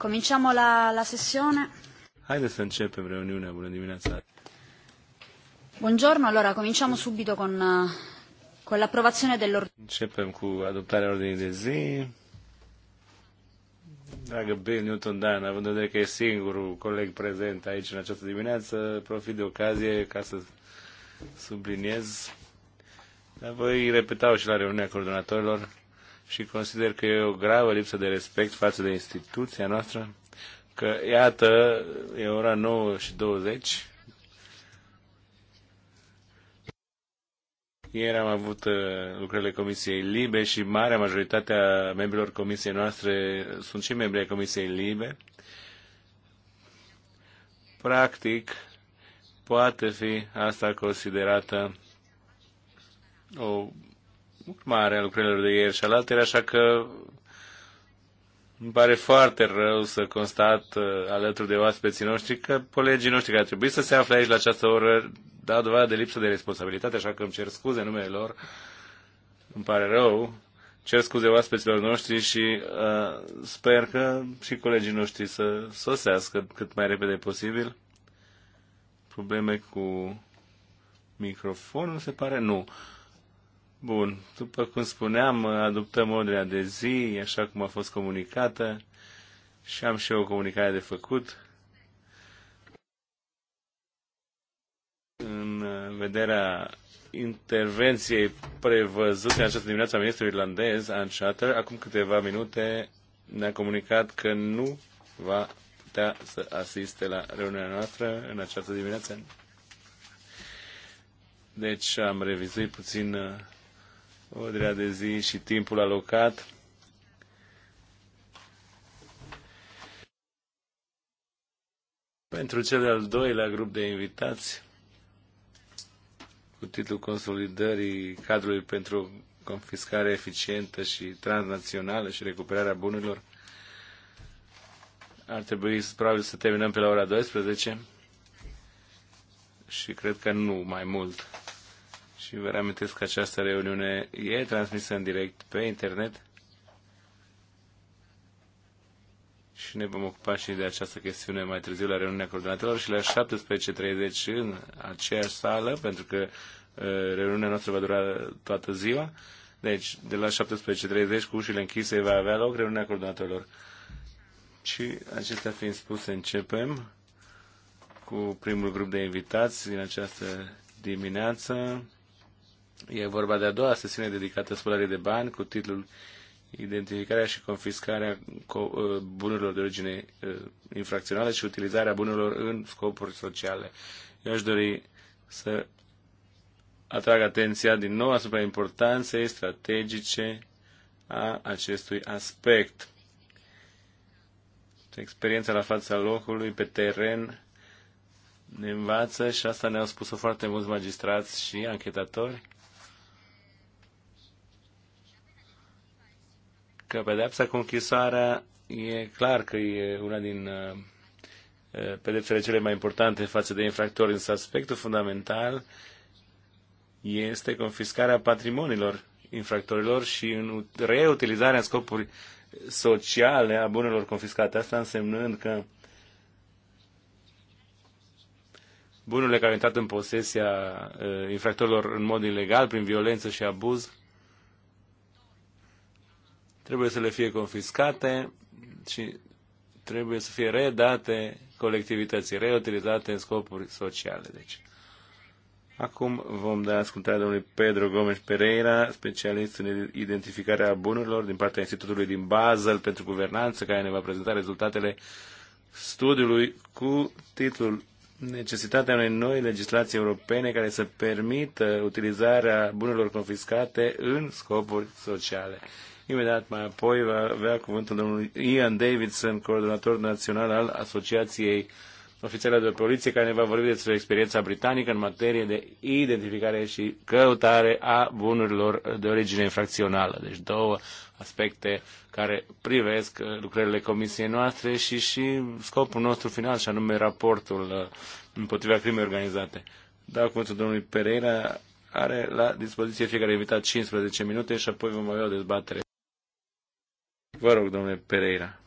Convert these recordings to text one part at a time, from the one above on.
Cominciamo la, la sessione. Haideți să începem reuniunea. Bună dimineața. Buongiorno, allora cominciamo subito con, eh, con l'approvazione dell'ordine. Începem cu adoptarea ordinii de zi. Dragă Bill Newton Dan, având în vedere că e singurul coleg prezent aici în această dimineață, profit de ocazie ca să subliniez. Dar voi repetau și la reuniunea coordonatorilor și consider că e o gravă lipsă de respect față de instituția noastră, că iată, e ora 9 și 20. Ieri am avut uh, lucrările Comisiei Libe și marea majoritate a membrilor Comisiei noastre sunt și membri ai Comisiei Libe. Practic, poate fi asta considerată o mare a lucrurilor de ieri și al altele, așa că îmi pare foarte rău să constat uh, alături de oaspeții noștri că colegii noștri care trebuie să se afle aici la această oră dau dovadă de lipsă de responsabilitate, așa că îmi cer scuze numele lor. Îmi pare rău. Cer scuze oaspeților noștri și uh, sper că și colegii noștri să sosească cât mai repede posibil. Probleme cu microfonul, se pare? Nu. Bun, după cum spuneam, adoptăm ordinea de zi, așa cum a fost comunicată și am și eu o comunicare de făcut. În vederea intervenției prevăzute în această dimineață a ministrului irlandez, Anne Shatter, acum câteva minute ne-a comunicat că nu va putea să asiste la reuniunea noastră în această dimineață. Deci am revizuit puțin ordinea de zi și timpul alocat. Pentru cel al doilea grup de invitați, cu titlul Consolidării cadrului pentru confiscare eficientă și transnațională și recuperarea bunurilor, ar trebui probabil să terminăm pe la ora 12 și cred că nu mai mult. Și vă reamintesc că această reuniune e transmisă în direct pe internet și ne vom ocupa și de această chestiune mai târziu la reuniunea coordonatorilor și la 17.30 în aceeași sală, pentru că uh, reuniunea noastră va dura toată ziua. Deci, de la 17.30 cu ușile închise va avea loc reuniunea coordonatorilor. Și acestea fiind spuse, începem cu primul grup de invitați din această dimineață. E vorba de a doua sesiune dedicată spălării de bani cu titlul Identificarea și confiscarea ă, bunurilor de origine ă, infracțională și utilizarea bunurilor în scopuri sociale. Eu aș dori să atrag atenția din nou asupra importanței strategice a acestui aspect. Experiența la fața locului, pe teren, ne învață și asta ne-au spus-o foarte mulți magistrați și anchetatori că pedepsa cu închisoarea e clar că e una din uh, uh, pedepsele cele mai importante față de infractori, însă aspectul fundamental este confiscarea patrimoniilor infractorilor și în reutilizarea în scopuri sociale a bunurilor confiscate. Asta însemnând că bunurile care au intrat în posesia uh, infractorilor în mod ilegal, prin violență și abuz, trebuie să le fie confiscate și trebuie să fie redate colectivității, reutilizate în scopuri sociale. Deci. Acum vom da ascultare domnului Pedro Gomes Pereira, specialist în identificarea bunurilor din partea Institutului din Basel pentru Guvernanță, care ne va prezenta rezultatele studiului cu titlul Necesitatea unei noi legislații europene care să permită utilizarea bunurilor confiscate în scopuri sociale. Imediat mai apoi va avea cuvântul domnul Ian Davidson, coordonator național al Asociației Ofițerilor de Poliție, care ne va vorbi despre experiența britanică în materie de identificare și căutare a bunurilor de origine infracțională. Deci două aspecte care privesc uh, lucrările comisiei noastre și, și scopul nostru final, și anume raportul uh, împotriva crimei organizate. Dau cuvântul domnului Pereira, are la dispoziție fiecare invitat 15 minute și apoi vom avea o dezbatere. Vă rog, domnule Pereira.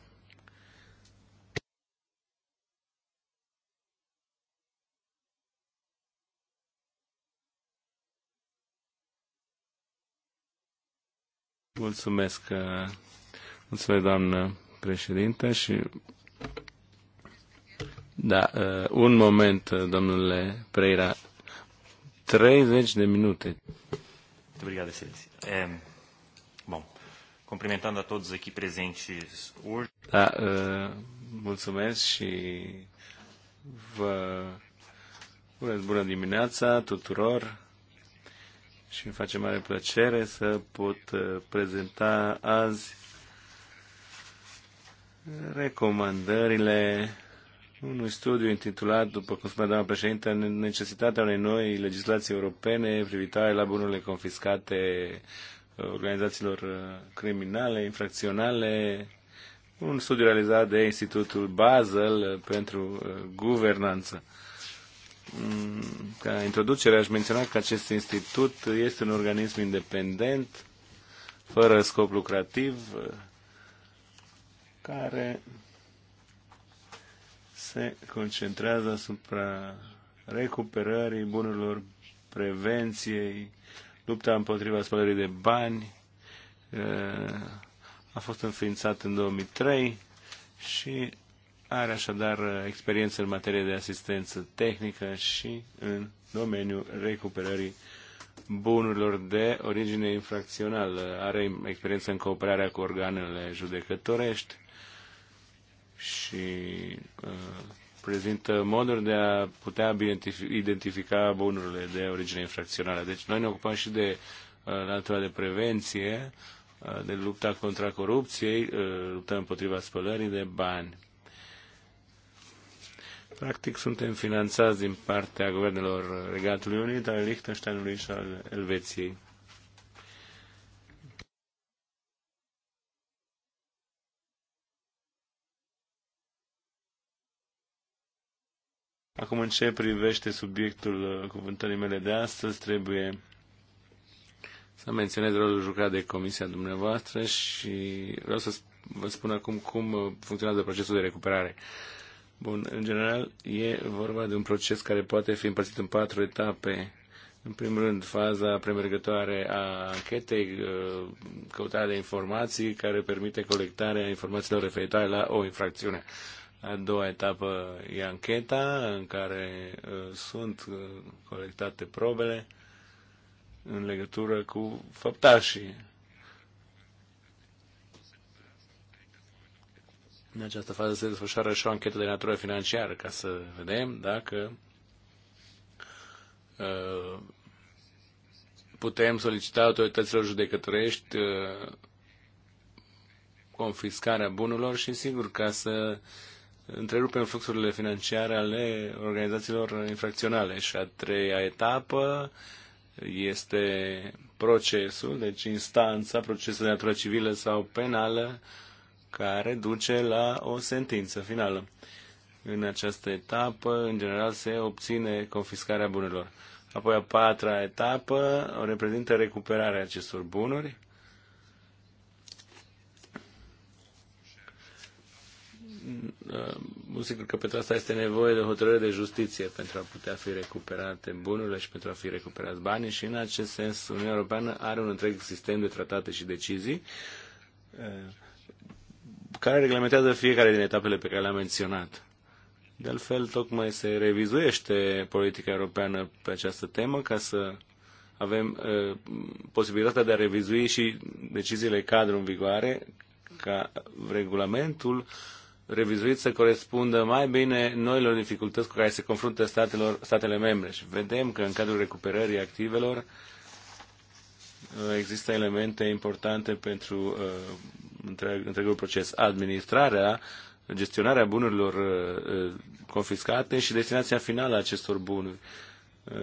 Mulțumesc, uh, mulțumesc, doamnă președinte și da, uh, un moment, uh, domnule Preira, 30 de minute. Obrigado, excelência cumprimentando a todos aqui presentes hoje. Tá, da, uh, eh, mulțumesc și vă urez bună dimineața tuturor și îmi face mare plăcere să pot eh, prezenta azi recomandările unui studiu intitulat, după cum spunea doamna președinte, necesitatea unei noi legislații europene privitoare la bunurile confiscate organizațiilor uh, criminale, infracționale, un studiu realizat de Institutul Basel uh, pentru uh, guvernanță. Mm, ca introducere aș menționa că acest institut este un organism independent, fără scop lucrativ, care se concentrează asupra recuperării bunurilor prevenției Lupta împotriva spălării de bani a fost înființat în 2003 și are așadar experiență în materie de asistență tehnică și în domeniul recuperării bunurilor de origine infracțională. Are experiență în cooperarea cu organele judecătorești și uh, prezintă moduri de a putea identifica bunurile de origine infracțională. Deci noi ne ocupăm și de natura uh, de prevenție, uh, de lupta contra corupției, uh, lupta împotriva spălării de bani. Practic suntem finanțați din partea guvernelor Regatului Unit, al Liechtensteinului și al Elveției. Acum, în ce privește subiectul uh, cuvântării mele de astăzi, trebuie să menționez rolul jucat de comisia dumneavoastră și vreau să vă spun acum cum uh, funcționează procesul de recuperare. Bun, în general e vorba de un proces care poate fi împărțit în patru etape. În primul rând, faza premergătoare a anchetei, uh, căutarea de informații care permite colectarea informațiilor referitoare la o infracțiune. A doua etapă e ancheta în care uh, sunt uh, colectate probele în legătură cu făptașii. În această fază se desfășoară și o anchetă de natură financiară ca să vedem dacă uh, putem solicita autorităților judecătorești confiscarea bunurilor și sigur ca să uh, întrerupem fluxurile financiare ale organizațiilor infracționale. Și a treia etapă este procesul, deci instanța, procesul de natură civilă sau penală, care duce la o sentință finală. În această etapă, în general, se obține confiscarea bunurilor. Apoi, a patra etapă o reprezintă recuperarea acestor bunuri nu mm, uh, sigur că pentru asta este nevoie de o hotărâre de justiție pentru a putea fi recuperate bunurile și pentru a fi recuperați banii și în acest sens Uniunea Europeană are un întreg sistem de tratate și decizii uh, care reglementează fiecare din etapele pe care le-am menționat. De altfel, tocmai se revizuiește politica europeană pe această temă ca să avem uh, posibilitatea de a revizui și deciziile cadru în vigoare ca regulamentul revizuit să corespundă mai bine noilor dificultăți cu care se confruntă statelor, statele membre. Și vedem că în cadrul recuperării activelor uh, există elemente importante pentru uh, întreg, întregul proces. Administrarea, gestionarea bunurilor uh, uh confiscate și destinația finală a acestor bunuri. Uh,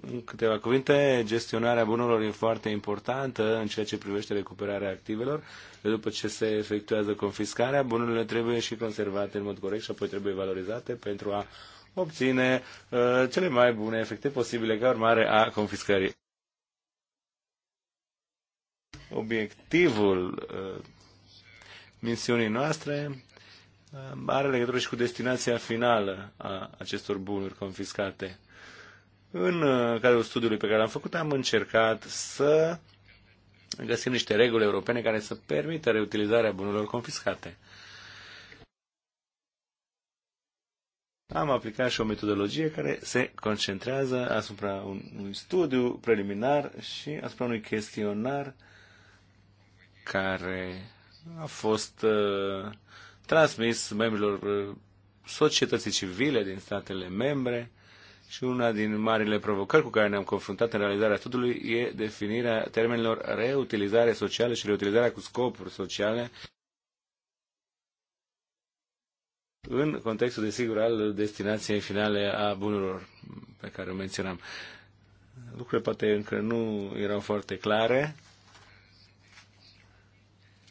în câteva cuvinte, gestionarea bunurilor e foarte importantă în ceea ce privește recuperarea activelor. După ce se efectuează confiscarea, bunurile trebuie și conservate în mod corect și apoi trebuie valorizate pentru a obține uh, cele mai bune efecte posibile ca urmare a confiscării. Obiectivul uh, misiunii noastre uh, are legătură și cu destinația finală a acestor bunuri confiscate. În uh, cadrul studiului pe care l-am făcut, am încercat să găsim niște reguli europene care să permită reutilizarea bunurilor confiscate. Am aplicat și o metodologie care se concentrează asupra unui studiu preliminar și asupra unui chestionar care a fost uh, transmis membrilor uh, societății civile din statele membre și una din marile provocări cu care ne-am confruntat în realizarea studiului e definirea termenilor reutilizare socială și reutilizarea cu scopuri sociale în contextul, desigur, al destinației finale a bunurilor pe care o menționam. Lucrurile poate încă nu erau foarte clare,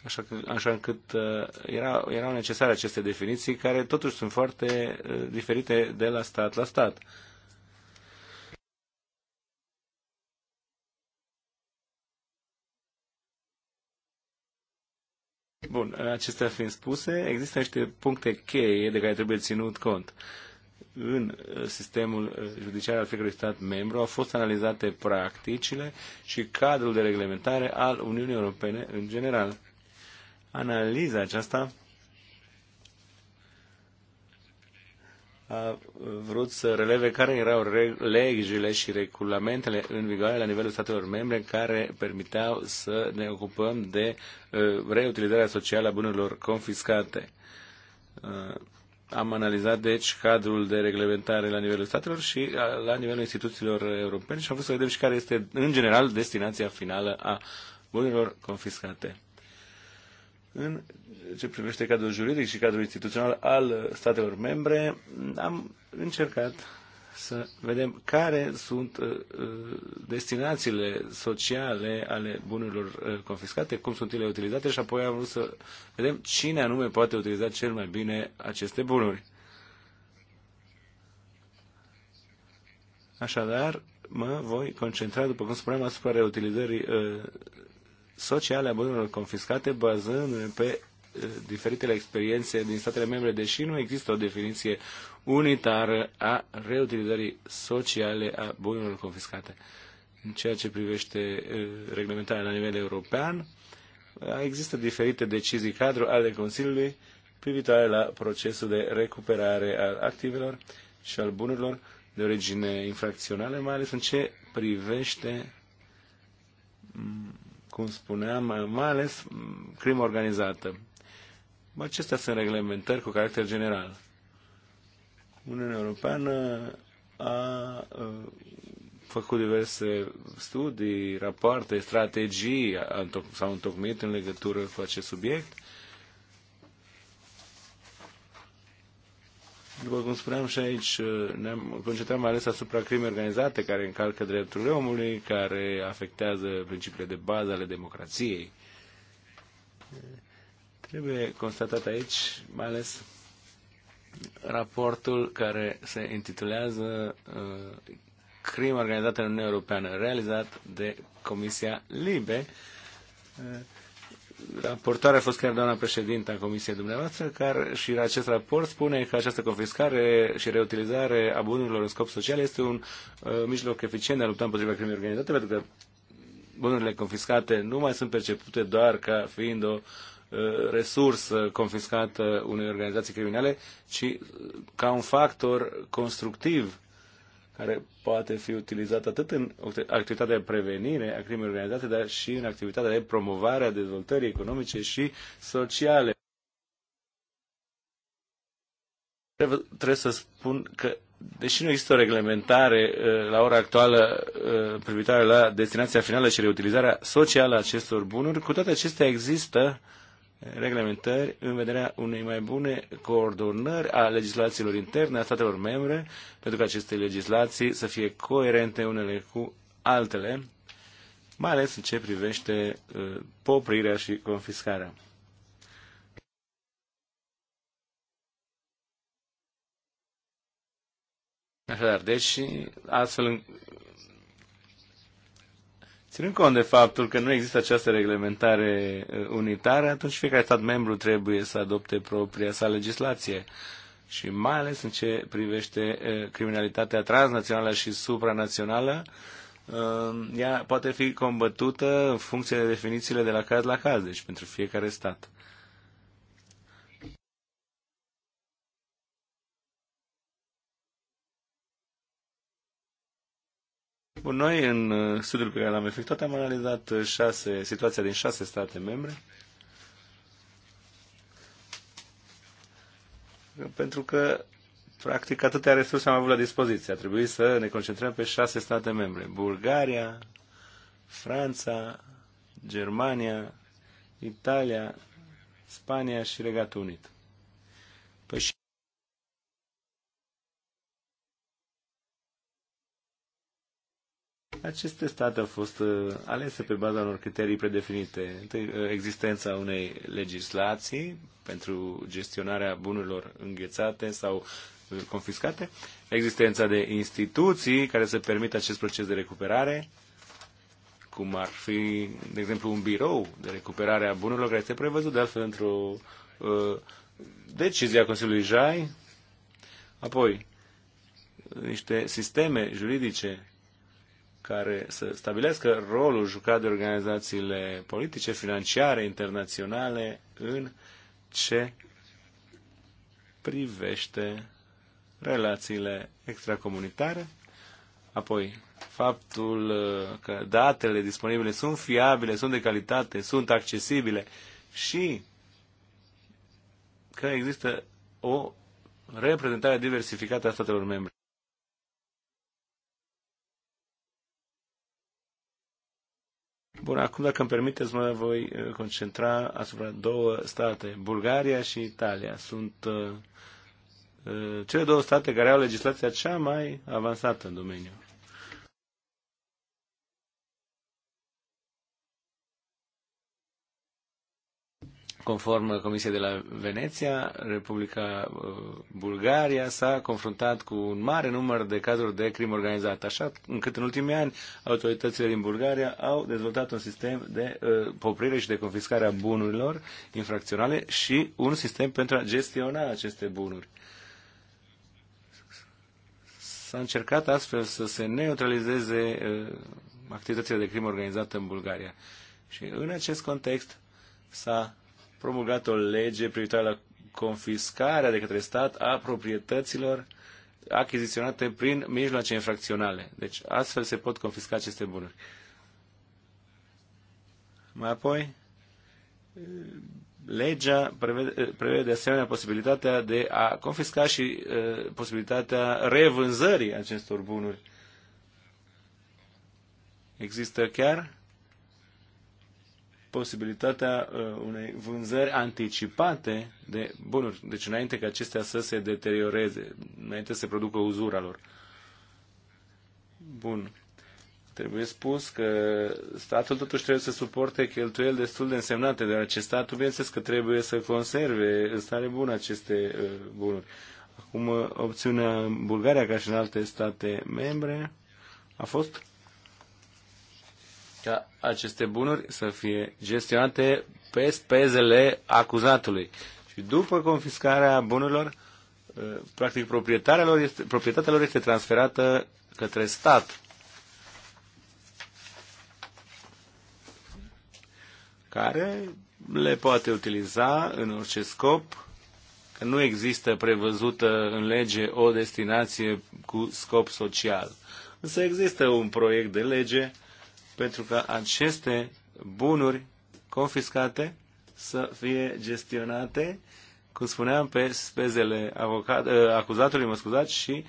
așa, că, așa încât uh, era, erau necesare aceste definiții, care totuși sunt foarte uh, diferite de la stat la stat. Uh, Bun, acestea fiind spuse, există niște puncte cheie de care trebuie ținut cont. În uh, sistemul uh, judiciar al fiecărui stat membru au fost analizate practicile și cadrul de reglementare al Uniunii Europene în general. Analiza aceasta a vrut să releve care erau legile și regulamentele în vigoare la nivelul statelor membre care permiteau să ne ocupăm de reutilizarea socială a bunurilor confiscate. Am analizat, deci, cadrul de reglementare la nivelul statelor și la nivelul instituțiilor europene și am vrut să vedem și care este, în general, destinația finală a bunurilor confiscate. În ce privește cadrul juridic și cadrul instituțional al statelor membre, am încercat să vedem care sunt uh, uh, destinațiile sociale ale bunurilor uh, confiscate, cum sunt ele utilizate și apoi am vrut să vedem cine anume poate utiliza cel mai bine aceste bunuri. Așadar, mă voi concentra, după cum spuneam, asupra reutilizării sociale a bunurilor confiscate bazându-ne pe diferitele experiențe din statele membre, deși nu există o definiție unitară a reutilizării sociale a bunurilor confiscate. În ceea ce privește reglementarea la nivel european, există diferite decizii cadru ale Consiliului privitoare la procesul de recuperare al activelor și al bunurilor de origine infracționale, mai ales în ce privește cum spuneam, mai ales mm, crimă organizată. Acestea sunt reglementări cu caracter general. Uniunea Europeană a uh, făcut diverse studii, rapoarte, strategii, s-au întocmit în legătură cu acest subiect După cum spuneam și aici, uh, ne-am concentrat mai ales asupra crimei organizate care încalcă drepturile omului, care afectează principiile de bază ale democrației. Trebuie constatat aici, mai ales raportul care se intitulează uh, organizată în Uniunea Europeană, realizat de Comisia Libe, uh, raportoare a fost chiar doamna președintă a Comisiei dumneavoastră, care și în acest raport spune că această confiscare și reutilizare a bunurilor în scop social este un uh, mijloc eficient de a lupta împotriva crimei organizate, pentru că bunurile confiscate nu mai sunt percepute doar ca fiind o uh, resursă confiscată unei organizații criminale, ci ca un factor constructiv care poate fi utilizat atât în activitatea de prevenire a crimei organizate, dar și în activitatea de promovare a dezvoltării economice și sociale. Trebuie să spun că, deși nu există o reglementare uh, la ora actuală uh, privitoare la destinația finală și reutilizarea socială a acestor bunuri, cu toate acestea există uh, reglementări în vederea unei mai bune coordonări a legislațiilor interne a statelor membre, pentru că aceste legislații să fie coerente unele cu altele, mai ales în ce privește uh, poprirea și confiscarea. Așadar, deci, astfel Ținând cont de faptul că nu există această reglementare uh, unitară, atunci fiecare stat membru trebuie să adopte propria sa legislație și mai ales în ce privește uh, criminalitatea transnațională și supranațională, uh, ea poate fi combătută în funcție de definițiile de la caz la caz, deci pentru fiecare stat. Bun, noi în uh, studiul pe care l-am efectuat am analizat uh, șase, situația din șase state membre. Pentru că, practic, atâtea resurse am avut la dispoziție. A trebuit să ne concentrăm pe șase state membre. Bulgaria, Franța, Germania, Italia, Spania și Regatul Unit. Aceste state au fost uh, alese pe baza unor criterii predefinite. Întâi, uh, existența unei legislații pentru gestionarea bunurilor înghețate sau uh, confiscate, existența de instituții care să permită acest proces de recuperare, cum ar fi, de exemplu, un birou de recuperare a bunurilor care este prevăzut de altfel într-o uh, decizie a Consiliului Jai, apoi niște sisteme juridice care să stabilească rolul jucat de organizațiile politice, financiare, internaționale în ce privește relațiile extracomunitare, apoi faptul uh, că datele disponibile sunt fiabile, sunt de calitate, sunt accesibile și că există o reprezentare diversificată a statelor membre. Bun, acum dacă îmi permiteți, mă voi uh, concentra asupra două state, Bulgaria și Italia. Sunt uh, uh, cele două state care au legislația cea mai avansată în domeniu. Conform Comisiei de la Veneția, Republica uh, Bulgaria s-a confruntat cu un mare număr de cazuri de crimă organizată, așa încât în ultimii ani autoritățile din Bulgaria au dezvoltat un sistem de uh, poprire și de confiscare a bunurilor infracționale și un sistem pentru a gestiona aceste bunuri. S-a încercat astfel să se neutralizeze uh, activitățile de crimă organizată în Bulgaria. Și în acest context s-a promulgat o lege privitoare la confiscarea de către stat a proprietăților achiziționate prin mijloace infracționale. Deci astfel se pot confisca aceste bunuri. Mai apoi, legea prevede, prevede de asemenea posibilitatea de a confisca și uh, posibilitatea revânzării acestor bunuri. Există chiar posibilitatea uh, unei vânzări anticipate de bunuri, deci înainte ca acestea să se deterioreze, înainte să se producă uzura lor. Bun. Trebuie spus că statul totuși trebuie să suporte cheltuieli destul de însemnate, deoarece statul, bineînțeles că trebuie să conserve în stare bună aceste uh, bunuri. Acum, opțiunea în Bulgaria, ca și în alte state membre, a fost ca aceste bunuri să fie gestionate pe spezele acuzatului. Și după confiscarea bunurilor, uh, practic proprietatea lor este, proprietatea lor este transferată către stat. care le poate utiliza în orice scop, că nu există prevăzută în lege o destinație cu scop social. Însă există un proiect de lege pentru ca aceste bunuri confiscate să fie gestionate, cum spuneam, pe spezele avocat, ă, acuzatului, mă scuzați, și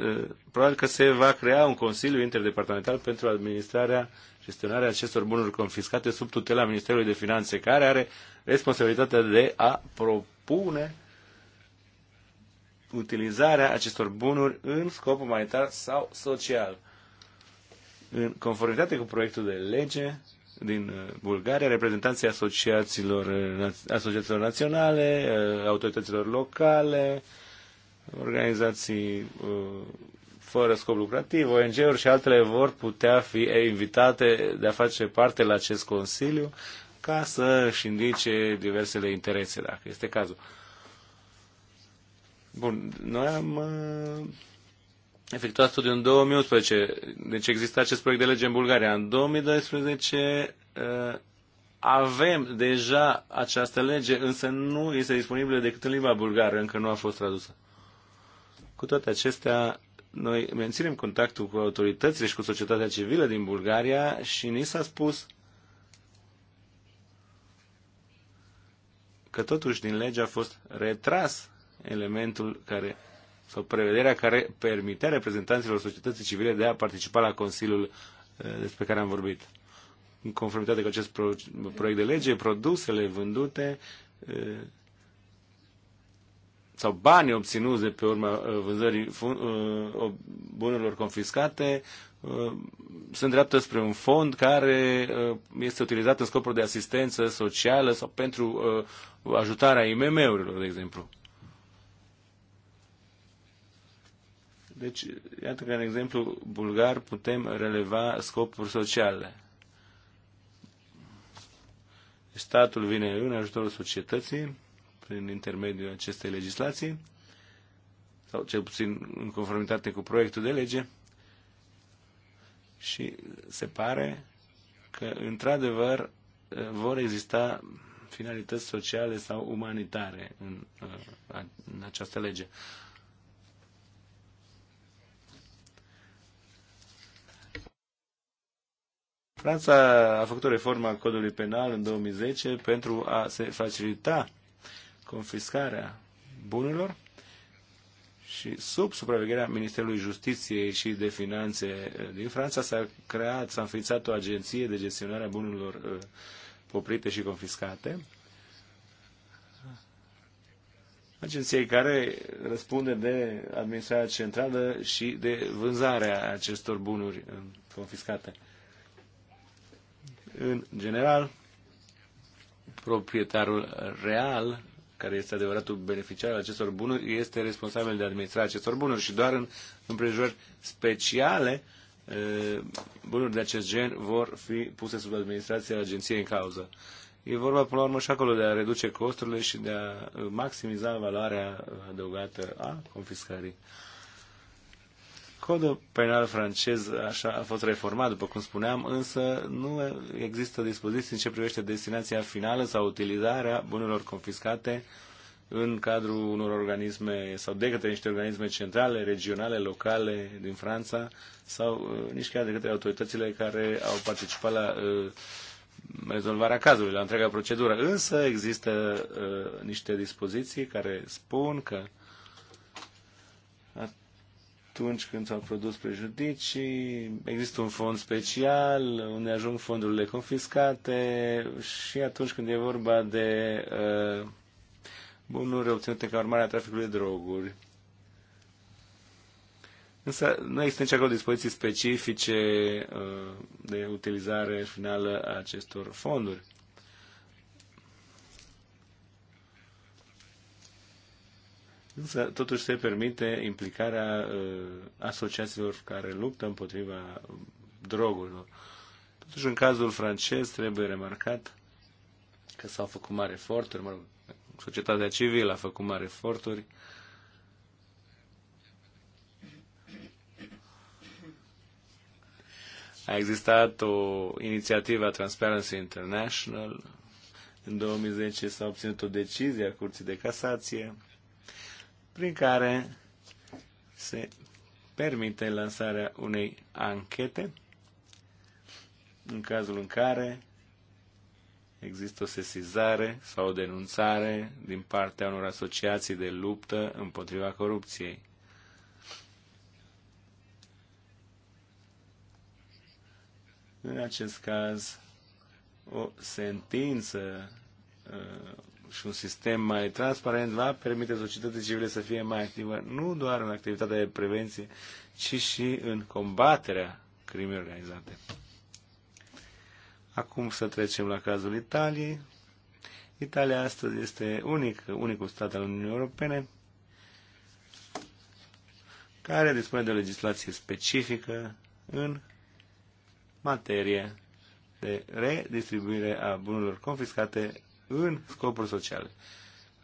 ă, probabil că se va crea un consiliu interdepartamental pentru administrarea, gestionarea acestor bunuri confiscate sub tutela Ministerului de Finanțe, care are responsabilitatea de a propune utilizarea acestor bunuri în scop umanitar sau social. În conformitate cu proiectul de lege din uh, Bulgaria, reprezentanții asociațiilor, uh, asociațiilor naționale, uh, autorităților locale, organizații fără scop lucrativ, ONG-uri și altele vor putea fi eh, invitate de a face parte la acest Consiliu ca să își indice diversele interese, dacă este cazul. Bun, noi am efectuat studiul în 2011, deci există acest proiect de lege în Bulgaria. În 2012 eh, avem deja această lege, însă nu este disponibilă decât în limba bulgară, încă nu a fost tradusă. Cu toate acestea, noi menținem contactul cu autoritățile și cu societatea civilă din Bulgaria și ni s-a spus că totuși din lege a fost retras elementul care sau prevederea care permitea reprezentanților societății civile de a participa la Consiliul eh, despre care am vorbit. În conformitate cu acest proiect de lege, produsele vândute eh, sau banii obținuți de pe urma eh, vânzării bunurilor confiscate sunt dreaptă spre un fond care este utilizat în scopul de asistență socială sau pentru ajutarea IMM-urilor, de exemplu. Deci, iată că în exemplu bulgar putem releva scopuri sociale. Statul vine în ajutorul societății prin intermediul acestei legislații, sau cel puțin în conformitate cu proiectul de lege, și se pare că, într-adevăr, vor exista finalități sociale sau umanitare în, în această lege. Franța a făcut o reformă a codului penal în 2010 pentru a se facilita confiscarea bunurilor și sub supravegherea Ministerului Justiției și de Finanțe din Franța s-a creat, s-a înființat o agenție de gestionare a bunurilor uh, poprite și confiscate. Agenției care răspunde de administrarea centrală și de vânzarea acestor bunuri uh, confiscate. În general, proprietarul real, care este adevăratul beneficiar al acestor bunuri, este responsabil de administra acestor bunuri și doar în împrejurări speciale bunuri de acest gen vor fi puse sub administrația agenției în cauză. E vorba, până la urmă, și acolo de a reduce costurile și de a maximiza valoarea adăugată a confiscării. Codul penal francez așa a fost reformat, după cum spuneam, însă nu există dispoziții în ce privește destinația finală sau utilizarea bunurilor confiscate în cadrul unor organisme sau de către niște organisme centrale, regionale, locale din Franța sau uh, nici chiar de către autoritățile care au participat la uh, rezolvarea cazului, la întreaga procedură. Însă există uh, niște dispoziții care spun că atunci când s-au produs prejudicii, există un fond special unde ajung fondurile confiscate și atunci când e vorba de uh, bunuri obținute ca urmare a traficului de droguri. Însă nu există nici acolo dispoziții specifice uh, de utilizare finală a acestor fonduri. Însă, totuși, se permite implicarea uh, asociațiilor care luptă împotriva drogurilor. Totuși, în cazul francez, trebuie remarcat că s-au făcut mari eforturi, mă rog, societatea civilă a făcut mari eforturi. A existat o inițiativă a Transparency International. În 2010 s-a obținut o decizie a Curții de Casație prin care se permite lansarea unei anchete în cazul în care există o sesizare sau o denunțare din partea unor asociații de luptă împotriva corupției. În acest caz, o sentință uh, și un sistem mai transparent va permite societății civile să fie mai activă nu doar în activitatea de prevenție, ci și în combaterea crimei organizate. Acum să trecem la cazul Italiei. Italia astăzi este unic, unicul stat al Uniunii Europene care dispune de o legislație specifică în materie de redistribuire a bunurilor confiscate în scopuri sociale.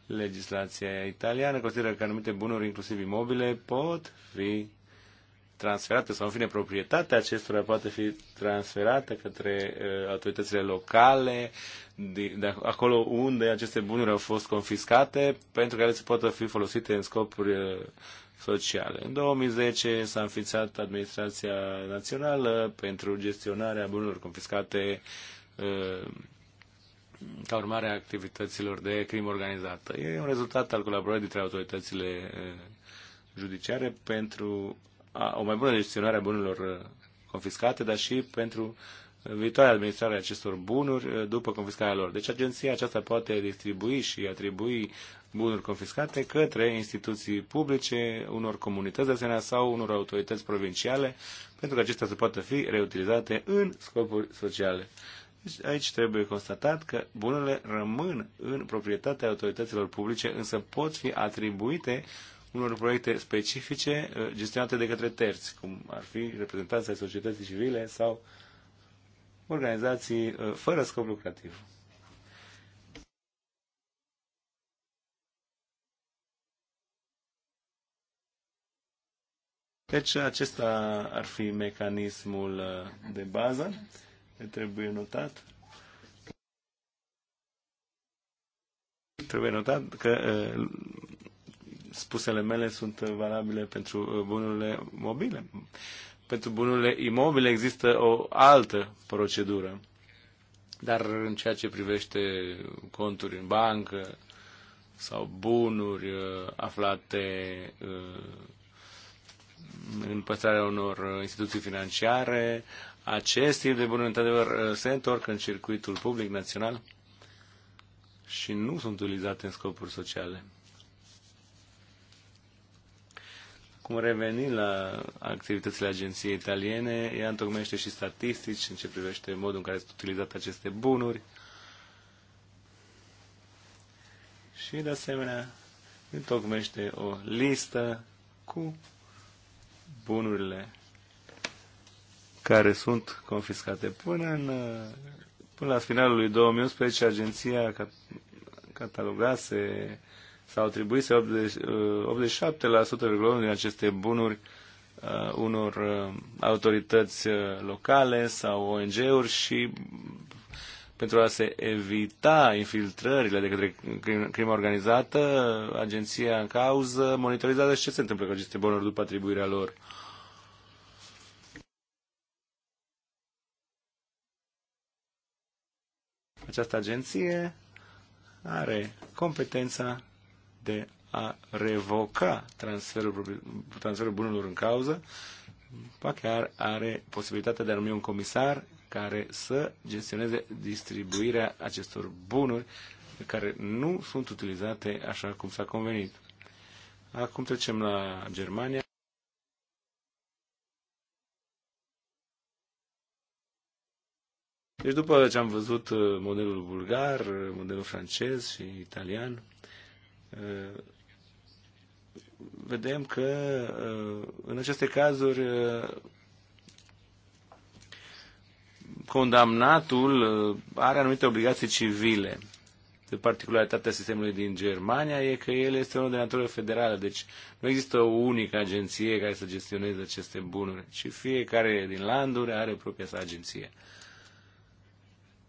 Legislația italiană consideră că anumite bunuri, inclusiv imobile, pot fi transferate sau, în fine, proprietatea acestora poate fi transferată către uh, autoritățile locale, de, de acolo unde aceste bunuri au fost confiscate, pentru că ele se pot fi folosite în scopuri uh, sociale. În 2010 s-a înființat Administrația Națională pentru gestionarea bunurilor confiscate uh, ca urmare a activităților de crimă organizată. E un rezultat al colaborării dintre autoritățile eh, judiciare pentru a, o mai bună gestionare a bunurilor eh, confiscate, dar și pentru eh, viitoarea administrare a acestor bunuri după confiscarea lor. Deci agenția aceasta poate distribui și atribui bunuri confiscate către instituții publice, unor comunități de asemenea sau unor autorități provinciale, pentru că acestea să poată fi reutilizate în scopuri sociale. Deci aici trebuie constatat că bunurile rămân în proprietatea autorităților publice, însă pot fi atribuite unor proiecte specifice uh, gestionate de către terți, cum ar fi reprezentanța ai societății civile sau organizații uh, fără scop lucrativ. Deci acesta ar fi mecanismul uh, de bază trebuie notat trebuie notat că uh, spusele mele sunt valabile pentru uh, bunurile mobile. Pentru bunurile imobile există o altă procedură. Dar în ceea ce privește conturi în bancă sau bunuri uh, aflate în păstrarea unor instituții financiare, acest tip de bunuri, într-adevăr, uh, se întorc în circuitul public național și nu sunt utilizate în scopuri sociale. Cum reveni la activitățile agenției italiene, ea întocmește și statistici în ce privește modul în care sunt utilizate aceste bunuri. Și, de asemenea, întocmește o listă cu bunurile care sunt confiscate. Până, în, până la finalul lui 2011, agenția catalogase sau atribuise 87% uh, din aceste bunuri uh, unor uh, autorități locale sau ONG-uri și pentru a se evita infiltrările de către crima organizată, agenția în cauză monitorizează și ce se întâmplă cu aceste bunuri după atribuirea lor. Uh, Această agenție are competența de a revoca transferul, transferul bunurilor în cauză, ba chiar are posibilitatea de a numi un comisar care să gestioneze distribuirea acestor bunuri care nu sunt utilizate așa cum s-a convenit. Acum trecem la Germania. Deci după ce am văzut uh, modelul bulgar, uh, modelul francez și italian, uh, vedem că în aceste cazuri condamnatul are anumite obligații civile. De particularitatea sistemului din Germania e că el este unul de natură federală, deci nu există o unică agenție care să gestioneze aceste bunuri, ci fiecare din landuri are propria sa agenție.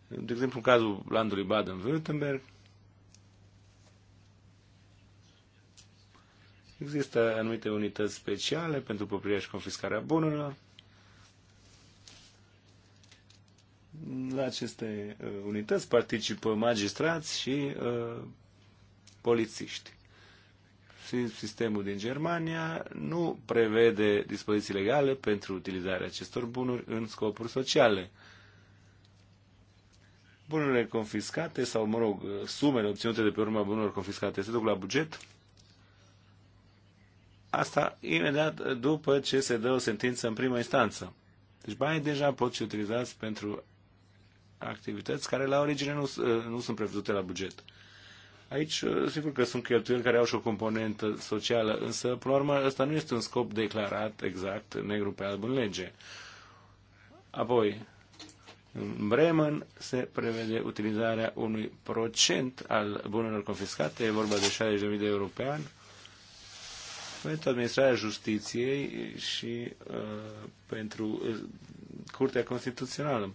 De exemplu, în cazul landului Baden-Württemberg, există anumite unități speciale pentru poprirea și confiscarea bunurilor. La aceste uh, unități participă magistrați și uh, polițiști sistemul din Germania nu prevede dispoziții legale pentru utilizarea acestor bunuri în scopuri sociale bunurile confiscate sau, mă rog, sumele obținute de pe urma bunurilor confiscate se duc la buget. Asta imediat după ce se dă o sentință în prima instanță. Deci banii deja pot fi utilizați pentru activități care la origine nu, nu sunt prevăzute la buget. Aici, uh, sigur că sunt cheltuieli care au și o componentă socială, însă, până la urmă, ăsta nu este un scop declarat exact negru pe alb în lege. Apoi, în Bremen se prevede utilizarea unui procent al bunurilor confiscate, e vorba de 60.000 de euro pe an, pentru administrarea justiției și uh, pentru uh, Curtea Constituțională.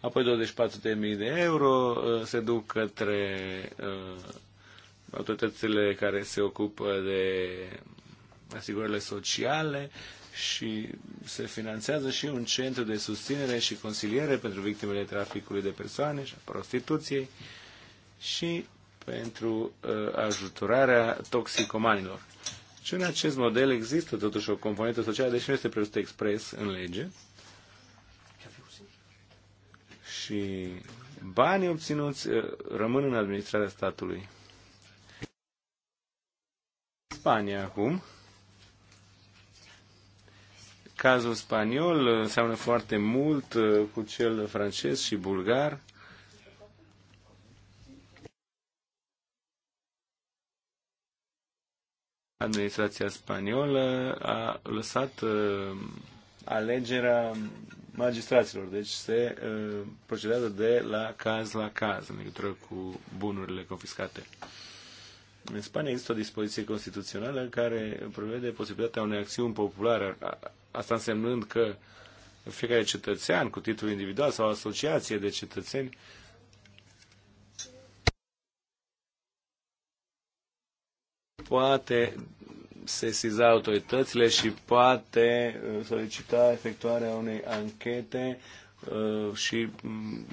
Apoi 24.000 de euro uh, se duc către uh, autoritățile care se ocupă de asigurările sociale, și se finanțează și un centru de susținere și consiliere pentru victimele traficului de persoane și a prostituției și pentru uh, ajutorarea toxicomanilor. Și în acest model există totuși o componentă socială, deși nu este prevăzut expres în lege. Și banii obținuți uh, rămân în administrarea statului. Spania acum Cazul spaniol înseamnă foarte mult uh, cu cel francez și bulgar. Administrația spaniolă a lăsat uh, alegerea magistraților. Deci se uh, procedează de la caz la caz în legătură cu bunurile confiscate. În Spania există o dispoziție constituțională care prevede posibilitatea unei acțiuni populare Asta însemnând că fiecare cetățean cu titlu individual sau asociație de cetățeni poate sesiza autoritățile și poate uh, solicita efectuarea unei anchete uh, și, mm,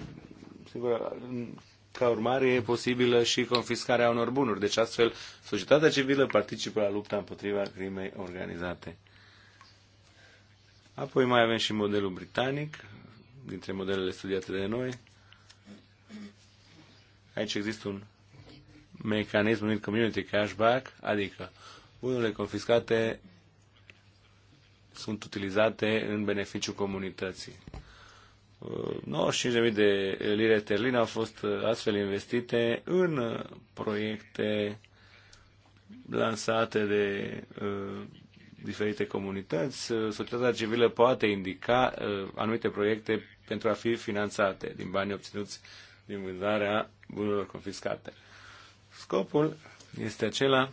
sigur, ca urmare e posibilă și confiscarea unor bunuri. Deci astfel, societatea civilă participă la lupta împotriva crimei organizate. Apoi mai avem și modelul britanic, dintre modelele studiate de noi. Aici există un mecanism numit community cashback, adică bunurile confiscate sunt utilizate în beneficiul comunității. 95.000 de lire sterline au fost astfel investite în proiecte lansate de uh, diferite comunități, uh, societatea civilă poate indica uh, anumite proiecte pentru a fi finanțate din bani obținuți din vânzarea bunurilor confiscate. Scopul este acela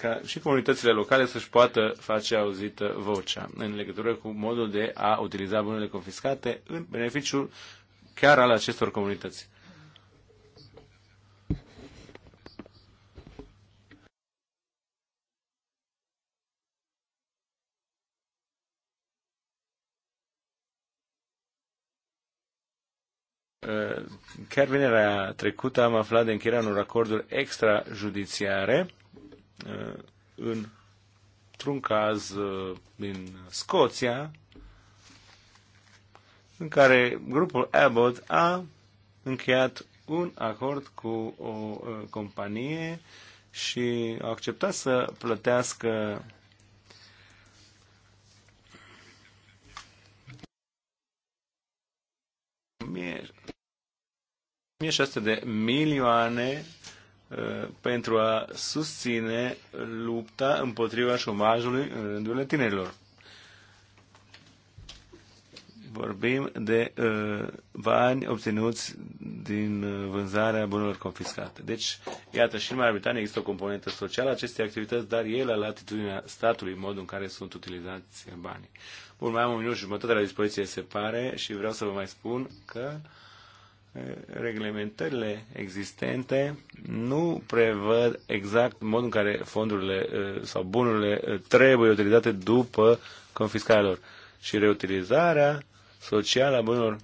ca și comunitățile locale să-și poată face auzită vocea în legătură cu modul de a utiliza bunurile confiscate în beneficiul chiar al acestor comunități. Chiar vinerea trecută am aflat de încheierea unor acorduri extrajudiciare uh, în un caz uh, din Scoția, în care grupul Abbott a încheiat un acord cu o uh, companie și a acceptat să plătească 1600 de milioane uh, pentru a susține lupta împotriva șomajului în rândul tinerilor. Vorbim de uh, bani obținuți din uh, vânzarea bunurilor confiscate. Deci, iată, și în Marea Britanie există o componentă socială a acestei activități, dar e la latitudinea statului modul în care sunt utilizați banii. Bun, mai am un minut și jumătate la dispoziție, se pare, și vreau să vă mai spun că reglementările existente nu prevăd exact modul în care fondurile uh, sau bunurile uh, trebuie utilizate după confiscarea lor. Și reutilizarea socială a bunurilor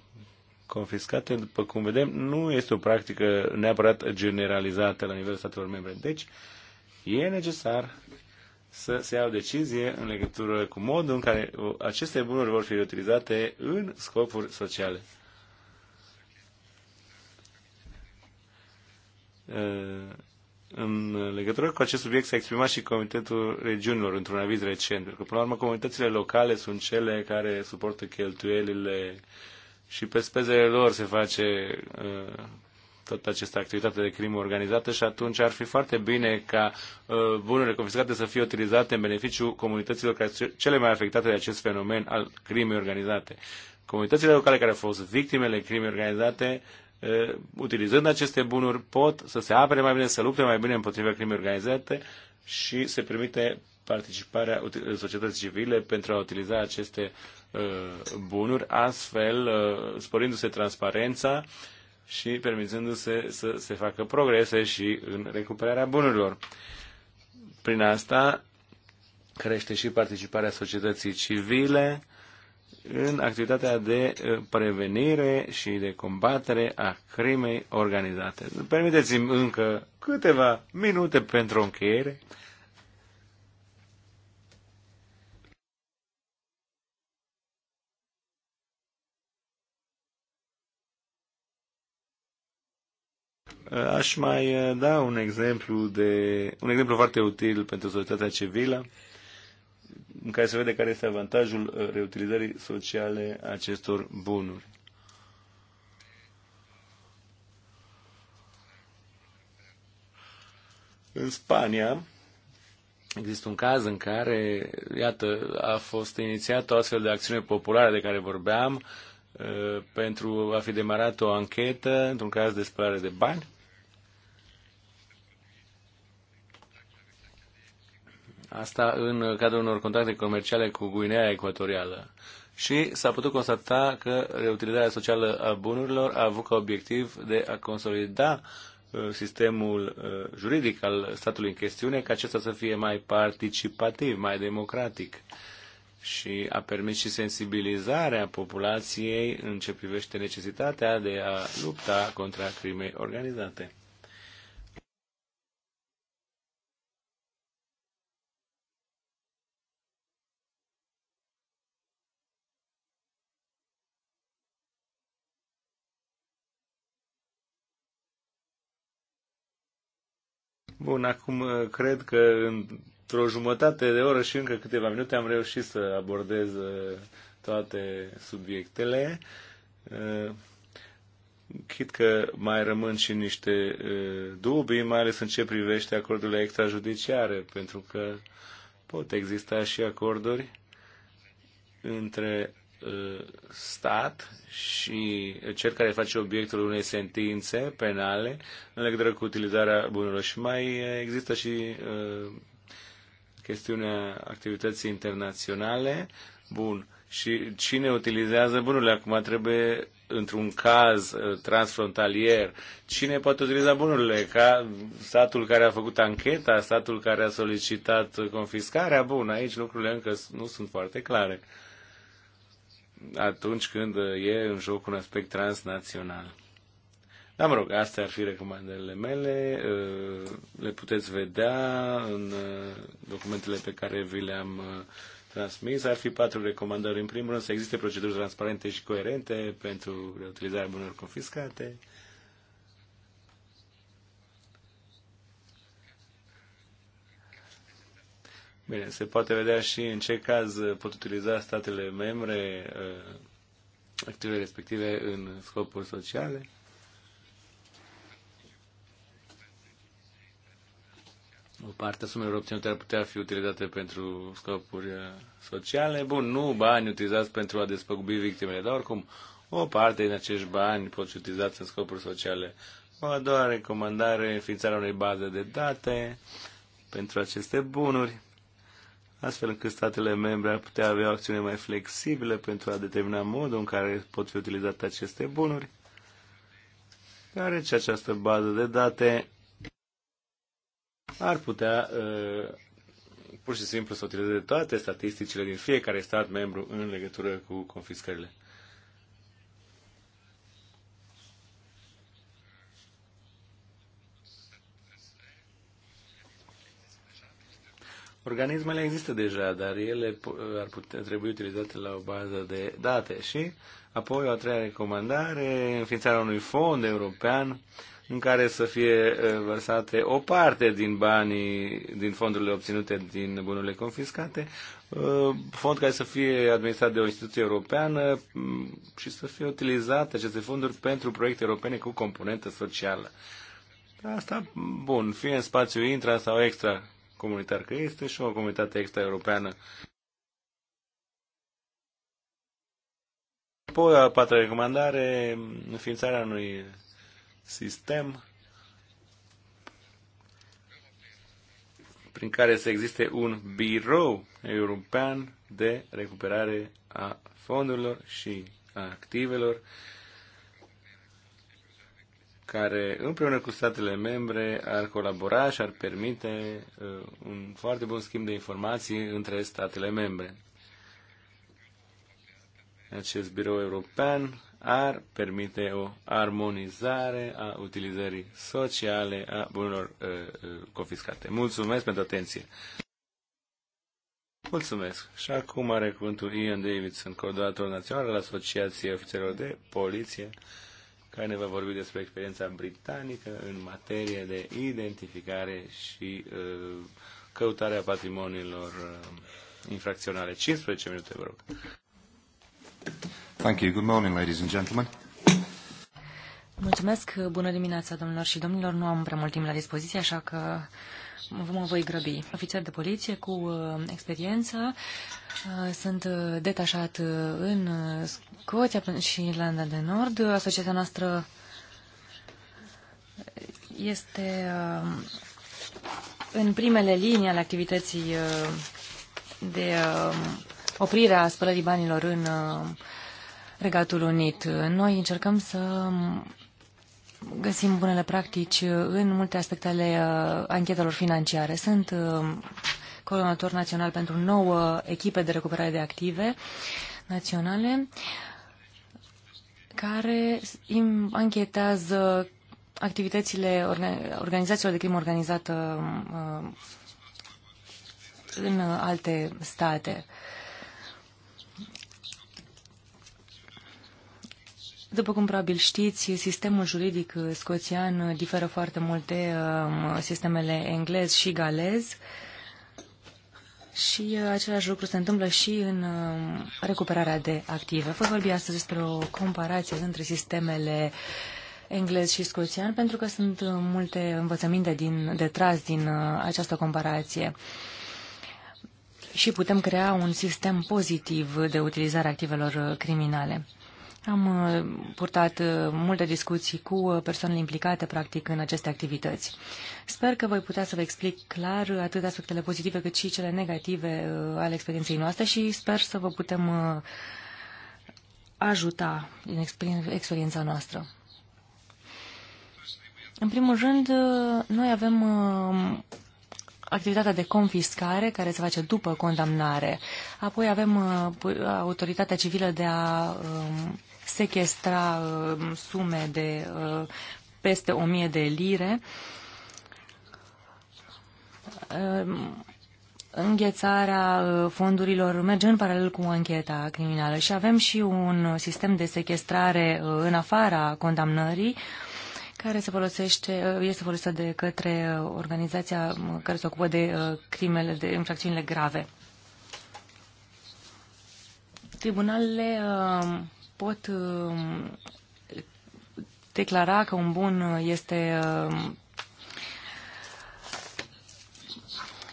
confiscate, după cum vedem, nu este o practică neapărat generalizată la nivelul statelor membre. Deci, e necesar să se ia o decizie în legătură cu modul în care aceste bunuri vor fi reutilizate în scopuri sociale. Uh, în legătură cu acest subiect s-a exprimat și Comitetul Regiunilor într-un aviz recent, pentru că, până la urmă, comunitățile locale sunt cele care suportă cheltuielile și pe spezele lor se face uh, toată această activitate de crimă organizată și atunci ar fi foarte bine ca uh, bunurile confiscate să fie utilizate în beneficiul comunităților care sunt cele mai afectate de acest fenomen al crimei organizate. Comunitățile locale care au fost victimele crimei organizate uh, utilizând aceste bunuri, pot să se apere mai bine, să lupte mai bine împotriva crimei organizate și se permite participarea societății civile pentru a utiliza aceste bunuri, astfel sporindu-se transparența și permițându-se să se facă progrese și în recuperarea bunurilor. Prin asta crește și participarea societății civile în activitatea de eh, prevenire și de combatere a crimei organizate. Permiteți-mi încă câteva minute pentru o încheiere. Eh, aș mai eh, da un exemplu, de, un exemplu foarte util pentru societatea civilă în care se vede care este avantajul uh, reutilizării sociale acestor bunuri. În Spania există un caz în care, iată, a fost inițiată o astfel de acțiune populară de care vorbeam uh, pentru a fi demarat o anchetă într-un caz de spălare de bani Asta în cadrul unor contracte comerciale cu Guinea Ecuatorială. Și s-a putut constata că reutilizarea socială a bunurilor a avut ca obiectiv de a consolida uh, sistemul uh, juridic al statului în chestiune, ca acesta să fie mai participativ, mai democratic și a permis și sensibilizarea populației în ce privește necesitatea de a lupta contra crimei organizate. Bun, acum uh, cred că într-o jumătate de oră și încă câteva minute am reușit să abordez uh, toate subiectele. Uh, chit că mai rămân și niște dubii, mai ales în ce privește acordurile extrajudiciare, pentru că pot exista și acorduri între Uh, stat și cel care face obiectul unei sentințe penale în legătură cu utilizarea bunurilor. Și mai există și uh, chestiunea activității internaționale. Bun. Și cine utilizează bunurile? Acum trebuie într-un caz uh, transfrontalier, cine poate utiliza bunurile? Ca statul care a făcut ancheta, statul care a solicitat confiscarea? Bun, aici lucrurile încă nu sunt foarte clare atunci când e în joc un aspect transnațional. Da, mă rog, astea ar fi recomandările mele. Uh, le puteți vedea în uh, documentele pe care vi le-am uh, transmis. Ar fi patru recomandări. În primul rând, să existe proceduri transparente și coerente pentru reutilizarea bunurilor confiscate. Bine, se poate vedea și în ce caz pot utiliza statele membre uh, activele respective în scopuri sociale. O parte a sumelor obținute ar putea fi utilizate pentru scopuri uh, sociale. Bun, nu bani utilizați pentru a despăgubi victimele, dar oricum o parte din acești bani pot fi utilizați în scopuri sociale. O a doua recomandare, înființarea unei baze de date pentru aceste bunuri astfel încât statele membre ar putea avea o acțiune mai flexibilă pentru a determina modul în care pot fi utilizate aceste bunuri, deoarece această bază de date ar putea uh, pur și simplu să utilizeze toate statisticile din fiecare stat membru în legătură cu confiscările. Organismele există deja, dar ele ar putea trebui utilizate la o bază de date și apoi o a treia recomandare, înființarea unui fond european în care să fie eh, vărsate o parte din banii, din fondurile obținute din bunurile confiscate, eh, fond care să fie administrat de o instituție europeană mm, și să fie utilizate aceste fonduri pentru proiecte europene cu componentă socială. Asta, bun, fie în spațiu intra sau extra comunitar, că este și o comunitate extraeuropeană. Apoi, a patra recomandare, înființarea unui sistem prin care să existe un birou european de recuperare a fondurilor și a activelor care împreună cu statele membre ar colabora și ar permite uh, un foarte bun schimb de informații între statele membre. Acest birou european ar permite o armonizare a utilizării sociale a bunurilor uh, uh confiscate. Mulțumesc pentru atenție! Mulțumesc! Și acum are cuvântul Ian Davidson, coordonator național al Asociației Oficerilor de Poliție care ne va vorbi despre experiența britanică în materie de identificare și uh, căutarea patrimoniilor uh, infracționale. 15 minute, vă rog. Thank you. Good morning, ladies and gentlemen. Mulțumesc. Bună dimineața, domnilor și domnilor. Nu am prea mult timp la dispoziție, așa că mă voi grăbi. Ofițer de poliție cu uh, experiență, uh, sunt uh, detașat în Scoția și Irlanda de Nord. Asociația noastră este în primele linii ale activității de oprire a spălării banilor în Regatul Unit. Noi încercăm să găsim bunele practici uh, în multe aspecte ale uh, anchetelor financiare. Sunt uh, coordonator național pentru nouă echipe de recuperare de active naționale care anchetează activitățile organizațiilor de crimă organizată în alte state. După cum probabil știți, sistemul juridic uh, scoțian uh, diferă foarte mult de um, sistemele englez și galez și uh, același lucru se întâmplă și în um, recuperarea de active. Voi vorbi astăzi despre o comparație între sistemele englez și scoțian, pentru că sunt multe învățăminte din, de tras din această comparație și putem crea un sistem pozitiv de utilizare activelor criminale. Am uh, purtat uh, multe discuții cu uh, persoanele implicate, practic, în aceste activități. Sper că voi putea să vă explic clar atât aspectele pozitive cât și cele negative ale experienței noastre și sper să vă putem ajuta în experiența noastră. În primul rând, noi avem activitatea de confiscare care se face după condamnare. Apoi avem autoritatea civilă de a um, sechestra uh, sume de uh, peste 1000 de lire um, înghețarea uh, fondurilor merge în paralel cu ancheta criminală și avem și un sistem de sequestrare în afara condamnării care se folosește, este folosită de către organizația care se ocupă de crimele, de infracțiunile grave. Tribunalele pot um, declara că un bun uh, este um,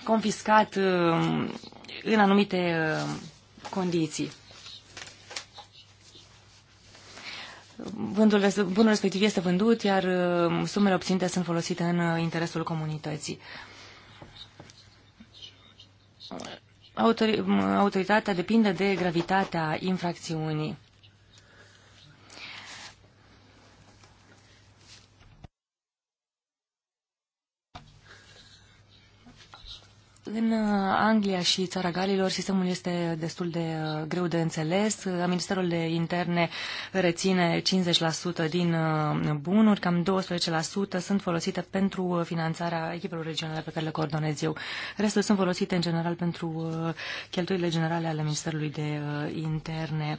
confiscat um, în anumite condiții. Vândul, bunul respectiv este vândut, iar sumele obținute sunt folosite în uh, interesul comunității. Autoritatea depinde de gravitatea infracțiunii. În uh, Anglia și țara Galilor sistemul este destul de uh, greu de înțeles. Uh, Ministerul de Interne reține 50% din bunuri, cam 12% sunt folosite pentru finanțarea echipelor regionale pe care le coordonez eu. Restul sunt folosite în general pentru cheltuielile generale ale Ministerului de Interne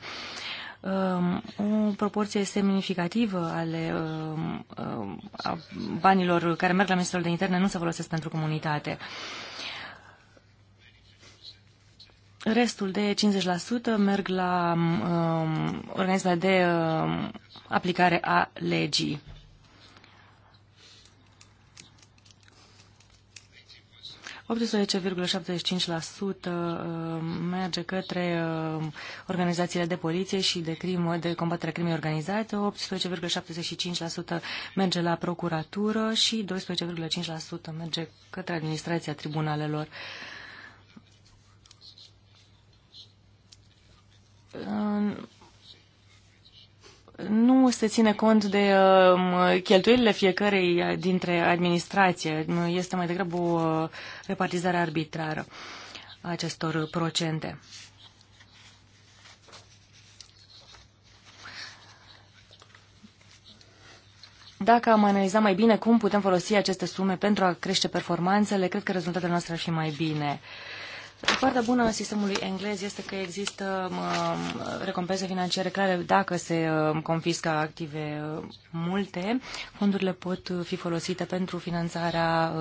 um, o proporție semnificativă ale um, um, banilor care merg la Ministerul de Interne nu se folosesc pentru comunitate. Restul de 50% merg la um, organisme de um, aplicare a legii. Um, merge către um, organizațiile de poliție și de crimă, de combaterea crimei organizate, 18,75% merge la procuratură și 12,5% merge către administrația tribunalelor. nu se ține cont de um, cheltuielile fiecărei dintre administrație. Este mai degrabă o uh, repartizare arbitrară a acestor procente. Dacă am analizat mai bine cum putem folosi aceste sume pentru a crește performanțele, cred că rezultatele noastre ar fi mai bine. Uh, Partea bună a sistemului englez este că există recompense financiare clare dacă se confiscă active multe. Fondurile pot fi folosite pentru finanțarea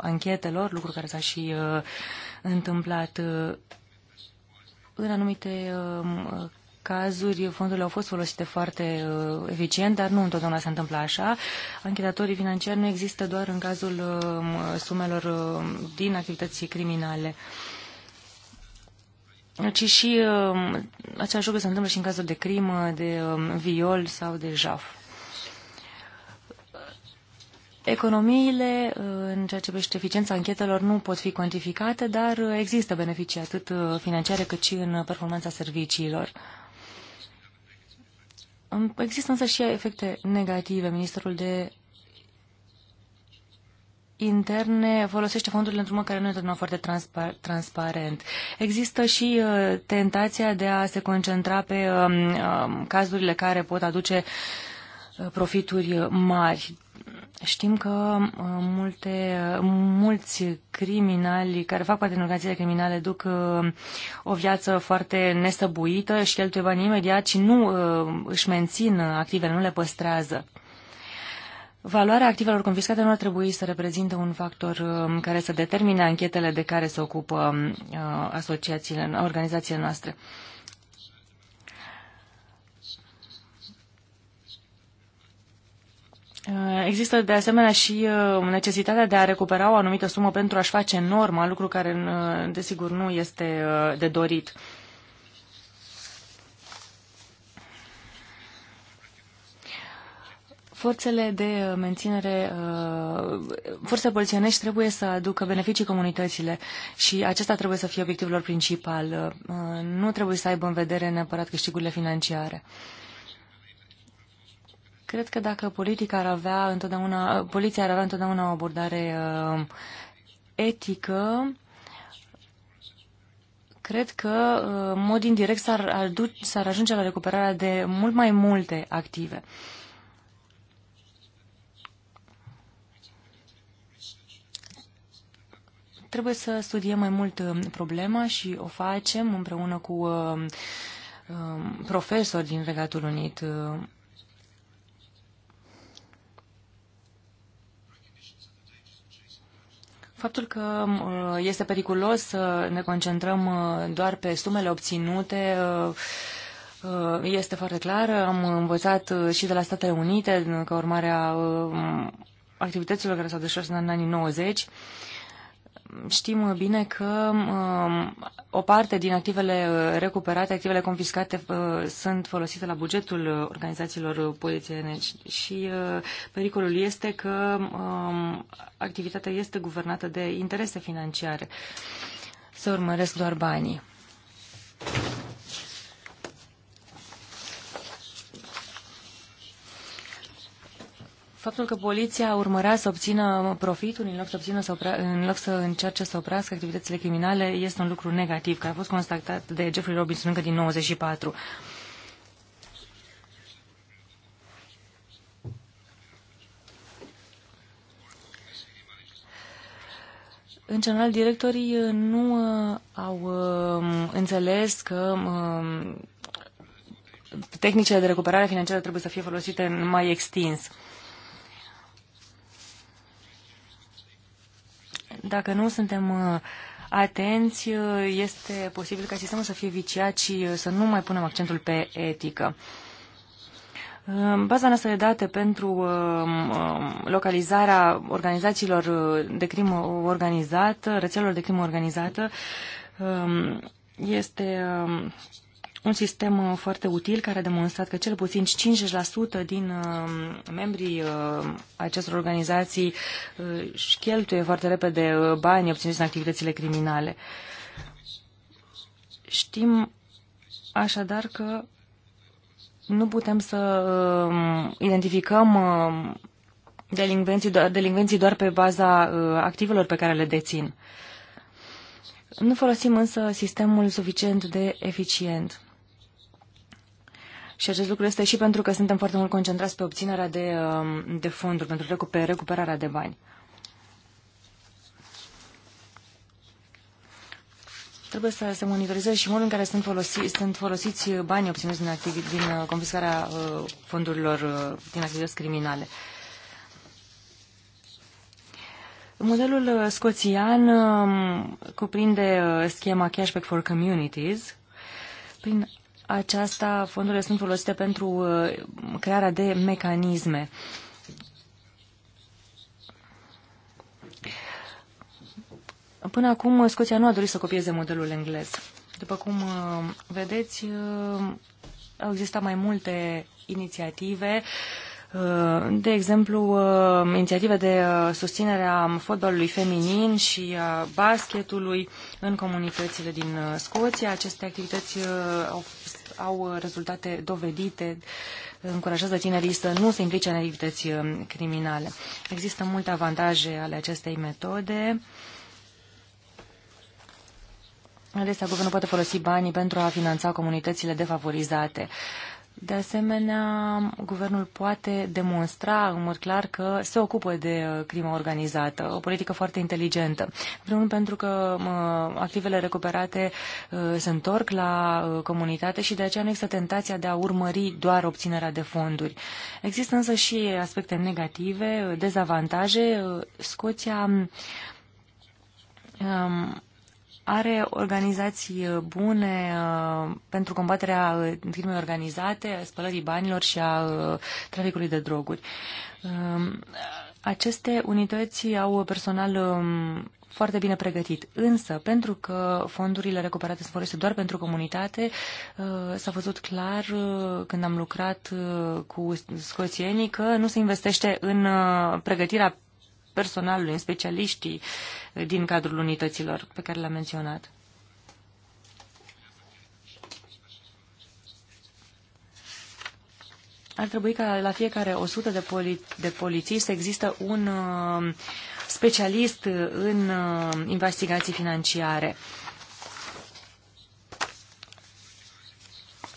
anchetelor, lucru care s-a și întâmplat în anumite cazuri fondurile au fost folosite foarte uh, eficient, dar nu întotdeauna se întâmplă așa. Anchetatorii financiari nu există doar în cazul uh, sumelor uh, din activității criminale. Uh, ci și um, același lucru se întâmplă și în cazul de crimă, de um, viol sau de jaf. Economiile uh, în ceea ce privește eficiența anchetelor nu pot fi cuantificate, dar uh, există beneficii atât uh, financiare cât și în performanța serviciilor. Um, există însă și efecte negative. Ministerul de interne folosește fondurile într-un mod care nu este totdeauna foarte transpar transparent. Există și uh, tentația de a se concentra pe uh, cazurile care pot aduce uh, profituri mari. Știm că uh, multe, mulți criminali care fac parte din organizațiile criminale duc uh, o viață foarte nesăbuită și cheltuie bani imediat și nu uh, își mențin activele, nu le păstrează. Valoarea activelor confiscate nu ar trebui să reprezinte un factor um, care să determine anchetele de care se ocupă um, uh, asociațiile, organizațiile noastre. Uh, există de asemenea și uh, necesitatea de a recupera o anumită sumă pentru a-și face norma, lucru care desigur nu este de dorit. Forțele de menținere, uh, forțele polițienești trebuie să aducă beneficii comunitățile și acesta trebuie să fie obiectivul lor principal. Uh, nu trebuie să aibă în vedere neapărat câștigurile financiare. Cred că dacă politica ar avea întotdeauna, uh, poliția ar avea întotdeauna o abordare etică, cred că, în mod indirect, s-ar, ajunge la recuperarea de mult mai multe active. Trebuie să studiem mai mult um, problema și o facem împreună cu um, um, profesori din Regatul Unit. Faptul că este periculos să ne concentrăm uh, doar pe sumele obținute uh, uh, este foarte clar. Am învățat și de la Statele Unite, ca urmare a activităților care s-au desfășurat în anii 90. Știm bine că um, o parte din activele uh, recuperate, activele confiscate, uh, sunt folosite la bugetul uh, organizațiilor polițiene și pericolul este că um, activitatea este guvernată de interese financiare. Se urmăresc doar banii. Faptul că poliția urmărea să obțină profitul în loc să, obțină să opra, în loc să încerce să oprească activitățile criminale este un lucru negativ, care a fost constatat de Jeffrey Robinson încă din 94. În general, directorii uh, nu uh, au um, înțeles că um, tehnicile de recuperare financiară trebuie să fie folosite mai extins. Dacă nu suntem uh, atenți, uh, este posibil ca sistemul să fie viciat și uh, să nu mai punem accentul pe etică. Baza noastră de date pentru um, localizarea organizațiilor de crimă organizată, rețelelor de crimă organizată, um, este um, un sistem uh, foarte util care a demonstrat că cel puțin 50% din uh, membrii uh, acestor organizații își cheltuie foarte repede bani obținuți în activitățile criminale. Știm așadar că nu putem să identificăm delinvenții, delinvenții doar pe baza activelor pe care le dețin. Nu folosim însă sistemul suficient de eficient. Și acest lucru este și pentru că suntem foarte mult concentrați pe obținerea de, um, de fonduri, pentru recuper, recuperarea de bani. Trebuie să se monitorizeze și modul în care sunt, folosi, sunt folosiți banii obținuți din, activi, din uh, confiscarea uh, fondurilor uh, din activități criminale. Modelul scoțian um, cuprinde schema Cashback for Communities. Prin aceasta fondurile sunt folosite pentru uh, crearea de mecanisme. Până acum, Scoția nu a dorit să copieze modelul englez. După cum uh, vedeți, uh, au existat mai multe inițiative, de exemplu, inițiative de susținere a fotbalului feminin și a basketului în comunitățile din Scoția. Aceste activități au au uh, rezultate dovedite, încurajează tinerii să nu se implice în activități uh, criminale. Există multe avantaje ale acestei metode. Adesea, guvernul poate folosi banii pentru a finanța comunitățile defavorizate. Uh, de asemenea, guvernul poate demonstra în mod clar că se ocupă de uh, crima organizată, o politică foarte inteligentă. primul pentru că activele recuperate uh, se întorc la uh, comunitate și de aceea nu există tentația de a urmări doar obținerea de fonduri. Există însă și aspecte negative, dezavantaje. Scoția um, are organizații uh, bune uh, pentru combaterea uh, crimei organizate, a spălării banilor și a traficului de droguri. Um, aceste unități au personal um, foarte bine pregătit. Însă, pentru că fondurile recuperate sunt folosite doar pentru comunitate, s-a văzut clar când am lucrat cu scoțienii că nu se investește în pregătirea personalului, în specialiștii din cadrul unităților pe care le-am menționat. Ar trebui ca la fiecare 100 de, poli de poliții să există un uh, specialist în uh, investigații financiare.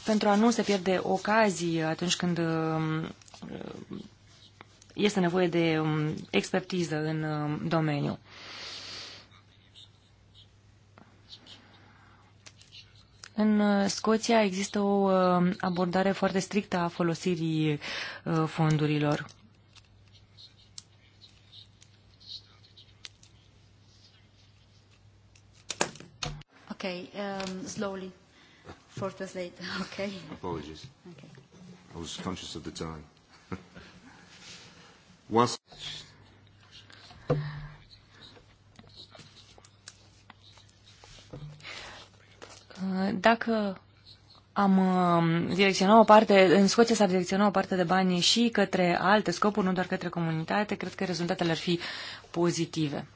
pentru a nu se pierde ocazii atunci când uh, este nevoie de um, expertiză în um, domeniu. În uh, Scoția există o uh, abordare foarte strictă a folosirii uh, fondurilor. Okay, um, slowly. Four translate, late. Okay. Apologies. Okay. I was conscious of the time. Dacă am um, direcționat o parte, în Scoția s-ar direcționa o parte de bani și către alte scopuri, nu doar către comunitate, cred că rezultatele ar fi pozitive.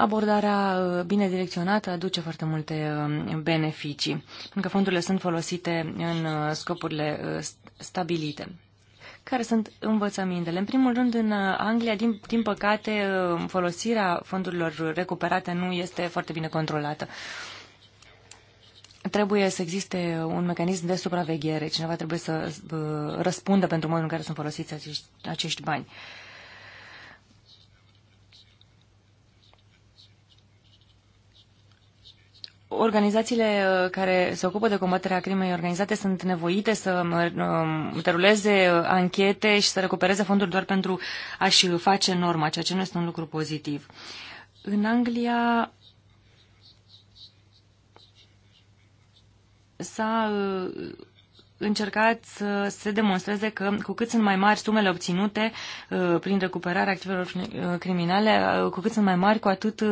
abordarea uh, bine direcționată aduce foarte multe uh, beneficii, pentru că fondurile sunt folosite în uh, scopurile stabilite. Care sunt învățămintele? În primul rând, în Anglia, din, din păcate, folosirea fondurilor recuperate nu este foarte bine controlată. Trebuie să existe un mecanism de supraveghere. Cineva trebuie să răspundă pentru modul în care sunt folosiți acești, acești bani. Uh, organizațiile uh, care se ocupă de combaterea crimei organizate sunt nevoite să deruleze um, uh, anchete și să recupereze fonduri doar pentru a-și face norma, ceea ce nu este un lucru pozitiv. În Anglia s-a uh, încercat să se demonstreze că cu cât sunt mai mari sumele obținute uh, prin recuperarea activelor uh, criminale, uh, cu cât sunt mai mari, cu atât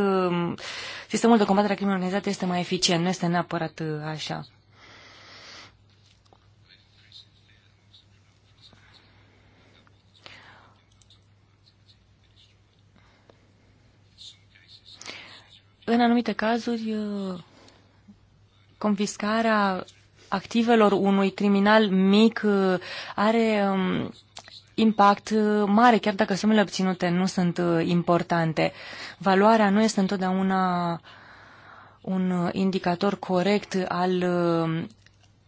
sistemul de combatere a crimei organizate este mai eficient. Nu este neapărat așa. În anumite cazuri, confiscarea activelor unui criminal mic uh, are um, impact uh, mare, chiar dacă sumele obținute nu sunt uh, importante. Valoarea nu este întotdeauna un indicator corect al um,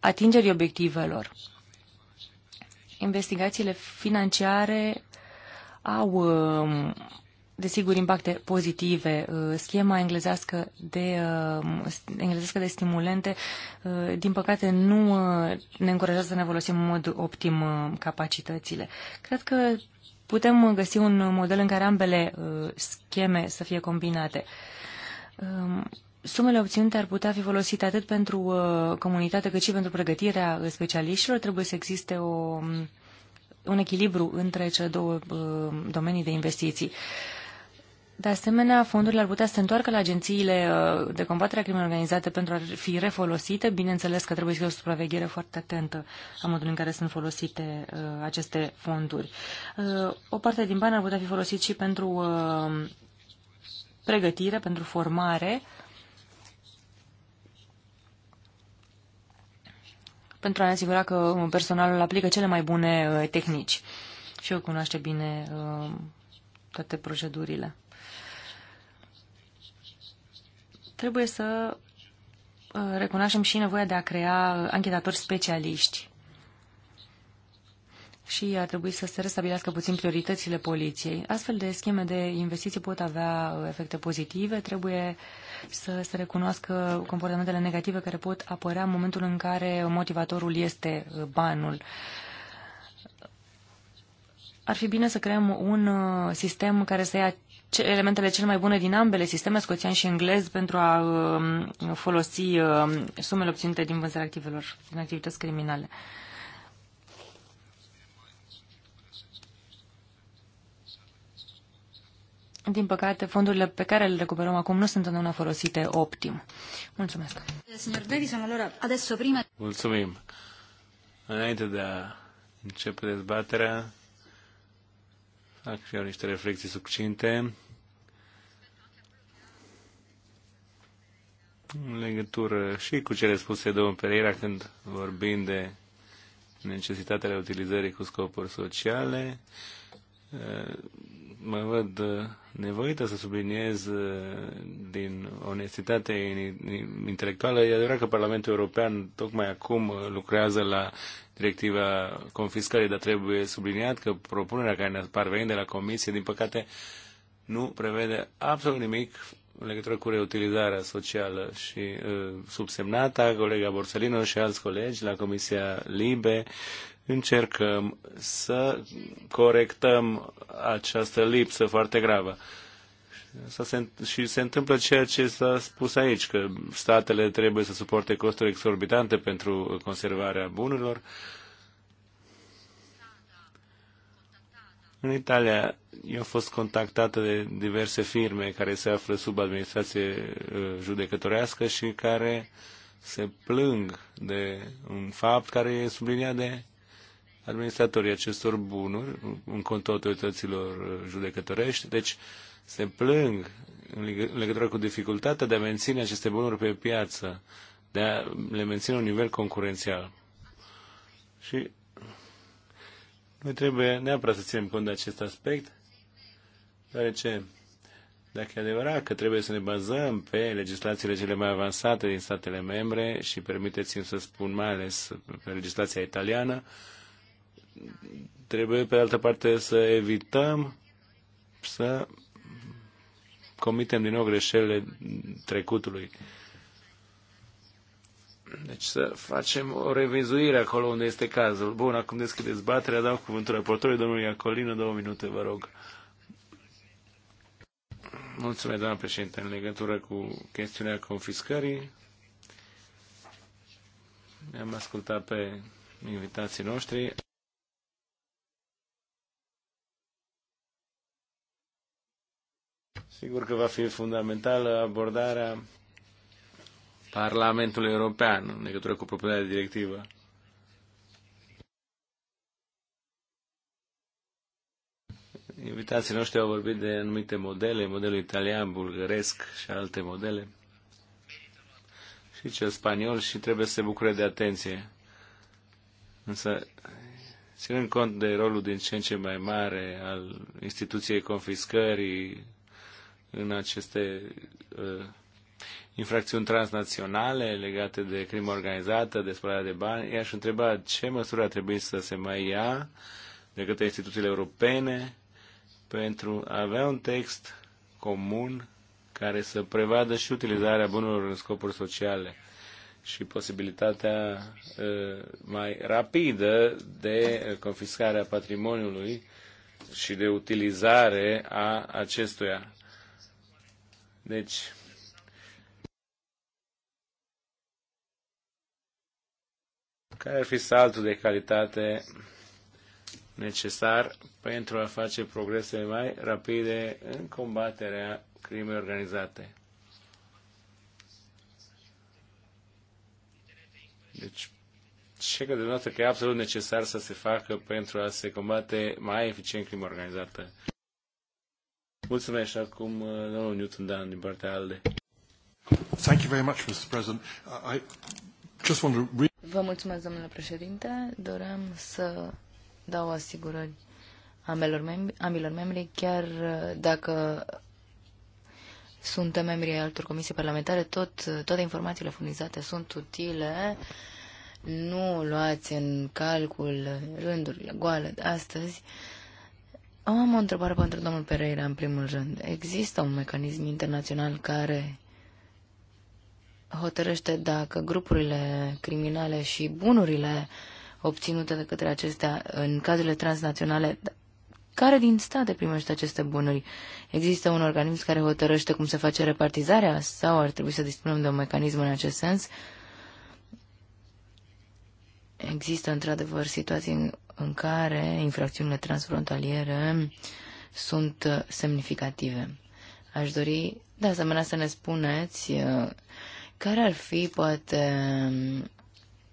atingerii obiectivelor. Investigațiile financiare au um, desigur, impacte pozitive. Uh, schema englezească de, uh, englezească de stimulente, uh, din păcate, nu ne încurajează să ne folosim în mod optim capacitățile. Cred că putem găsi un model în care ambele scheme să fie combinate. Um, sumele obținute ar putea fi folosite atât pentru comunitate cât și pentru pregătirea specialiștilor. Trebuie să existe o, um, un echilibru între cele două domenii de investiții. De asemenea, fondurile ar putea să se întoarcă la agențiile uh, de combatere a crimei organizate pentru a fi refolosite. Bineînțeles că trebuie să fie o supraveghere foarte atentă a modului în care sunt folosite uh, aceste fonduri. Uh, o parte din bani ar putea fi folosit și pentru uh, pregătire, pentru formare, pentru a ne asigura că uh, personalul aplică cele mai bune uh, tehnici și eu cunoaște bine toate procedurile. Trebuie să uh, recunoaștem și nevoia de a crea uh, anchetatori specialiști și ar trebui să se restabilească puțin prioritățile poliției. Astfel de scheme de investiții pot avea uh, efecte pozitive, trebuie să se recunoască comportamentele negative care pot apărea în momentul în care motivatorul este banul. Ar fi bine să creăm un sistem care să ia elementele cele mai bune din ambele sisteme, scoțian și englez, pentru a um, folosi um, sumele obținute din vânzarea activelor, din activități criminale. Din păcate, fondurile pe care le recuperăm acum nu sunt întotdeauna folosite optim. Mulțumesc. Signor adesso prima... Mulțumim. Înainte de a începe dezbaterea, dacă și niște reflexii succinte în legătură și cu cele spuse domnul Pereira când vorbim de necesitatea utilizării cu scopuri sociale mă văd uh, nevoită să subliniez uh, din onestitate intelectuală. E adevărat că Parlamentul European tocmai acum uh, lucrează la directiva confiscării, dar trebuie subliniat că propunerea care ne parvenit de la Comisie, din păcate, nu prevede absolut nimic în legătură cu reutilizarea socială și subsemnata, colega Borsalino și alți colegi la Comisia Libe încercăm să corectăm această lipsă foarte gravă. Și se întâmplă ceea ce s-a spus aici, că statele trebuie să suporte costuri exorbitante pentru conservarea bunurilor. În Italia, eu am fost contactată de diverse firme care se află sub administrație uh, judecătorească și care se plâng de un fapt care e subliniat de administratorii acestor bunuri în contul autorităților judecătorești. Deci se plâng în legătură cu dificultatea de a menține aceste bunuri pe piață, de a le menține un nivel concurențial. Și noi trebuie neapărat să ținem cont de acest aspect, deoarece dacă e adevărat că trebuie să ne bazăm pe legislațiile cele mai avansate din statele membre și permiteți-mi să spun mai ales pe legislația italiană, trebuie pe altă parte să evităm să comitem din nou greșelile trecutului. Deci să facem o revizuire acolo unde este cazul. Bun, acum deschid dezbaterea, dau cuvântul raportorului domnului Iacolino, două minute, vă rog. Mulțumesc, doamna președinte, în legătură cu chestiunea confiscării. Am ascultat pe invitații noștri. Sigur că va fi fundamentală abordarea Parlamentului European în legătură cu propunerea directivă. Invitații noștri au vorbit de anumite modele, modelul italian, bulgăresc și alte modele, și cel spaniol și trebuie să se bucure de atenție. Însă, ținând cont de rolul din ce în ce mai mare al instituției confiscării, în aceste uh, infracțiuni transnaționale legate de crimă organizată, de spălare de bani, i-aș întreba ce măsuri ar trebui să se mai ia de către instituțiile europene pentru a avea un text comun care să prevadă și utilizarea bunurilor în scopuri sociale și posibilitatea uh, mai rapidă de confiscarea patrimoniului și de utilizare a acestuia deci, care ar fi saltul de calitate necesar pentru a face progrese mai rapide în combaterea crimei organizate. Deci, ce credeți noastră că e absolut necesar să se facă pentru a se combate mai eficient crima organizată? Mulțumesc și acum uh, domnul Newton Dan din partea ALDE. Thank you very much, Mr. President. I just want to Vă mulțumesc, domnule președinte. Doream să dau asigurări ambelor membri, ambilor membri, chiar uh, dacă sunt membri ai altor comisii parlamentare, tot, uh, toate informațiile furnizate sunt utile. Nu luați în calcul rândurile goale de astăzi. Uh, am o întrebare pentru domnul Pereira, în primul rând. Există un mecanism internațional care hotărăște dacă grupurile criminale și bunurile obținute de către acestea în cazurile transnaționale, care din state primește aceste bunuri? Există un organism care hotărăște cum se face repartizarea sau ar trebui să dispunem de un mecanism în acest sens? Există într-adevăr situații în care infracțiunile transfrontaliere sunt uh, semnificative. Aș dori, de asemenea, să ne spuneți uh, care ar fi, poate, um,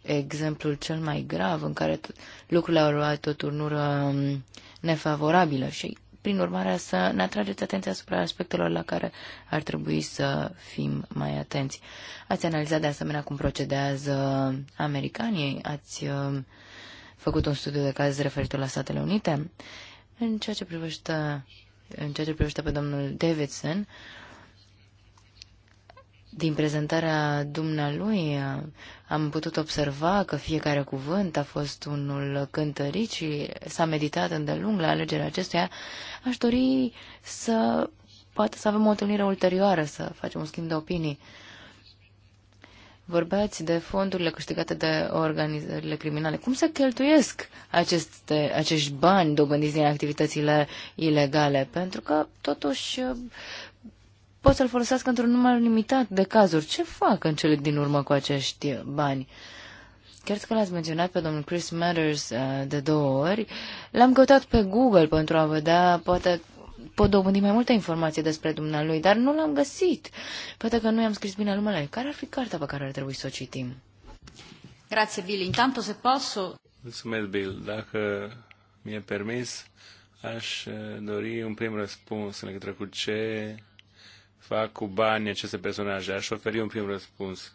exemplul cel mai grav în care lucrurile au luat o turnură um, nefavorabilă și, prin urmare, să ne atrageți atenția asupra aspectelor la care ar trebui să fim mai atenți. Ați analizat, de asemenea, cum procedează americanii, ați um, făcut un studiu de caz referitor la Statele Unite. În ceea ce privește, în ceea ce privește pe domnul Davidson, din prezentarea dumnealui am putut observa că fiecare cuvânt a fost unul cântărit și s-a meditat îndelung la alegerea acestuia. Aș dori să poate să avem o întâlnire ulterioară, să facem un schimb de opinii. Vorbeați de fondurile câștigate de organizările criminale. Cum se cheltuiesc aceste, acești bani dobândiți din activitățile ilegale? Pentru că, totuși, pot să-l folosească într-un număr limitat de cazuri. Ce fac în cele din urmă cu acești bani? Chiar că l-ați menționat pe domnul Chris Matters uh, de două ori, l-am căutat pe Google pentru a vedea poate pot dobândi mai multe informații despre dumnealui, dar nu l-am găsit. Poate că nu i-am scris bine numele. Care ar fi cartea pe care ar trebui să o citim? Grazie, Bill. Intanto, se posso... Mulțumesc, Bill. Dacă mi-e permis, aș eh, dori un prim răspuns în legătură cu ce fac cu banii aceste personaje. Aș oferi un prim răspuns.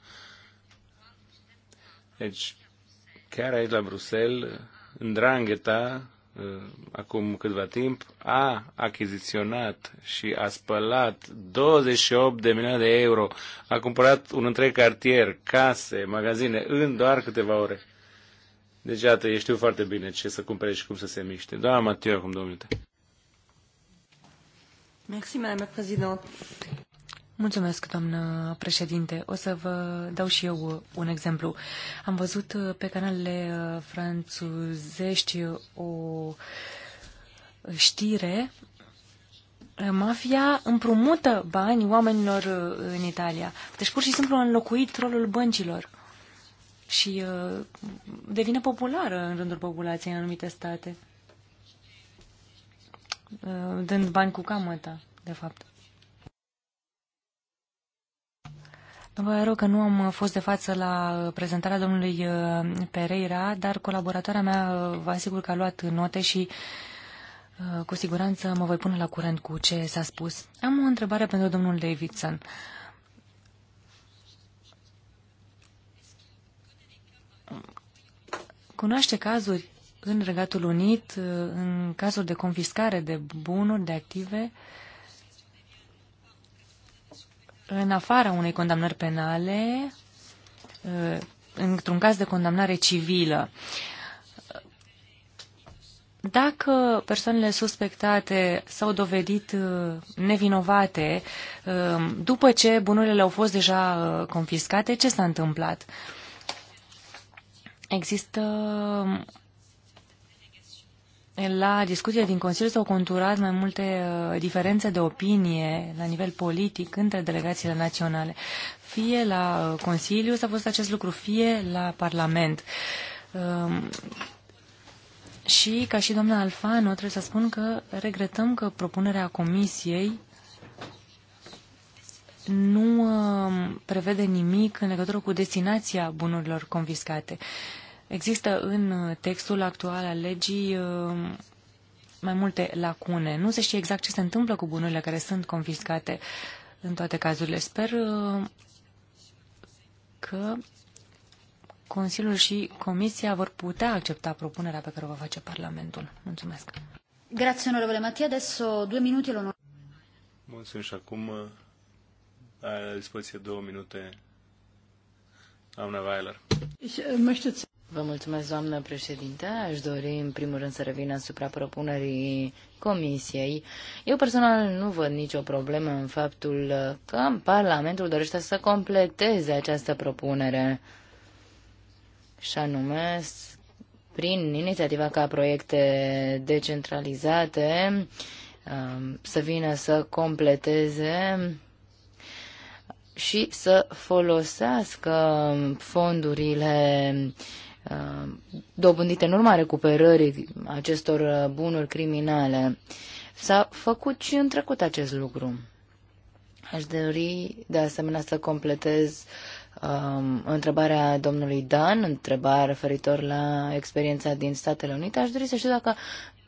Deci, chiar aici la Bruxelles, în Drangheta Uh, acum câtva timp, a achiziționat și a spălat 28 de milioane de euro. A cumpărat un întreg cartier, case, magazine, în doar câteva ore. Deci, iată, eu știu foarte bine ce să cumpere și cum să se miște. Doamna Matiu, acum două minute. Mersi, doamna președinte. Mulțumesc, doamnă președinte. O să vă dau și eu un exemplu. Am văzut uh, pe canalele uh, franțuzești uh, o știre. Mafia împrumută bani oamenilor în Italia. Deci pur și simplu a înlocuit rolul băncilor și devine populară în rândul populației în anumite state, dând bani cu camăta, de fapt. Vă rog că nu am uh, fost de față la uh, prezentarea domnului uh, Pereira, dar colaboratoarea mea vă asigur că a luat note și cu siguranță mă voi pune la curent cu ce s-a spus. Am o întrebare pentru domnul Davidson. Cunoaște cazuri în Regatul Unit, în cazuri de confiscare de bunuri, de active, uh, în afara unei condamnări penale, uh, într-un caz de condamnare civilă, dacă persoanele suspectate s-au dovedit uh, nevinovate uh, după ce bunurile au fost deja confiscate, ce s-a întâmplat? Există la discuția din Consiliu s-au conturat mai multe uh, diferențe de opinie la nivel politic între delegațiile naționale. Fie la uh, Consiliu s-a fost acest lucru, fie la Parlament. Um, și, ca și doamna Alfano, trebuie să spun că regretăm că propunerea Comisiei nu um, prevede nimic în legătură cu destinația bunurilor confiscate. Există în uh, textul actual al legii uh, mai multe lacune. Nu se știe exact ce se întâmplă cu bunurile care sunt confiscate în toate cazurile. Sper uh, că Consiliul și Comisia vor putea accepta propunerea pe care o va face Parlamentul. Mulțumesc. Grazie, onorevole Mattia. Adesso due minuti Mulțumesc și acum are la dispoziție două minute. Doamna Weiler. Äh, Vă mulțumesc, doamnă președinte. Aș dori, în primul rând, să revin asupra propunerii comisiei. Eu personal nu văd nicio problemă în faptul că Parlamentul dorește să completeze această propunere. Și anume, prin inițiativa ca proiecte decentralizate, um, să vină să completeze și să folosească fondurile Uh, dobândite în urma recuperării acestor uh, bunuri criminale. S-a făcut și în trecut acest lucru. Aș dori de asemenea să completez um, întrebarea domnului Dan, întrebarea referitor la experiența din Statele Unite. Aș dori să știu dacă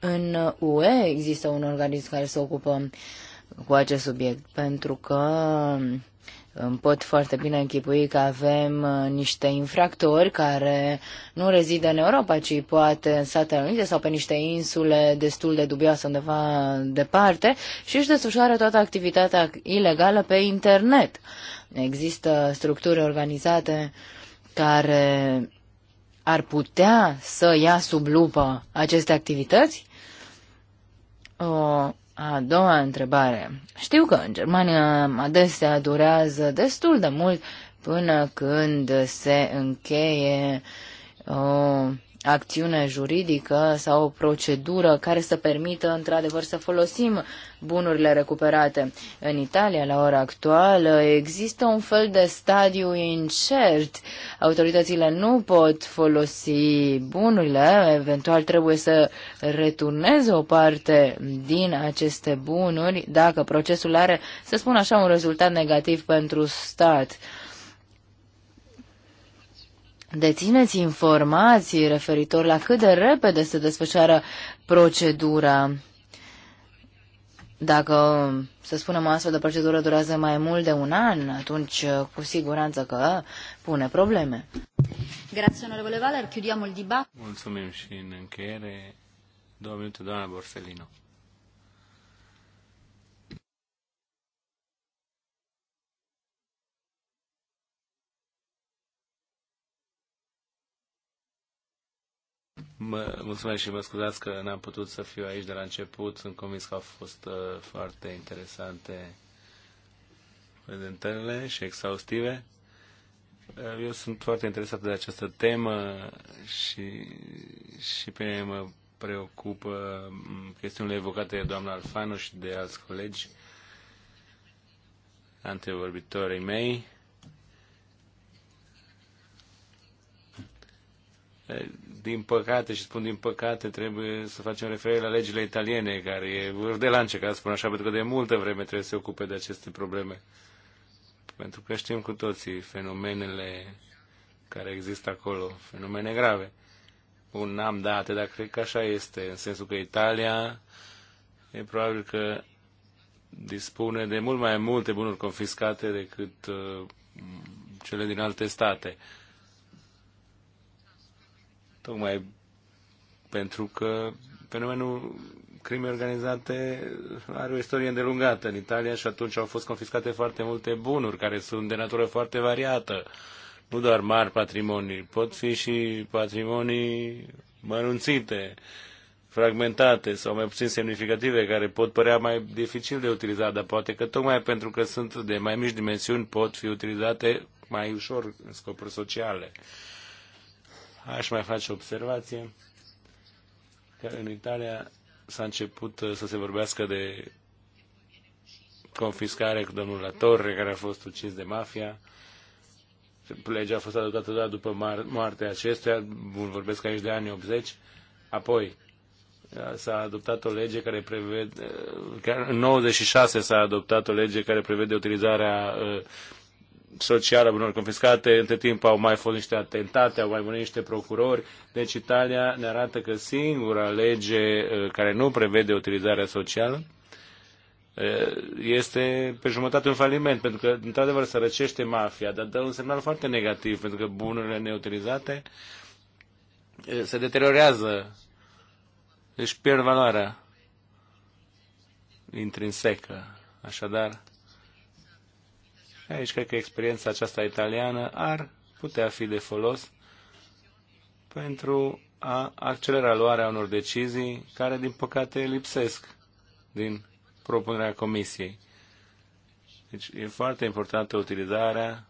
în UE există un organism care se ocupă cu acest subiect, pentru că îmi pot foarte bine închipui că avem uh, niște infractori care nu rezidă în Europa, ci poate în Statele Unite sau pe niște insule destul de dubioase undeva departe și își desfășoară toată activitatea ilegală pe internet. Există structuri organizate care ar putea să ia sub lupă aceste activități? A doua întrebare. Știu că în Germania adesea durează destul de mult până când se încheie o acțiune juridică sau o procedură care să permită într-adevăr să folosim bunurile recuperate. În Italia, la ora actuală, există un fel de stadiu incert. Autoritățile nu pot folosi bunurile, eventual trebuie să returneze o parte din aceste bunuri dacă procesul are, să spun așa, un rezultat negativ pentru stat dețineți informații referitor la cât de repede se desfășoară procedura. Dacă, să spunem, o astfel de procedură durează mai mult de un an, atunci uh, cu siguranță că pune probleme. Grazie, onorevole Valer. Chiudiamo il dibattito. Mulțumim și în încheiere. Două minute, doamna Borsellino. Mă, mulțumesc și mă scuzați că n-am putut să fiu aici de la început. Sunt convins că au fost uh, foarte interesante prezentările și exhaustive. Uh, eu sunt foarte interesat de această temă și, și pe mine mă preocupă chestiunile evocate de doamna Alfano și de alți colegi antevorbitorii mei. Din păcate, și spun din păcate, trebuie să facem referire la legile italiene, care e vârf de lance, ca să spun așa, pentru că de multă vreme trebuie să se ocupe de aceste probleme. Pentru că știm cu toții fenomenele care există acolo, fenomene grave. Un n-am date, dar cred că așa este, în sensul că Italia e probabil că dispune de mult mai multe bunuri confiscate decât uh, cele din alte state. Uh, tocmai pentru că fenomenul crimei organizate are o istorie îndelungată în Italia și atunci au fost confiscate foarte multe bunuri care sunt de natură foarte variată. Nu doar mari patrimonii, pot fi și patrimonii mărunțite, fragmentate sau mai puțin semnificative, care pot părea mai dificil de utilizat, dar poate că tocmai pentru că sunt de mai mici dimensiuni pot fi utilizate mai ușor în scopuri sociale. Aș mai face o observație că în Italia s-a început uh, să se vorbească de confiscare cu domnul La Torre, care a fost ucis de mafia. Legea a fost adoptată doar după moartea acestuia, bun, vorbesc aici de anii 80. Apoi uh, s-a adoptat o lege care prevede, uh, chiar în 96 s-a adoptat o lege care prevede utilizarea social a bunor confiscate, între timp au mai fost niște atentate, au mai murit niște procurori, deci Italia ne arată că singura lege uh, care nu prevede utilizarea socială uh, este pe jumătate un faliment, pentru că, într-adevăr, se răcește mafia, dar dă un semnal foarte negativ, pentru că bunurile neutilizate uh, se deteriorează, își pierd valoarea intrinsecă. Așadar, și aici cred că experiența aceasta italiană ar putea fi de folos pentru a accelera luarea unor decizii care, din păcate, lipsesc din propunerea Comisiei. Deci e foarte importantă utilizarea.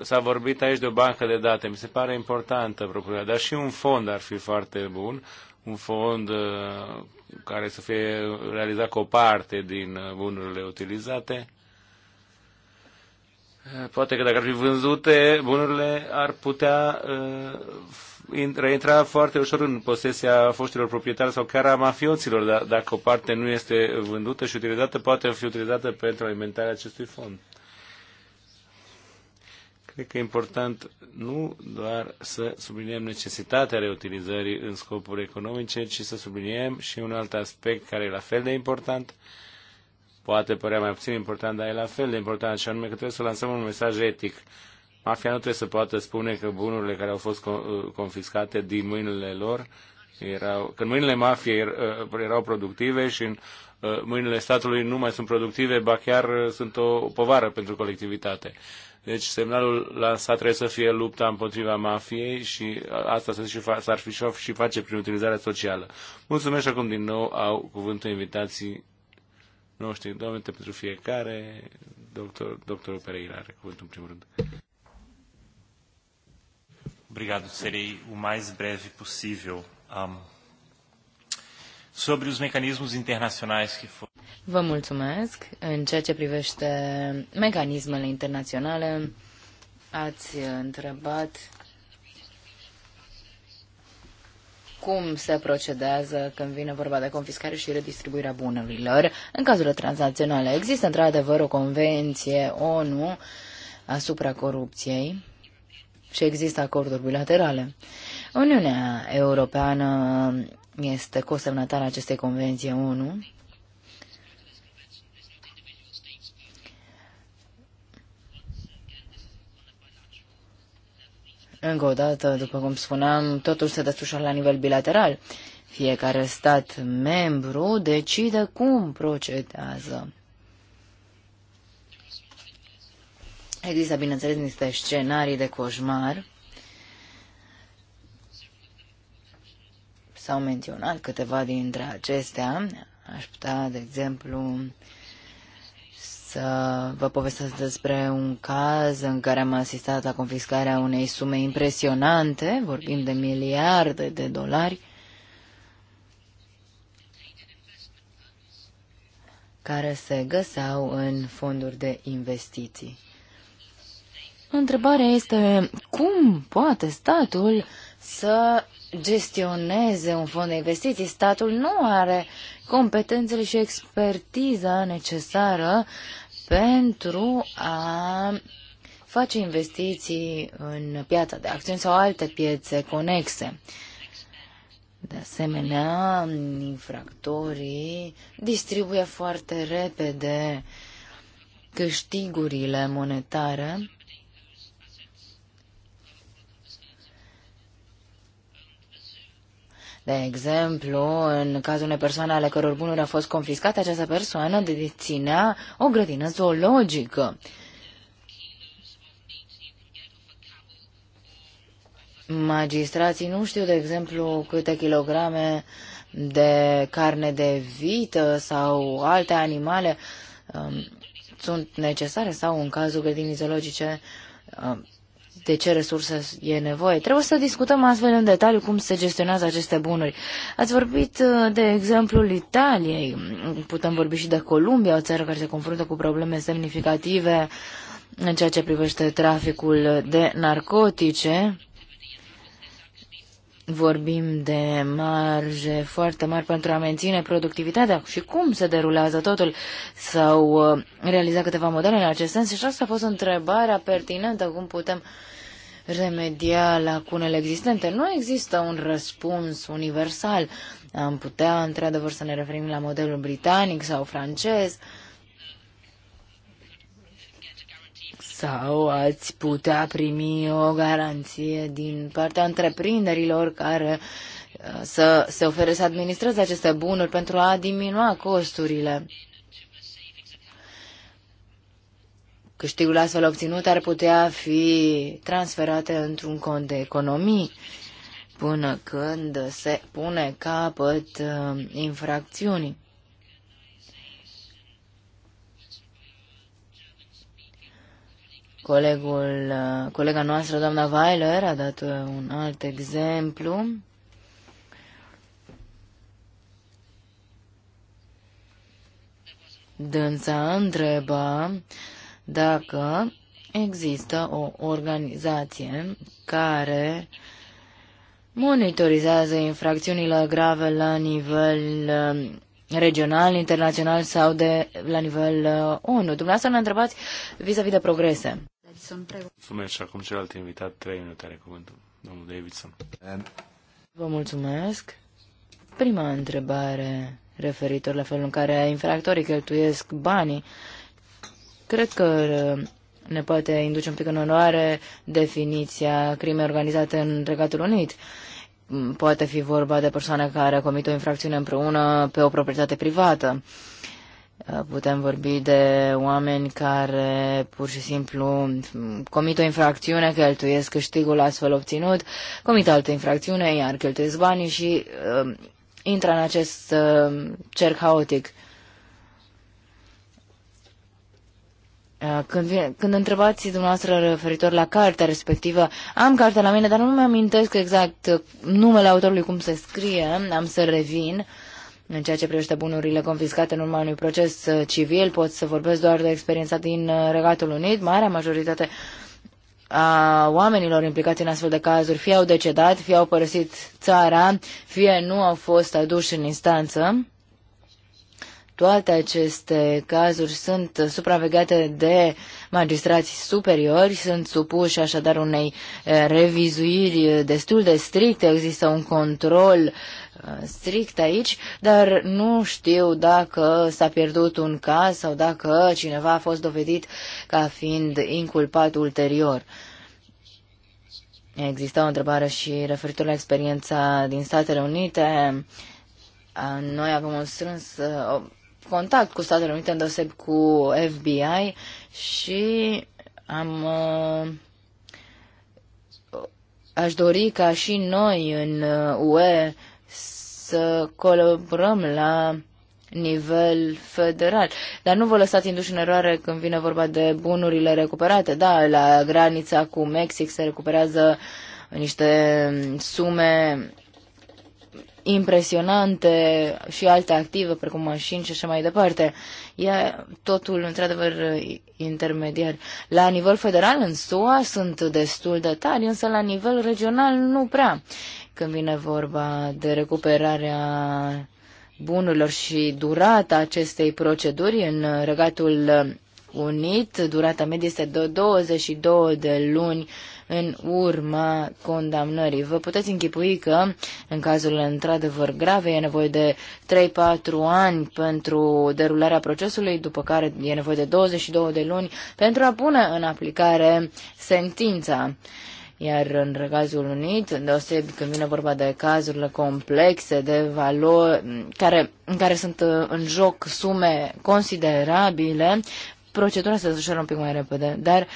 S-a vorbit aici de o bancă de date, mi se pare importantă propunerea, dar și un fond ar fi foarte bun, un fond uh, care să fie realizat cu o parte din uh, bunurile utilizate. Uh, poate că dacă ar fi vândute, bunurile ar putea reintra foarte ușor în posesia foștilor proprietari sau chiar a mafioților, dar dacă o parte nu este vândută și utilizată, poate fi utilizată pentru alimentarea acestui fond. Cred că e important nu doar să subliniem necesitatea reutilizării în scopuri economice, ci să subliniem și un alt aspect care e la fel de important, poate părea mai puțin important, dar e la fel de important, și anume că trebuie să lansăm un mesaj etic. Mafia nu trebuie să poată spune că bunurile care au fost uh, confiscate din mâinile lor erau, că în mâinile mafiei er, uh, erau productive și în uh, mâinile statului nu mai sunt productive, ba chiar sunt o povară pentru colectivitate. Deci semnalul lansat trebuie să fie lupta împotriva mafiei și asta se și fa- s-ar fi și face prin utilizarea socială. Mulțumesc și acum din nou au cuvântul invitații noștri, domnule pentru fiecare, doctor, doctorul Pereira are cuvântul în primul rând. Obrigado. Serei o mais breve possível. Um, sobre os mecanismos internacionais que foram. Vă mulțumesc. În ceea ce privește mecanismele internaționale, ați întrebat cum se procedează când vine vorba de confiscare și redistribuirea bunurilor în cazurile tranzacționale. Există într-adevăr o convenție ONU asupra corupției și există acorduri bilaterale. Uniunea Europeană este cosemnatar acestei convenții ONU. Încă o dată, după cum spuneam, totul se desfășoară la nivel bilateral. Fiecare stat membru decide cum procedează. Există, bineînțeles, niște scenarii de coșmar S-au menționat câteva dintre acestea. Aș putea, de exemplu, să vă povestesc despre un caz în care am asistat la confiscarea unei sume impresionante, vorbim de miliarde de dolari, care se găseau în fonduri de investiții. Întrebarea este cum poate statul să gestioneze un fond de investiții. Statul nu are competențele și expertiza necesară pentru a face investiții în piața de acțiuni sau alte piețe conexe. De asemenea, infractorii distribuie foarte repede câștigurile monetare De exemplu, în cazul unei persoane ale căror bunuri a fost confiscate, această persoană deținea o grădină zoologică. Magistrații nu știu, de exemplu, câte kilograme de carne de vită sau alte animale um, sunt necesare sau, în cazul grădinii zoologice, um, de ce resurse e nevoie. Trebuie să discutăm astfel în detaliu cum se gestionează aceste bunuri. Ați vorbit uh, de exemplul Italiei, putem vorbi și de Columbia, o țară care se confruntă cu probleme semnificative în ceea ce privește traficul de narcotice vorbim de marje foarte mari pentru a menține productivitatea și cum se derulează totul. sau uh, realiza câteva modele în acest sens și asta a fost întrebarea pertinentă, cum putem remedia lacunele existente. Nu există un răspuns universal. Am putea, într-adevăr, să ne referim la modelul britanic sau francez, uh, sau ați putea primi o garanție din partea întreprinderilor care uh, să se ofere să administreze aceste bunuri pentru a diminua costurile. Câștigul astfel obținut ar putea fi transferate într-un cont de economii până când se pune capăt uh, infracțiunii. Colegul, uh, colega noastră, doamna Weiler, a dat uh, un alt exemplu. Dânsa întreba dacă există o organizație care monitorizează infracțiunile grave la nivel uh, regional, internațional sau de la nivel ONU. Dumneavoastră ne întrebați vis-a-vis -vis de progrese. Davidson, prego. Mulțumesc și acum celălalt invitat, trei minute are cuvântul. Domnul Davidson. Vă mulțumesc. Prima întrebare referitor la felul în care infractorii cheltuiesc banii. Cred că uh, ne poate induce un pic în onoare definiția crime organizate în Regatul Unit. Mm, poate fi vorba de persoane care comit o infracțiune împreună pe o proprietate privată. Putem vorbi de oameni care pur și simplu comit o infracțiune, cheltuiesc câștigul astfel obținut, comit altă infracțiune, iar cheltuiesc banii și uh, intră în acest um, uh, cer haotic. Când, vine, când întrebați dumneavoastră referitor la cartea respectivă, am cartea la mine, dar nu mi-amintesc exact uh, numele autorului cum se scrie, am să revin. Uh, în ceea ce privește bunurile confiscate în urma unui proces uh, civil, pot să vorbesc doar de experiența din uh, Regatul Unit. Marea majoritate a oamenilor implicați în astfel de cazuri fie au decedat, fie au părăsit țara, fie nu au fost aduși în instanță. Toate aceste cazuri sunt supravegheate de uh, Magistrații superiori sunt supuși așadar unei revizuiri destul de stricte, există un control strict aici, dar nu știu dacă s-a pierdut un caz sau dacă cineva a fost dovedit ca fiind inculpat ulterior. Exista o întrebare și referitor la experiența din Statele Unite. Noi avem un strâns contact cu Statele Unite, îndeoseb cu FBI și am uh, aș dori ca și noi în UE uh, să colaborăm la nivel federal. Dar nu vă lăsați induși în eroare când vine vorba de bunurile recuperate. Da, la granița cu Mexic se recuperează niște sume impresionante și alte active, precum mașini și așa mai departe. E totul, într-adevăr, intermediar. La nivel federal, în SUA, sunt destul de tari, însă la nivel regional nu prea. Când vine vorba de recuperarea bunurilor și durata acestei proceduri în Regatul Unit, durata medie este de 22 de luni în urma condamnării. Vă puteți închipui că, în cazul într-adevăr grave, e nevoie de 3-4 ani pentru derularea procesului, după care e nevoie de 22 de luni pentru a pune în aplicare sentința. Iar în cazul Unit, deosebit când vine vorba de cazurile complexe, de valori, care, în care sunt uh, în joc sume considerabile, procedura se desfășoară un pic mai repede. Dar uh,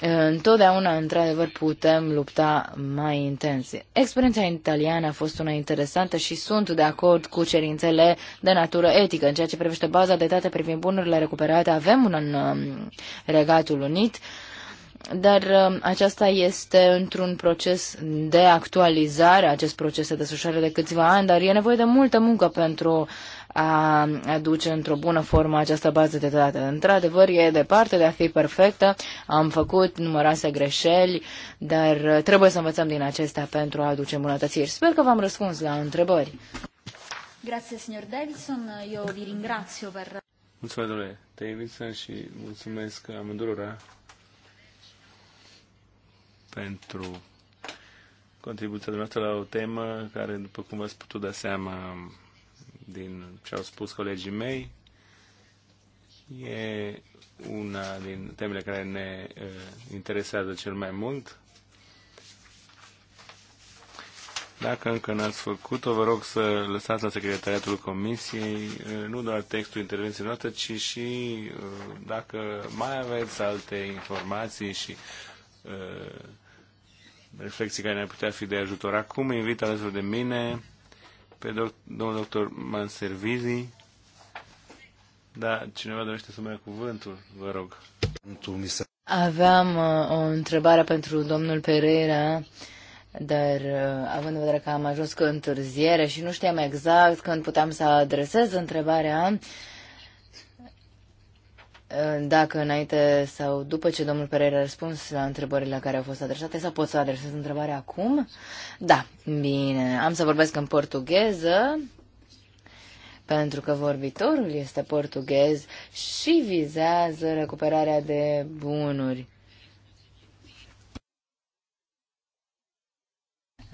Întotdeauna, într-adevăr, putem lupta mai intens. Experiența italiană a fost una interesantă și sunt de acord cu cerințele de natură etică. În ceea ce privește baza de date privind bunurile recuperate, avem un în um, Regatul Unit, dar um, aceasta este într-un proces de actualizare. Acest proces se desfășoară de câțiva ani, dar e nevoie de multă muncă pentru a aduce într-o bună formă această bază de date. Într-adevăr, e departe de a fi perfectă, am făcut numeroase greșeli, dar trebuie să învățăm din acestea pentru a aduce îmbunătățiri. Sper că v-am răspuns la întrebări. Grazie, signor Davidson. Eu vi ringrazio per... Mulțumesc, domnule Davidson, și mulțumesc amândurora pentru contribuția dumneavoastră la o temă care, după cum v-ați putut da seama, din ce au spus colegii mei. E una din temele care ne interesează cel mai mult. Dacă încă n-ați făcut-o, vă rog să lăsați la Secretariatul Comisiei nu doar textul intervenției noastre, ci și dacă mai aveți alte informații și reflexii care ne-ar putea fi de ajutor. Acum invit alături de mine pe doc, domnul doctor Manservizi. Da, cineva dorește să mai ia cuvântul, vă rog. Aveam uh, o întrebare pentru domnul Pereira, dar uh, având în vedere că am ajuns cu întârziere și nu știam exact când puteam să adresez întrebarea, uh, dacă înainte sau după ce domnul Pereira a răspuns la întrebările care au fost adresate, sau pot să adresez întrebarea acum? Da, bine, am să vorbesc în portugheză, pentru că vorbitorul este portughez și vizează recuperarea de bunuri.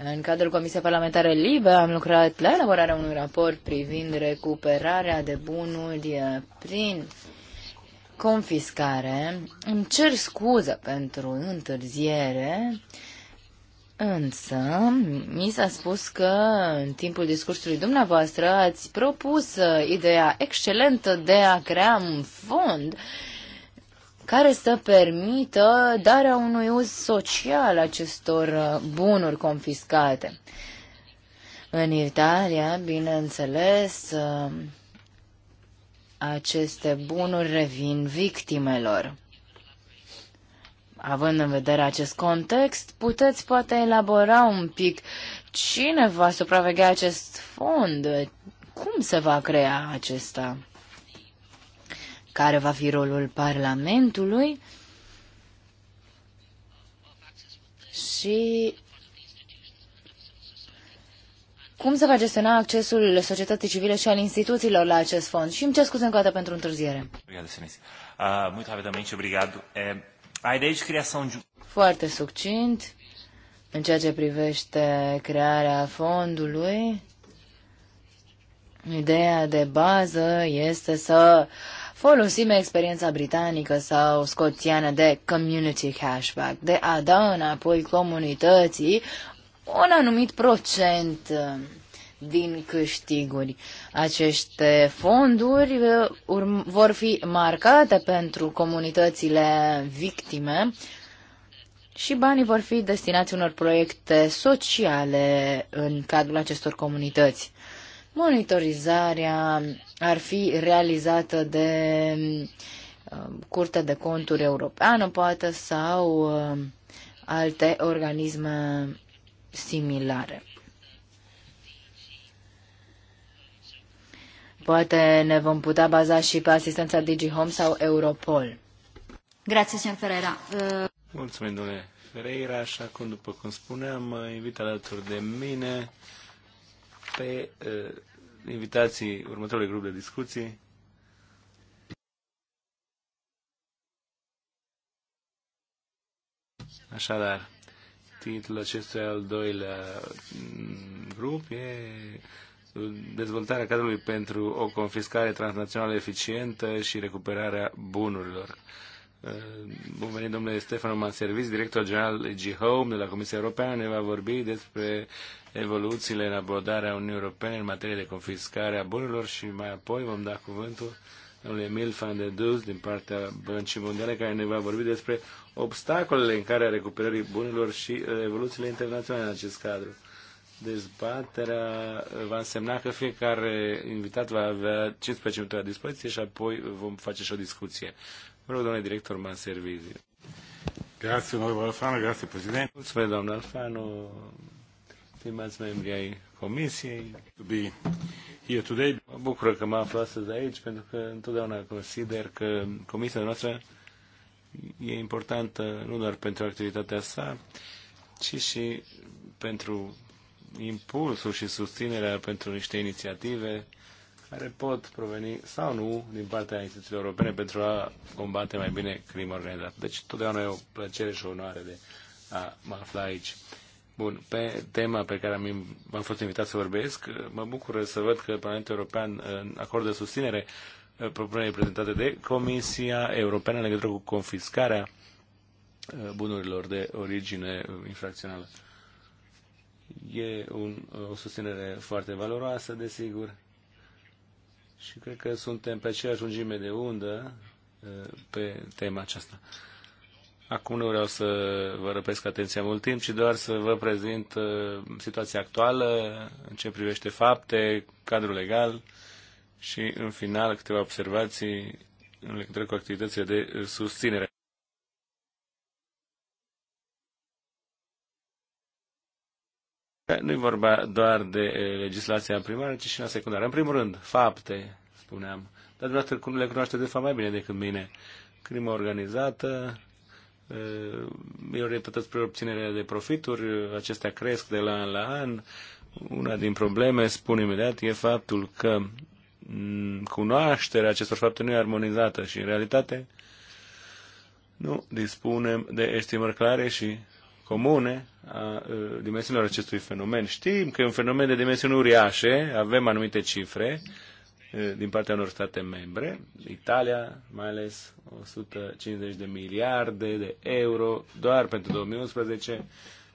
În cadrul Comisiei Parlamentare Libe am lucrat la elaborarea unui raport privind recuperarea de bunuri prin uh, confiscare. Îmi cer scuză pentru întârziere, însă mi s-a spus că în timpul discursului dumneavoastră ați propus uh, ideea excelentă de a crea un fond care să permită darea unui uz social acestor uh, bunuri confiscate. În Italia, bineînțeles, uh, aceste bunuri revin victimelor. Având în vedere acest context, puteți poate elabora un pic cine va supraveghea acest fond, cum se va crea acesta, care va fi rolul Parlamentului și cum se va gestiona accesul societății civile și al instituțiilor la acest fond? Și îmi cer scuze încă o dată pentru întârziere. Ah, um- Foarte succint. În ceea ce privește crearea fondului, ideea de bază este să folosim experiența britanică sau scoțiană de community cashback, de a da înapoi comunității un anumit procent uh, din câștiguri. Aceste fonduri uh, vor fi marcate pentru comunitățile victime și banii vor fi destinați unor proiecte sociale în cadrul acestor comunități. Monitorizarea ar fi realizată de uh, Curtea de Conturi Europeană, poate, sau alte organisme similare. Poate ne vom putea baza și pe asistența DigiHome sau Europol. Grazie, signor Ferreira. Uh, Mulțumim, domnule Ferreira. Așa cum, după cum spuneam, invit alături de mine pe uh, invitații următorului grup de discuții. Așadar, Titlul acestui al doilea grup e dezvoltarea cadrului pentru o confiscare transnațională eficientă și recuperarea bunurilor. Bun venit, domnule Stefano Manservis, director general G-Home de la Comisia Europeană, ne va vorbi despre evoluțiile în abordarea Uniunii Europene în materie de confiscare a bunurilor și mai apoi vom da cuvântul domnul Emil van de Dus din partea Băncii Mondiale, care ne va vorbi despre obstacolele în care a recuperării bunilor și uh, evoluțiile internaționale în acest cadru. Dezbaterea uh, va însemna că fiecare invitat va avea 15 minute la dispoziție și apoi vom face și o discuție. Vă rog, domnule director, mă servizi. Grazie, domnule Alfano, grazie, președinte. Mulțumesc, domnule Alfano, stimați membri ai Comisiei. Mă bucur că mă aflu astăzi aici, pentru că întotdeauna consider că Comisia noastră e importantă nu doar pentru activitatea sa, ci și pentru impulsul și susținerea pentru niște inițiative care pot proveni sau nu din partea instituțiilor europene pentru a combate mai bine crima organizată. Deci totdeauna e o plăcere și o onoare de a mă afla aici. Bun, pe tema pe care am, am fost invitat să vorbesc, mă bucur să văd că Parlamentul European uh, acordă susținere uh, propunerii prezentate de Comisia Europeană în legătură cu confiscarea uh, bunurilor de origine infracțională. E un, o susținere foarte valoroasă, desigur, și cred că suntem pe aceeași lungime de undă pe tema aceasta. Acum nu vreau să vă răpesc atenția mult timp, ci doar să vă prezint uh, situația actuală în ce privește fapte, cadrul legal și, în final, câteva observații în legătură cu activitățile de susținere. Nu i vorba doar de uh, legislația primară, ci și în secundară. În primul rând, fapte, spuneam. Dar dumneavoastră le cunoaște de fapt mai bine decât mine. Crimă organizată, e orientat spre obținerea de profituri, acestea cresc de la an la an. Una din probleme, spun imediat, e faptul că cunoașterea acestor fapte nu e armonizată și, în realitate, nu dispunem de estimări clare și comune a dimensiunilor acestui fenomen. Știm că e un fenomen de dimensiuni uriașe, avem anumite cifre, Eh, din partea unor state membre, Italia mai ales 150 de miliarde de euro doar pentru 2011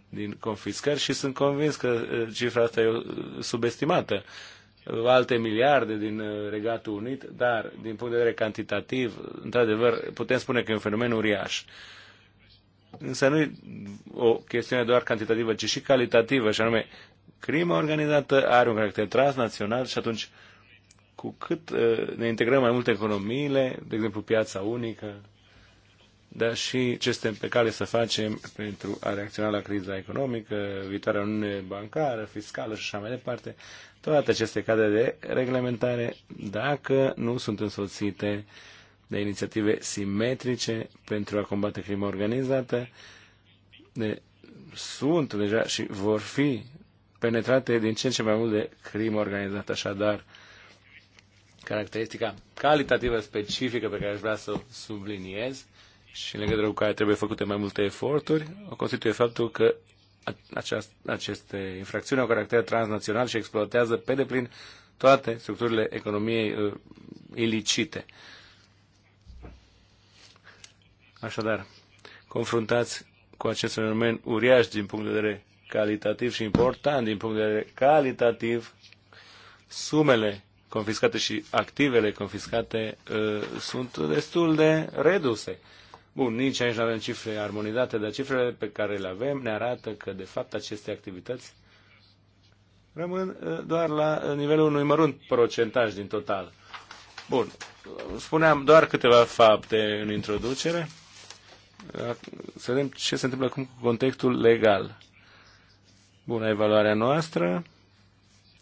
din confiscări și sunt convins că eh, cifra asta e eh, subestimată. Alte miliarde din Regatul Unit, dar din punct de vedere cantitativ, într-adevăr, putem spune că e un fenomen uriaș. Însă nu e o chestiune doar cantitativă, ci și calitativă, și anume, crima organizată are un caracter transnațional și atunci uh, cu cât uh, ne integrăm mai multe economiile, de exemplu piața unică, dar și ce suntem pe cale să facem pentru a reacționa la criza economică, viitoarea uniune bancară, fiscală și așa mai departe, toate aceste cadre de reglementare, dacă nu sunt însoțite de inițiative simetrice pentru a combate crima organizată, de, sunt deja și vor fi penetrate din ce în ce mai mult de crimă organizată. Așadar, uh, caracteristica calitativă specifică pe care aș vrea să o subliniez și în legătură cu care trebuie făcute mai multe eforturi, o constituie faptul că aceast, aceste infracțiuni au caracter transnațional și exploatează pe deplin toate structurile economiei uh, ilicite. Așadar, confruntați cu acest fenomen uriaș din punct de vedere calitativ și important din punct de vedere calitativ, sumele confiscate și activele confiscate uh, sunt destul de reduse. Bun, nici aici nu avem cifre armonizate, dar cifrele pe care le avem ne arată că, de fapt, aceste activități rămân uh, doar la uh, nivelul unui mărunt procentaj din total. Bun, spuneam doar câteva fapte în introducere. Să vedem ce se întâmplă acum cu contextul legal. Bună evaluarea noastră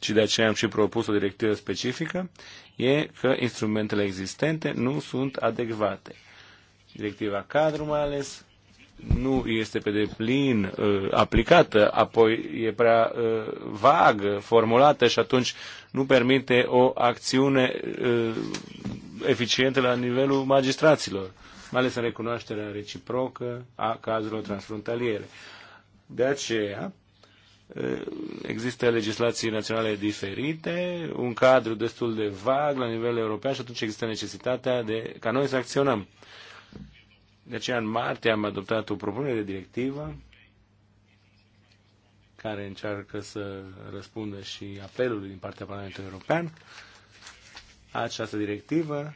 și de aceea am și propus o directivă specifică, e că instrumentele existente nu sunt adecvate. Directiva cadru mai ales nu este pe deplin uh, aplicată, apoi e prea uh, vagă, formulată și atunci nu permite o acțiune uh, eficientă la nivelul magistraților, mai ales în recunoașterea reciprocă a cazurilor transfrontaliere. De aceea, există legislații naționale diferite, un cadru destul de vag la nivel european și atunci există necesitatea de, ca noi să acționăm. De aceea, în martie am adoptat o propunere de directivă care încearcă să răspundă și apelului din partea Parlamentului European. Această directivă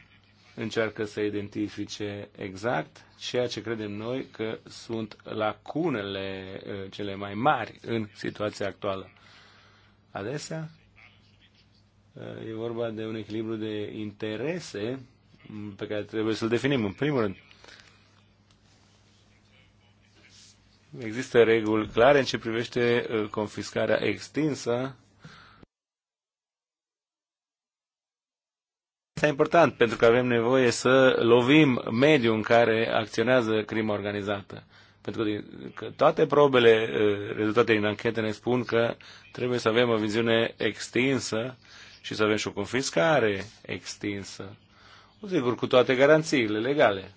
încearcă să identifice exact ceea ce credem noi că sunt lacunele uh, cele mai mari în situația actuală. Adesea uh, e vorba de un echilibru de interese pe care trebuie să-l definim în primul rând. Există reguli clare în ce privește uh, confiscarea extinsă Asta e important pentru că avem nevoie să lovim mediul în care acționează crima organizată. Pentru că, că toate probele uh, rezultate din anchete ne spun că trebuie să avem o viziune extinsă și să avem și o confiscare extinsă. Sigur, cu toate garanțiile legale.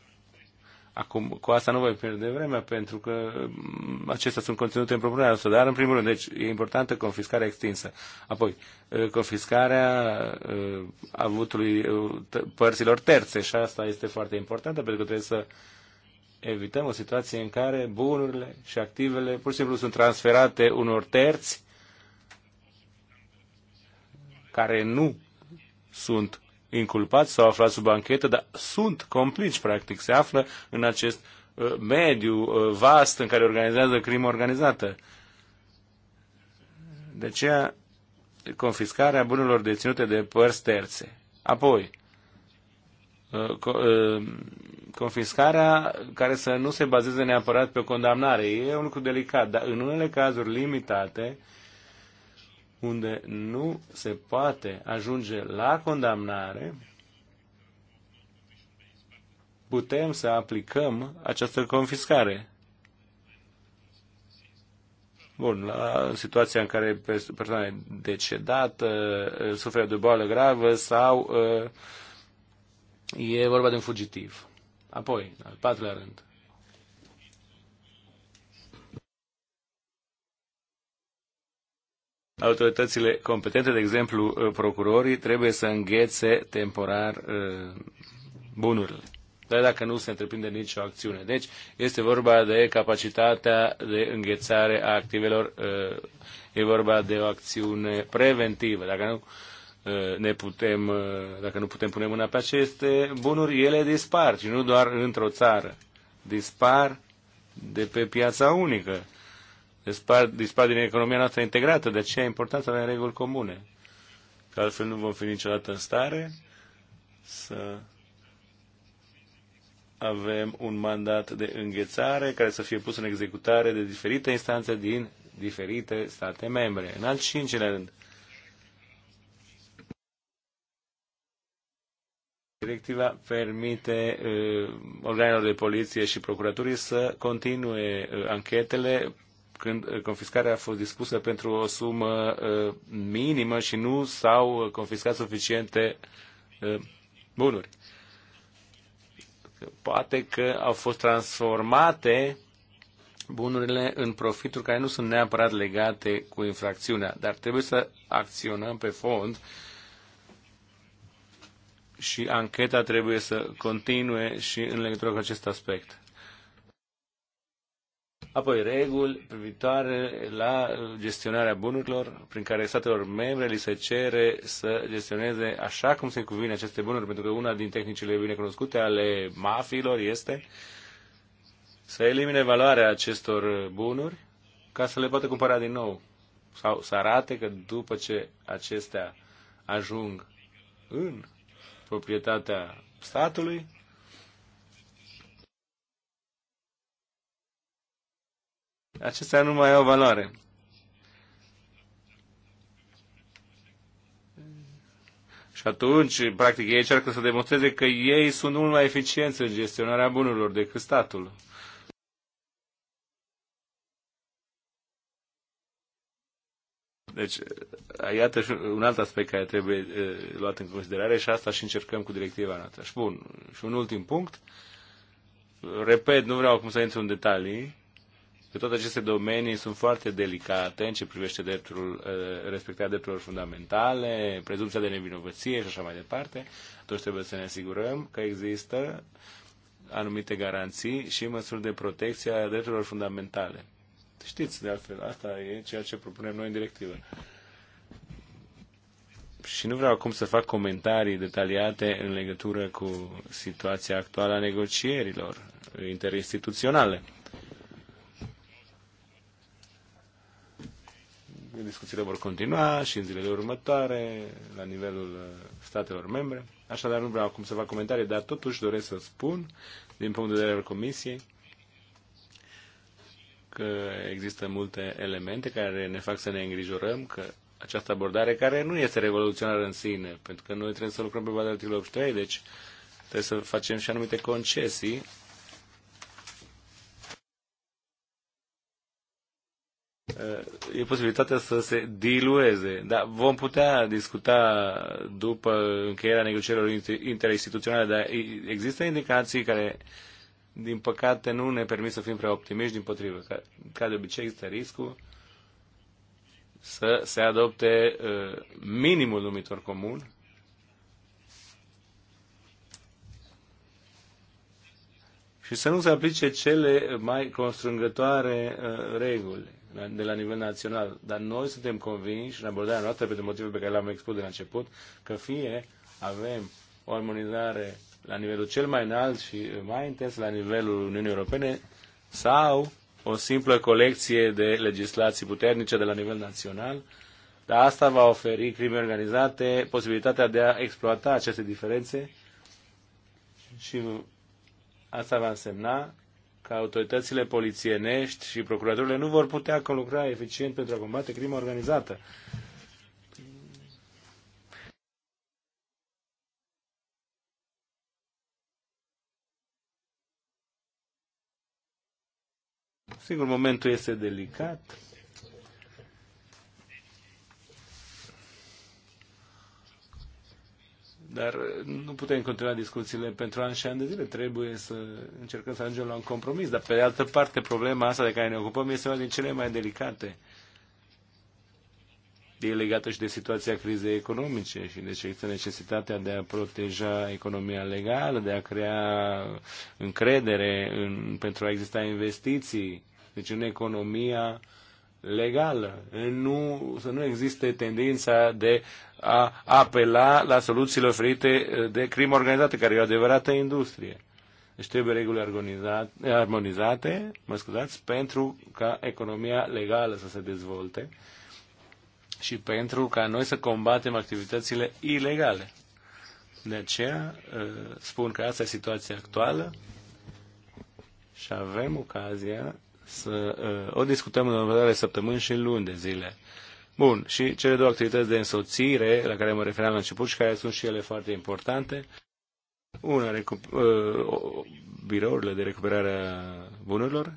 Acum, cu asta nu voi pierde vremea, pentru că mm, acestea sunt conținute în propunerea noastră, dar în primul rând, deci e importantă confiscarea extinsă. Apoi, confiscarea avutului părților terțe și asta este foarte importantă, pentru că trebuie să evităm o situație în care bunurile și activele pur și simplu sunt transferate unor terți care nu sunt inculpați sau aflați sub anchetă, dar sunt complici, practic, se află în acest uh, mediu uh, vast în care organizează crimă organizată. De aceea, confiscarea bunurilor deținute de părți terțe. Apoi, uh, confiscarea care să nu se bazeze neapărat pe o condamnare. E un lucru delicat, dar în unele cazuri limitate, unde nu se poate ajunge la condamnare, putem să aplicăm această confiscare. Bun, la situația în care persoana e decedată, uh, suferă de o boală gravă sau uh, e vorba de un fugitiv. Apoi, al patrulea rând, autoritățile competente, de exemplu uh, procurorii, trebuie să înghețe temporar uh, bunurile. Dar dacă nu se întreprinde nicio acțiune. Deci este vorba de capacitatea de înghețare a activelor, uh, e vorba de o acțiune preventivă. Dacă nu ne putem, dacă nu putem pune mâna pe aceste bunuri, ele dispar și nu doar într-o țară. Dispar de pe piața unică dispar, dispar din economia noastră integrată, de aceea e important să avem reguli comune. Că altfel nu vom fi niciodată în stare să avem un mandat de înghețare care să fie pus în executare de diferite instanțe din diferite state membre. În al cincilea rând, Directiva permite uh, organelor de poliție și procuraturii să continue uh, anchetele când uh, confiscarea a fost dispusă pentru o sumă uh, minimă și nu s-au uh, confiscat suficiente bunuri. Poate că au fost transformate bunurile în profituri care nu sunt neapărat legate cu infracțiunea, dar trebuie să acționăm pe fond și ancheta trebuie să continue și în legătură cu acest aspect. Apoi reguli privitoare la gestionarea bunurilor prin care statelor membre li se cere să gestioneze așa cum se cuvine aceste bunuri, pentru că una din tehnicile bine cunoscute ale mafiilor este să elimine valoarea acestor bunuri ca să le poată cumpăra din nou sau să arate că după ce acestea ajung în proprietatea statului, acestea nu mai au valoare. Și atunci, practic, ei încearcă să demonstreze că ei sunt mult mai eficienți în gestionarea bunurilor decât statul. Deci, iată și un alt aspect care trebuie uh, luat în considerare și asta și încercăm cu directiva noastră. Și bun, și un ultim punct. Repet, nu vreau acum să intru în detalii, că toate aceste domenii sunt foarte delicate în ce privește dreptul, uh, respectarea drepturilor fundamentale, prezumția de nevinovăție și așa mai departe. Atunci trebuie să ne asigurăm că există anumite garanții și măsuri de protecție a drepturilor fundamentale. Știți, de altfel, asta e ceea ce propunem noi în directivă. Și nu vreau acum să fac comentarii detaliate în legătură cu situația actuală a negocierilor interinstituționale Discuțiile vor continua și în zilele următoare, la nivelul uh, statelor membre. Așadar, nu vreau acum să fac comentarii, dar totuși doresc să spun, din punct de vedere al Comisiei, că există multe elemente care ne fac să ne îngrijorăm că această abordare, care nu este revoluționară în sine, pentru că noi trebuie să lucrăm pe baza articolului 83, deci trebuie să facem și anumite concesii Eh, e posibilitatea să se dilueze. Dar vom putea discuta după încheierea negocierilor interinstituționale, dar există indicații care, din păcate, nu ne permit să fim prea optimiști, din potrivă. Ca, ca de obicei, există riscul să se adopte uh, minimul numitor comun, și să nu se aplice cele mai constrângătoare uh, reguli de la nivel național. Dar noi suntem convinși, în abordarea noastră, pentru motivul pe care l-am expus de la început, că fie avem o armonizare la nivelul cel mai înalt și mai intens la nivelul Uniunii Europene sau o simplă colecție de legislații puternice de la nivel național, dar asta va oferi crime organizate posibilitatea de a exploata aceste diferențe și asta va însemna că autoritățile polițienești și procuraturile nu vor putea colucra eficient pentru a combate crima organizată. Sigur, momentul este delicat Dar uh, nu putem continua discuțiile pentru ani și ani de zile. Trebuie să încercăm să ajungem la un compromis. Dar, pe de altă parte, problema asta de care ne ocupăm este una din cele mai delicate. E legată și de situația crizei economice și deci există necesitatea de a proteja economia legală, de a crea încredere în, pentru a exista investiții. Deci în economia uh, legală, nu, să nu existe tendința de a apela la soluțiile oferite de crimă organizată, care e o adevărată industrie. Deci trebuie reguli armonizate, mă scuzați, pentru ca economia legală să se dezvolte și pentru ca noi să combatem activitățile ilegale. De aceea ă, spun că asta e situația actuală și avem ocazia să uh, o discutăm în următoarele săptămâni și luni de zile. Bun, și cele două activități de însoțire la care mă refeream la început și care sunt și ele foarte importante. Una, recup- uh, birourile de recuperare a bunurilor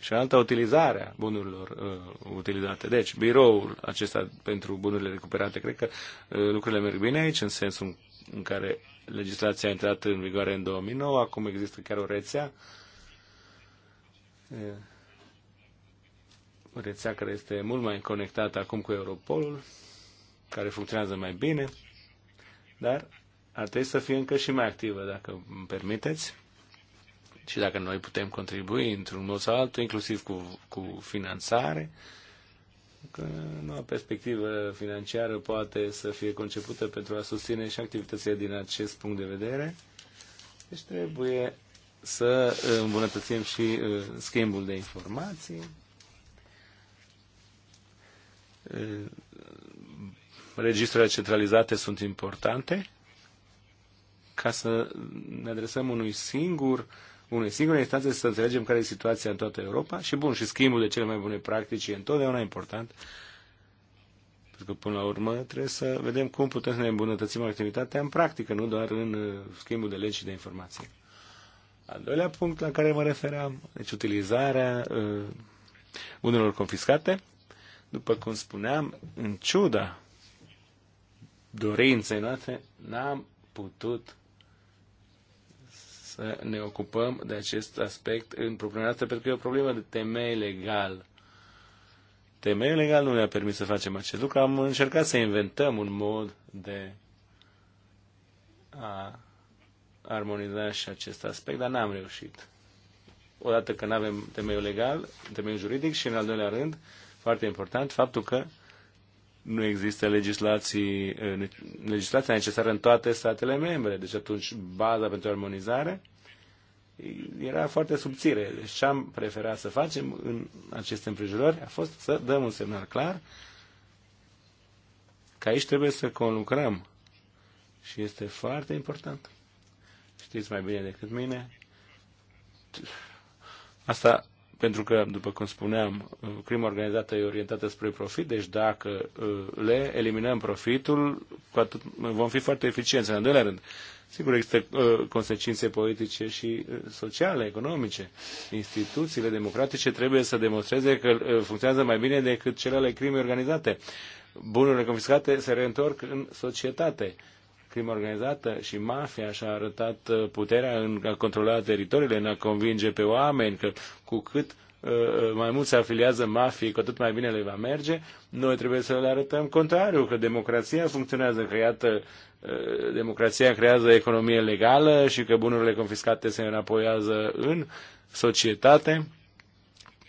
și alta, utilizarea bunurilor uh, utilizate. Deci, biroul acesta pentru bunurile recuperate, cred că uh, lucrurile merg bine aici, în sensul în care legislația a intrat în vigoare în 2009, acum există chiar o rețea rețea care este mult mai conectată acum cu Europolul, care funcționează mai bine, dar ar trebui să fie încă și mai activă, dacă îmi permiteți, și dacă noi putem contribui într-un mod sau altul, inclusiv cu, cu finanțare, că noua perspectivă financiară poate să fie concepută pentru a susține și activitățile din acest punct de vedere. Deci trebuie să îmbunătățim și uh, schimbul de informații registrele centralizate sunt importante ca să ne adresăm unui singur, unei singure instanțe să înțelegem care e situația în toată Europa și bun, și schimbul de cele mai bune practici e întotdeauna important pentru că până la urmă trebuie să vedem cum putem să ne îmbunătățim activitatea în practică, nu doar în uh, schimbul de legi și de informații. Al doilea punct la care mă refeream, deci utilizarea uh, unelor confiscate, după cum spuneam, în ciuda dorinței noastre, n-am putut să ne ocupăm de acest aspect în problema noastră, pentru că e o problemă de temei legal. Temeiul legal nu ne-a permis să facem acest lucru. Am încercat să inventăm un mod de a armoniza și acest aspect, dar n-am reușit. Odată că nu avem temeiul legal, temeiul juridic și, în al doilea rând, foarte important faptul că nu există legislații, eh, legislația necesară în toate statele membre. Deci atunci baza pentru armonizare era foarte subțire. Deci ce am preferat să facem în aceste împrejurări a fost să dăm un semnal clar că aici trebuie să conlucrăm. Și este foarte important. Știți mai bine decât mine. Asta pentru că, după cum spuneam, uh, crima organizată e orientată spre profit, deci dacă uh, le eliminăm profitul, cu atât vom fi foarte eficienți. În doilea rând, sigur, există uh, consecințe politice și sociale, economice. Instituțiile democratice trebuie să demonstreze că funcționează mai bine decât cele ale crimei organizate. Bunurile confiscate se reîntorc în societate crimă organizată și mafia și-a arătat uh, puterea în a controla teritoriile, în a convinge pe oameni că cu cât uh, uh, mai mult se afiliază mafiei, cu atât mai bine le va merge, noi trebuie să le arătăm contrariu, că democrația funcționează, că iată, democrația creează economie legală și că bunurile confiscate se înapoiază în societate.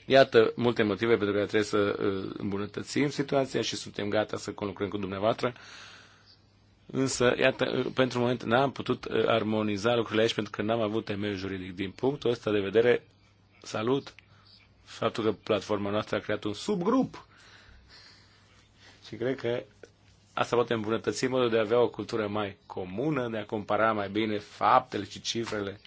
Iată multe motive pentru care trebuie să îmbunătățim situația și suntem gata să conlucrăm cu dumneavoastră Însă, iată, pentru moment n-am putut uh, armoniza lucrurile aici pentru că n-am avut temeiul juridic. Din punctul ăsta de vedere, salut faptul că platforma noastră a creat un subgrup și cred că asta poate îmbunătăți modul de a avea o cultură mai comună, de a compara mai bine faptele și cifrele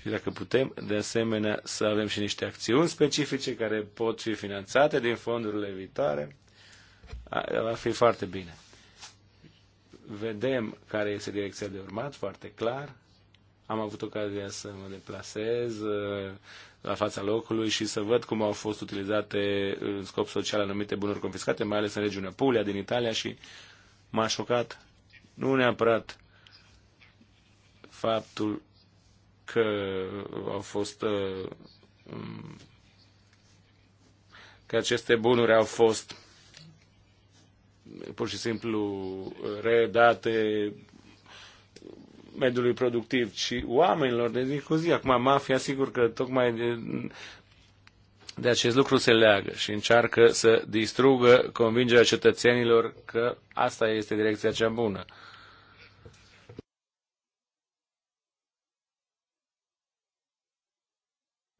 și dacă putem, de asemenea, să avem și niște acțiuni specifice care pot fi finanțate din fondurile viitoare, va fi foarte bine vedem care este direcția de urmat, foarte clar. Am avut ocazia să mă deplasez uh, la fața locului și să văd cum au fost utilizate în scop social anumite bunuri confiscate, mai ales în regiunea Puglia din Italia și m-a șocat nu neapărat faptul că au fost uh, um, că aceste bunuri au fost pur și simplu uh, redate mediului productiv, ci oamenilor de zi cu zi. Acum, mafia, sigur că tocmai de, de acest lucru se leagă și încearcă să distrugă convingerea cetățenilor că asta este direcția cea bună.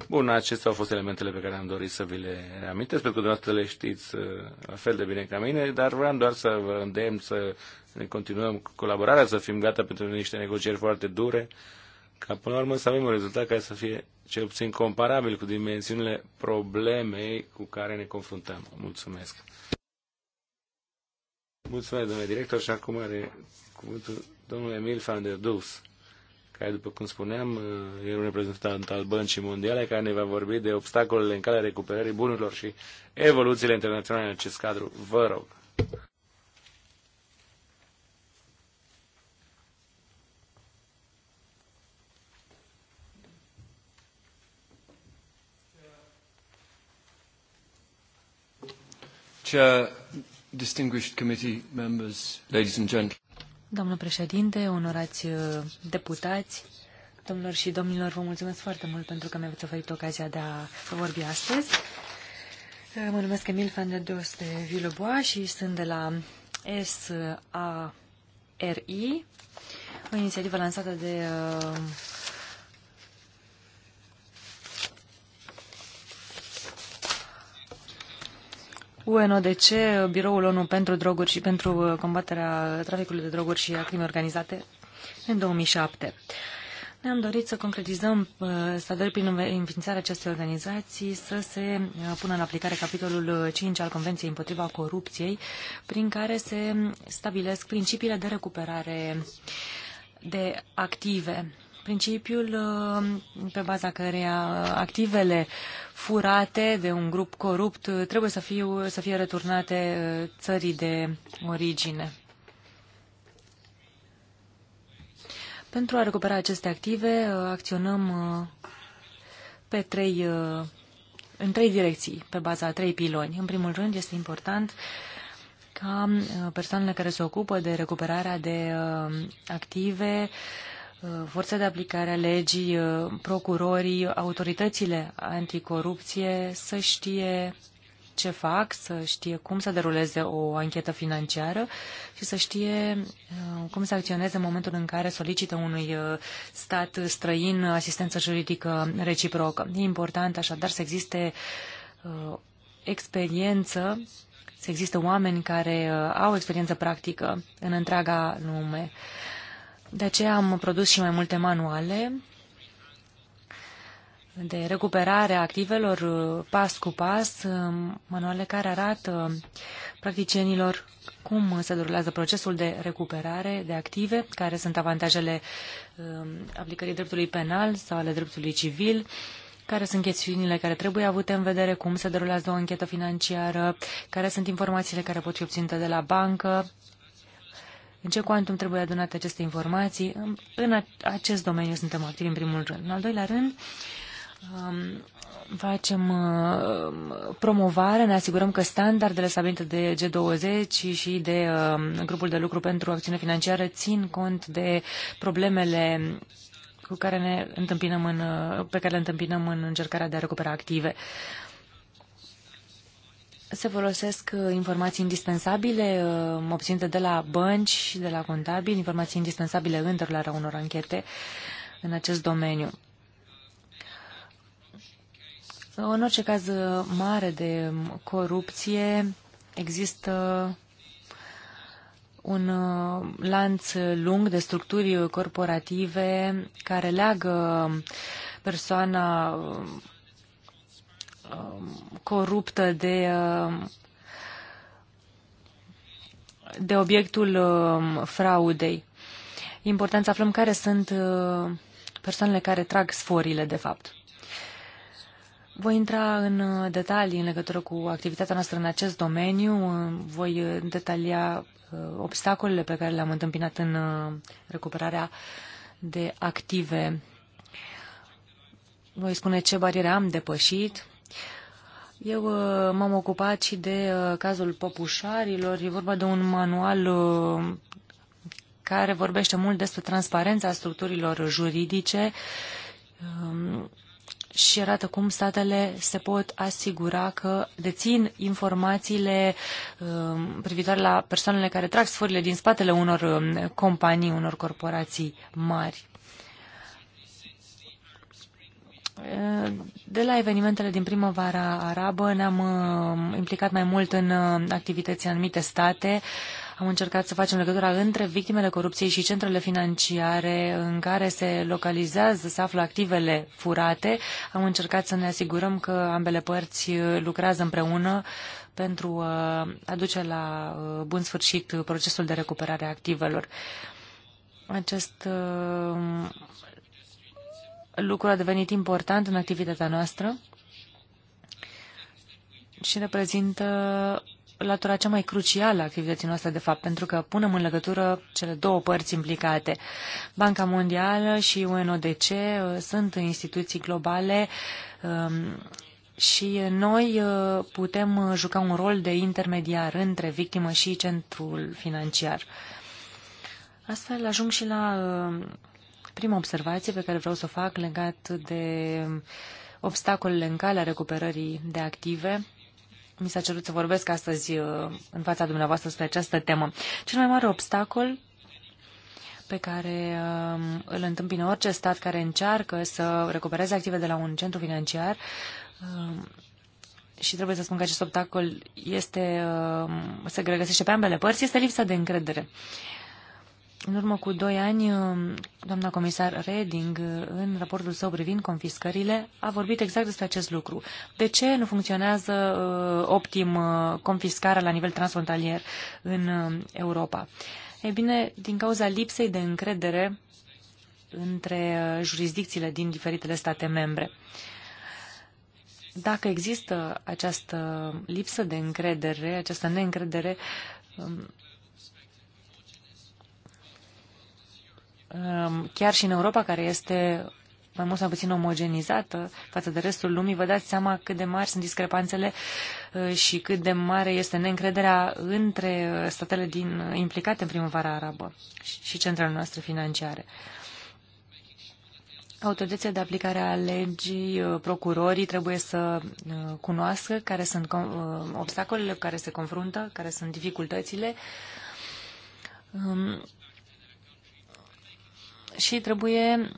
Bun, acestea au fost elementele pe care am dorit să vi le reamintesc, pentru că dumneavoastră le știți uh, la fel de bine ca mine, dar vreau doar să vă îndemn să ne continuăm colaborarea, să fim gata pentru niște negocieri foarte dure, ca până la urmă să avem un rezultat care să fie cel puțin comparabil cu dimensiunile problemei cu care ne confruntăm. Mulțumesc! Mulțumesc, domnule director, și acum are cuvântul domnul Emil van der Dus care, după cum spuneam, e un reprezentant al Băncii Mondiale care ne va vorbi de obstacolele în calea recuperării bunurilor și evoluțiile internaționale în acest cadru. Vă rog! Chair, distinguished committee members, ladies and gentlemen. Domnul președinte, onorați uh, deputați, domnilor și domnilor, vă mulțumesc foarte mult pentru că mi-ați oferit ocazia de a vorbi astăzi. Uh, mă numesc Emil Fan de Villebois și sunt de la SARI, o inițiativă lansată de uh, UNODC, Biroul ONU pentru droguri și pentru uh, combaterea traficului de droguri și a crimei organizate în 2007. Ne-am dorit să concretizăm uh, stadări prin înființarea acestei organizații să se uh, pună în aplicare capitolul 5 al Convenției împotriva corupției, prin care se stabilesc principiile de recuperare de active Principiul uh, pe baza căreia activele furate de un grup corupt trebuie să, fie să fie returnate uh, țării de origine. Pentru a recupera aceste active, uh, acționăm pe trei, în trei direcții, pe baza a trei piloni. În primul rând, este important ca persoanele care se ocupă de recuperarea de active Uh, forțe de aplicare a legii, uh, procurorii, autoritățile anticorupție să știe ce fac, să știe cum să deruleze o anchetă financiară și să știe uh, cum să acționeze în momentul în care solicită unui stat străin asistență juridică reciprocă. E important așadar să existe experiență, să existe oameni care au experiență practică în întreaga lume. De aceea am produs și mai multe manuale de recuperare a activelor uh, pas cu pas, uh, manuale care arată uh, practicienilor cum se derulează procesul de recuperare de active, care sunt avantajele um, aplicării dreptului penal sau ale dreptului civil, care sunt chestiunile care trebuie avute în vedere, cum se derulează o închetă financiară, care sunt informațiile care pot fi obținute de la bancă, în ce cuantum trebuie adunate aceste informații. În, acest domeniu suntem activi în primul rând. În al doilea rând, um, facem uh, promovare, ne asigurăm că standardele stabilite de G20 și de um, grupul de lucru pentru acțiune financiară țin cont de problemele cu care ne întâmpinăm în, uh, pe care le întâmpinăm în încercarea de a recupera active se folosesc uh, informații indispensabile uh, obținute de la bănci și de la contabili, informații indispensabile în derularea unor anchete în acest domeniu. În orice caz uh, mare de corupție, există un lanț lung de structuri corporative care leagă persoana coruptă de, de obiectul um, fraudei. Important să aflăm care sunt uh, persoanele care trag sforile, de fapt. Voi intra în uh, detalii în legătură cu activitatea noastră în acest domeniu. Uh, voi detalia obstacolele pe care le-am întâmpinat în recuperarea de active. Voi spune ce bariere am depășit eu uh, m-am ocupat și de uh, cazul popușarilor. E vorba de un manual uh, care vorbește mult despre transparența structurilor juridice um, și arată cum statele se pot asigura că dețin informațiile um, privitoare la persoanele care trag sforile din spatele unor um, companii, unor corporații mari. De la evenimentele din primăvara arabă ne-am uh, implicat mai mult în uh, activități în anumite state. Am încercat să facem legătura între victimele corupției și centrele financiare în care se localizează, se află activele furate. Am încercat să ne asigurăm că ambele părți uh, lucrează împreună pentru a duce la bun sfârșit procesul de recuperare a activelor. Acest lucru a devenit important în activitatea noastră și reprezintă latura cea mai crucială a activității noastre, de fapt, pentru că punem în legătură cele două părți implicate. Banca Mondială și UNODC uh, sunt instituții globale um, și noi uh, putem uh, juca un rol de intermediar între victimă și centrul financiar. Astfel ajung și la Prima observație pe care vreau să o fac legat de obstacolele în calea recuperării de active. Mi s-a cerut să vorbesc astăzi uh, în fața dumneavoastră despre această temă. Cel mai mare obstacol pe care uh, îl întâmpină orice stat care încearcă să recupereze active de la un centru financiar uh, și trebuie să spun că acest obstacol este, se regăsește pe ambele părți, este lipsa de încredere. În urmă cu doi ani, um, doamna comisar Reding, uh, în raportul său privind confiscările, a vorbit exact despre acest lucru. De ce nu funcționează uh, optim uh, confiscarea la nivel transfrontalier în um, Europa? Ei bine, din cauza lipsei de încredere între jurisdicțiile din diferitele state membre. Dacă există această lipsă de încredere, această neîncredere, um, chiar și în Europa, care este mai mult sau puțin omogenizată față de restul lumii, vă dați seama cât de mari sunt discrepanțele uh, și cât de mare este neîncrederea între uh, statele din, uh, implicate în primăvara arabă și centrele noastre financiare. Autoritățile de aplicare a legii, procurorii trebuie să cunoască care sunt obstacolele cu care se confruntă, care sunt dificultățile um, și trebuie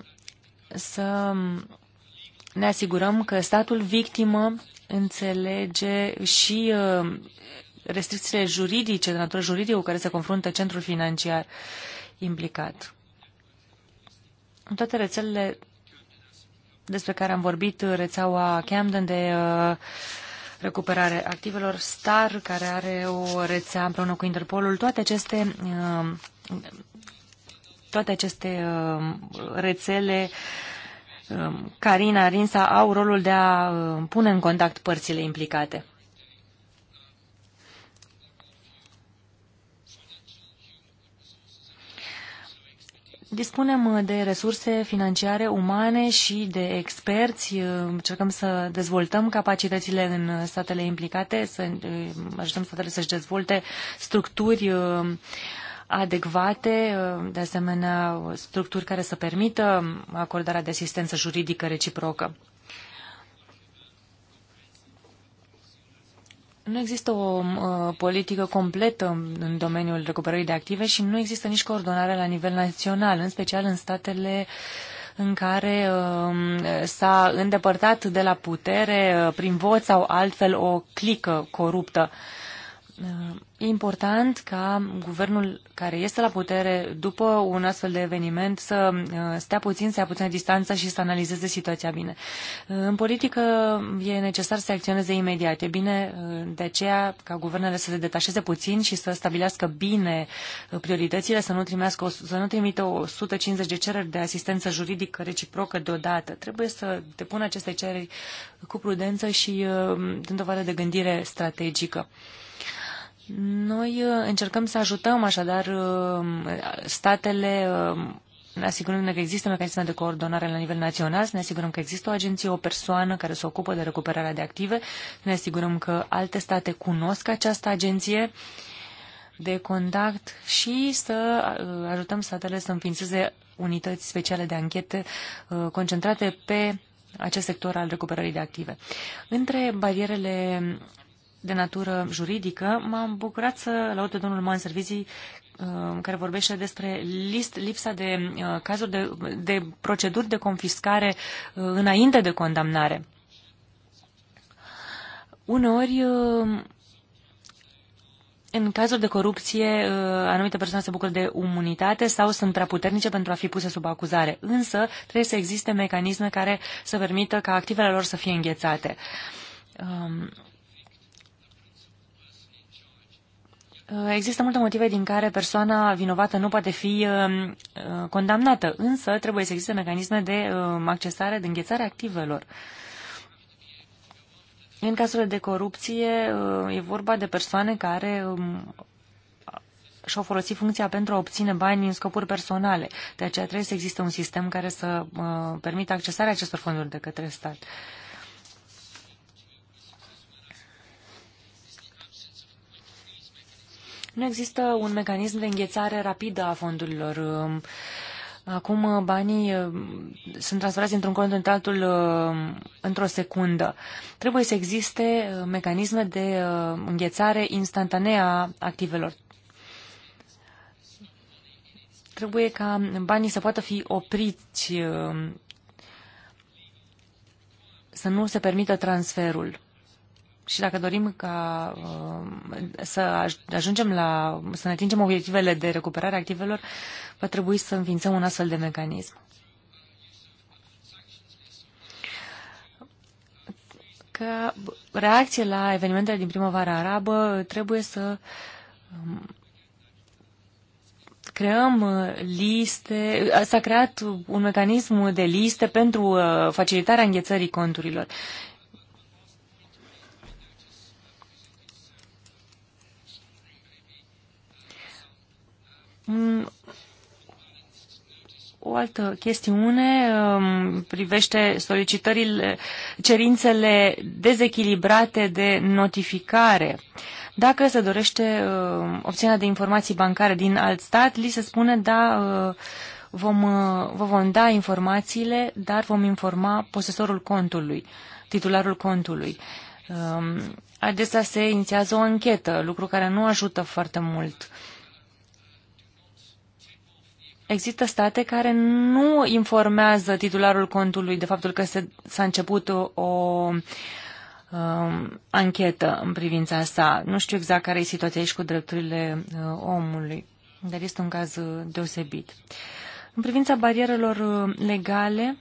să ne asigurăm că statul victimă înțelege și uh, restricțiile juridice, de natură juridică, cu care se confruntă centrul financiar implicat. În toate rețelele despre care am vorbit, rețeaua Camden de uh, recuperare activelor, STAR, care are o rețea împreună cu Interpolul, toate aceste uh, toate aceste uh, rețele uh, Carina, Rinsa au rolul de a uh, pune în contact părțile implicate. Dispunem de resurse financiare, umane și de experți. Încercăm să dezvoltăm capacitățile în statele implicate, să ajutăm statele să-și dezvolte structuri adecvate, uh, de asemenea structuri care să permită acordarea de asistență juridică reciprocă. Nu există o uh, politică completă în domeniul recuperării de active și nu există nici coordonare la nivel național, în special în statele în care uh, s-a îndepărtat de la putere uh, prin vot sau altfel o clică coruptă. Uh, Uh, important ca guvernul care este la putere după un astfel de eveniment să uh, stea puțin, să ia puțină distanță și să analizeze situația bine. Uh, în politică e necesar să acționeze imediat. E bine de aceea ca guvernele să se detașeze puțin și să stabilească bine prioritățile, să nu, trimească, să nu trimite 150 de cereri de asistență juridică reciprocă deodată. Trebuie să depună aceste cereri cu prudență și dând o de gândire strategică. Noi uh, încercăm să ajutăm așadar uh, statele uh, asigurându-ne că există mecanisme de coordonare la nivel național, să ne asigurăm că există o agenție, o persoană care se ocupă de recuperarea de active, să ne asigurăm că alte state cunosc această agenție de contact și să ajutăm statele să înființeze unități speciale de anchete concentrate pe acest sector al recuperării de active. Între barierele de natură juridică, m-am bucurat să laud pe domnul Man Servizii uh, care vorbește despre list, lipsa de uh, cazuri de, de proceduri de confiscare uh, înainte de condamnare. Uneori, în cazuri de corupție, anumite persoane se bucură de imunitate sau sunt prea puternice pentru a fi puse sub acuzare. Însă, trebuie să existe mecanisme care să permită ca activele lor să fie înghețate. Um, Uh, există multe motive din care persoana vinovată nu poate fi uh, uh, condamnată, însă trebuie să existe mecanisme de accesare, de înghețare activelor. În cazurile de corupție e vorba de persoane care um, și-au folosit funcția pentru a obține bani în scopuri personale. De aceea trebuie să existe un sistem care să permită accesarea acestor fonduri de către stat. Nu există un mecanism de înghețare rapidă a fondurilor. Um, acum uh, banii uh, sunt transferați într-un cont într-altul uh, într-o secundă. Trebuie să existe mecanisme de înghețare instantanee a activelor. Trebuie ca banii să poată fi opriți, să nu se permită transferul și dacă dorim ca uh, să ajungem la, să ne atingem obiectivele de recuperare a activelor, va trebui să înființăm un astfel de mecanism. Ca reacție la evenimentele din primăvara arabă, trebuie să um, creăm uh, liste, s-a creat un mecanism de liste pentru uh, facilitarea înghețării conturilor. Mm, o altă chestiune um, privește solicitările, cerințele dezechilibrate de notificare. Dacă se dorește um, obținerea de informații bancare din alt stat, li se spune, da, uh, vom, uh, vă vom da informațiile, dar vom informa posesorul contului, titularul contului. Um, adesea se inițiază o anchetă, lucru care nu ajută foarte mult Există state care nu informează titularul contului de faptul că s-a început o, o um, anchetă în privința asta. Nu știu exact care e situația aici cu drepturile uh, omului, dar este un caz uh, deosebit. În privința barierelor uh, legale,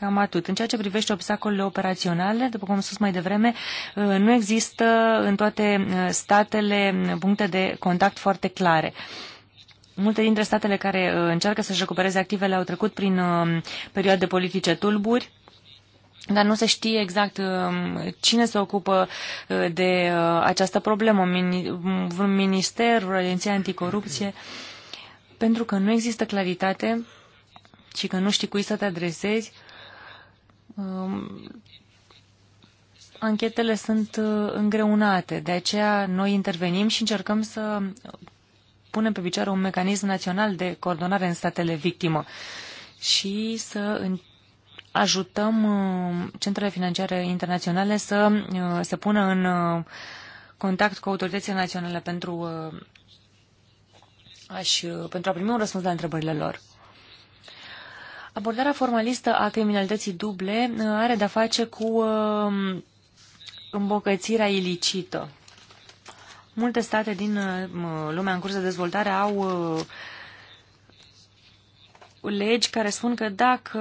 Cam atât. În ceea ce privește obstacolele operaționale, după cum am spus mai devreme, uh, nu există în toate statele puncte de contact foarte clare. Multe dintre statele care uh, încearcă să-și recupereze activele au trecut prin um, perioade politice tulburi, dar nu se știe exact um, cine se ocupă uh, de uh, această problemă, un minister, o agenție anticorupție, pentru că nu există claritate și că nu știi cui să te adresezi. Um, anchetele sunt îngreunate, de aceea noi intervenim și încercăm să punem pe picioare un mecanism național de coordonare în statele victimă și să ajutăm uh, centrele financiare internaționale să uh, se pună în uh, contact cu autoritățile naționale pentru, aș, pentru a primi un răspuns la întrebările lor. Abordarea formalistă a criminalității duble are de-a face cu îmbogățirea ilicită Multe state din uh, lumea în curs de dezvoltare au uh, legi care spun că dacă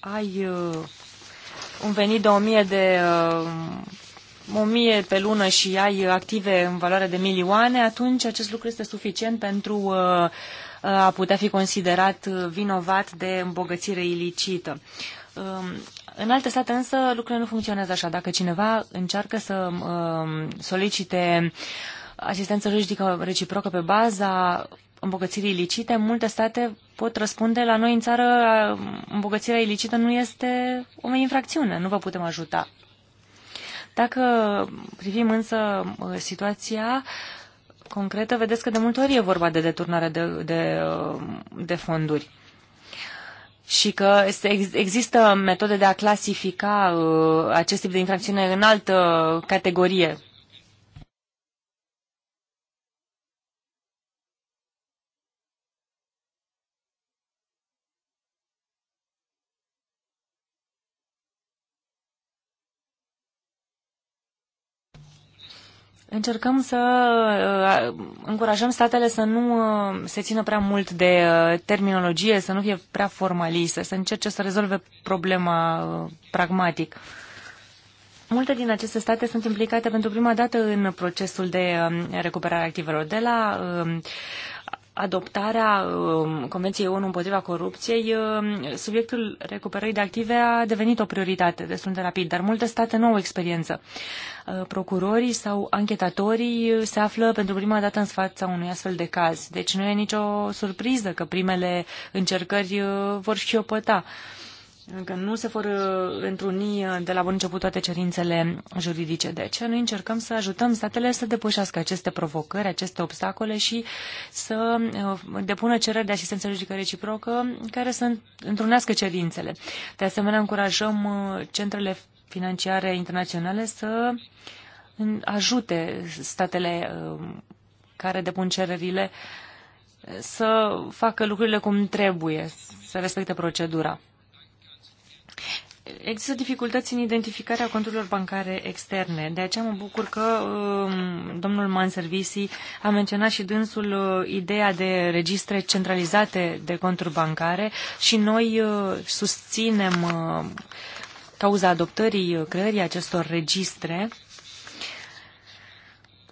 ai uh, un venit de 1000 de 1000 pe lună și ai active în valoare de milioane, atunci acest lucru este suficient pentru a putea fi considerat vinovat de îmbogățire ilicită. Um, în alte state însă lucrurile nu funcționează așa. Dacă cineva încearcă să uh, solicite asistență juridică reciprocă pe baza îmbogățirii ilicite, multe state pot răspunde la noi în țară îmbogățirea ilicită nu este o infracțiune, nu vă putem ajuta. Dacă privim însă uh, situația concretă, vedeți că de multe ori e vorba de deturnare de, de, uh, de fonduri și că există metode de a clasifica uh, acest tip de infracțiune în altă categorie Încercăm să uh, încurajăm statele să nu uh, se țină prea mult de uh, terminologie, să nu fie prea formalistă, să încerce să rezolve problema pragmatic. Multe din aceste state sunt implicate pentru prima dată în procesul de um, recuperare activelor, de la um, adoptarea um, Convenției ONU împotriva corupției, um, subiectul recuperării de active a devenit o prioritate destul de rapid, dar multe state nu au experiență. Uh, procurorii sau anchetatorii uh, se află pentru prima dată în fața unui astfel de caz, deci nu e nicio surpriză că primele încercări uh, vor șchiopăta. Uh, încă nu se vor uh, întruni uh, de la bun început toate cerințele juridice. De deci, aceea ce noi încercăm să ajutăm statele să depășească aceste provocări, aceste obstacole și să uh, depună cereri de asistență juridică reciprocă care să întrunească cerințele. De asemenea, încurajăm centrele financiare internaționale să ajute statele care depun cererile să facă lucrurile cum trebuie, să respecte procedura. Există dificultăți în identificarea conturilor bancare externe, de aceea mă bucur că um, domnul Manservisi a menționat și dânsul uh, ideea de registre centralizate de conturi bancare și noi uh, susținem uh, cauza adoptării, uh, creării acestor registre.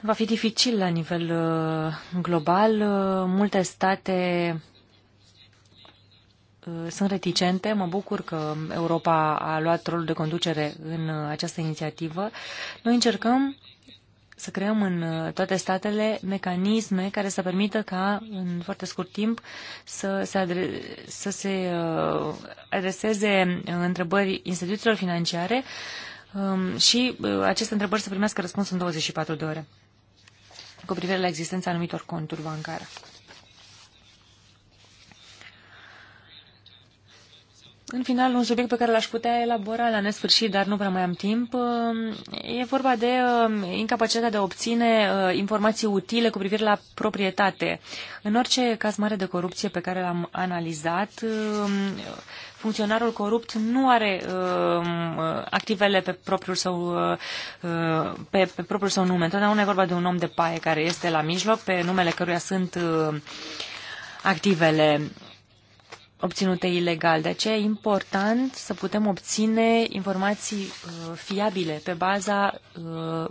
Va fi dificil la nivel uh, global. Uh, multe state Uh, sunt reticente. Mă bucur că Europa a luat rolul de conducere în uh, această inițiativă. Noi încercăm să creăm în uh, toate statele mecanisme care să permită ca în foarte scurt timp să se, adre- să se adreseze întrebări instituțiilor financiare um, și aceste întrebări să primească răspuns în 24 de ore cu privire la existența anumitor conturi bancare. În final, un subiect pe care l-aș putea elabora la nesfârșit, dar nu prea mai am timp, uh, e vorba de uh, incapacitatea de a obține uh, informații utile cu privire la proprietate. În orice caz mare de corupție pe care l-am analizat, funcționarul corupt nu are activele pe propriul său, pe, pe propriul său nume. Întotdeauna e vorba de un om de paie care este la mijloc, pe numele căruia sunt activele obținute ilegal. De aceea e important să putem obține informații uh, fiabile pe baza uh,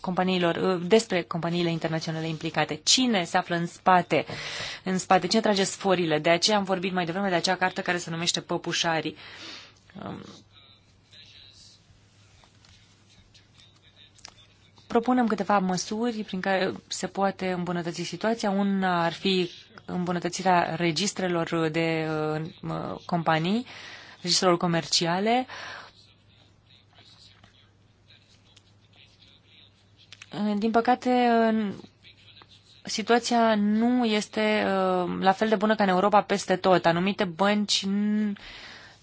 companiilor, uh, despre companiile internaționale implicate. Cine se află în spate? În spate, cine trage sforile? De aceea am vorbit mai devreme de acea carte care se numește Păpușarii. Uh, propunem câteva măsuri prin care se poate îmbunătăți situația. Una ar fi îmbunătățirea registrelor de uh, companii, registrelor comerciale. Din păcate, situația nu este uh, la fel de bună ca în Europa peste tot. Anumite bănci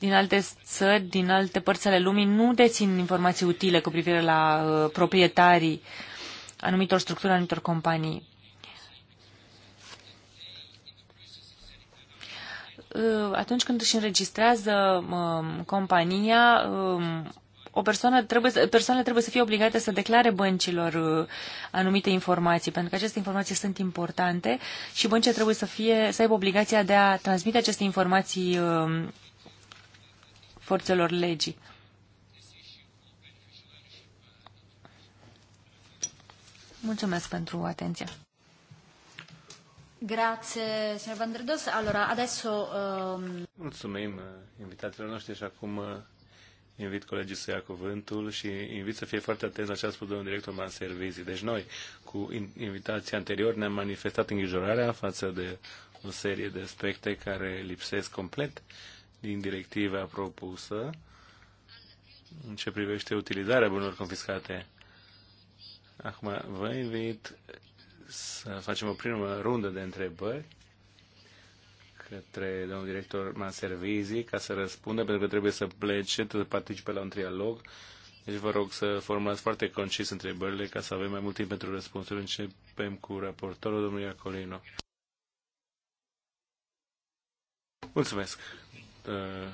din alte țări, din alte părți ale lumii, nu dețin informații utile cu privire la uh, proprietarii anumitor structuri, anumitor companii. Uh, atunci când își înregistrează um, compania, um, o persoană trebuie, persoanele trebuie să fie obligate să declare băncilor uh, anumite informații, pentru că aceste informații sunt importante și băncile trebuie să, fie, să aibă obligația de a transmite aceste informații um, forțelor legii. Mulțumesc pentru atenție. Grazie, signor Vandredos. Allora, adesso... Um... Mulțumim eh, invitațiilor noștri și acum eh, invit colegii să ia cuvântul și invit să fie foarte atenți la ce a spus domnul director Man Servizii. Deci noi, cu invitații anterior, ne-am manifestat îngrijorarea față de o serie de aspecte care lipsesc complet din directiva propusă în ce privește utilizarea bunurilor confiscate. Acum vă invit să facem o primă rundă de întrebări către domnul director Manservizi ca să răspundă, pentru că trebuie să plece, să participe la un trialog. Deci vă rog să formulați foarte concis întrebările ca să avem mai mult timp pentru răspunsuri. Începem cu raportorul domnului Iacolino. Mulțumesc, Eh,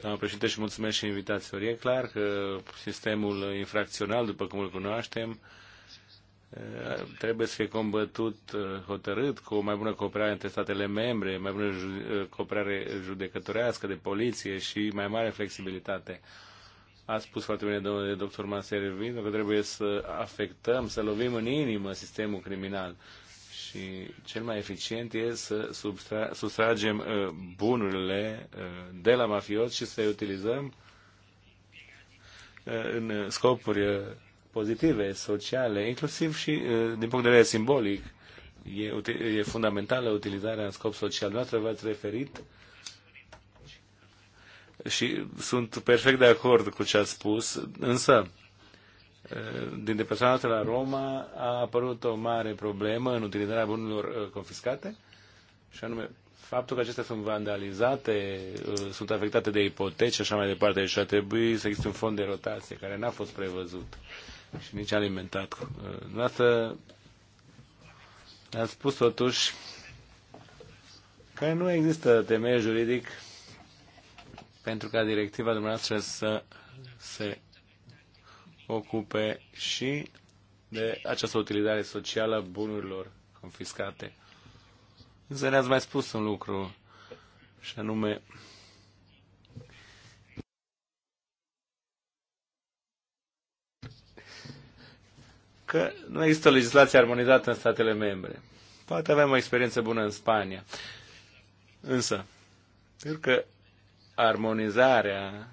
doamna președinte, și mulțumesc și invitațiilor. E clar că sistemul infracțional, după cum îl cunoaștem, eh, trebuie să fie combătut eh, hotărât cu o mai bună cooperare între statele membre, mai bună cooperare judecătorească de poliție și mai mare flexibilitate. A spus foarte bine domnul doctor Maser că trebuie să afectăm, să lovim în inimă sistemul criminal și cel mai eficient e să substra- sustragem uh, bunurile uh, de la mafioți și să le utilizăm uh, în scopuri pozitive, sociale, inclusiv și din punct de vedere simbolic. E, e fundamentală utilizarea în scop social. Noastră v-ați referit și sunt perfect de acord cu ce ați spus, însă Eh, din deplasarea noastră la Roma a apărut o mare problemă în utilizarea bunurilor eh, confiscate, și anume faptul că acestea sunt vandalizate, eh, sunt afectate de ipoteci și așa mai departe, și a trebuit să existe un fond de rotație care n-a fost prevăzut și nici alimentat. Noastră a spus totuși că nu există temei juridic pentru ca directiva dumneavoastră să se ocupe și de această utilizare socială a bunurilor confiscate. Însă ne-ați mai spus un lucru, și anume că nu există o legislație armonizată în statele membre. Poate avem o experiență bună în Spania. Însă, pentru că armonizarea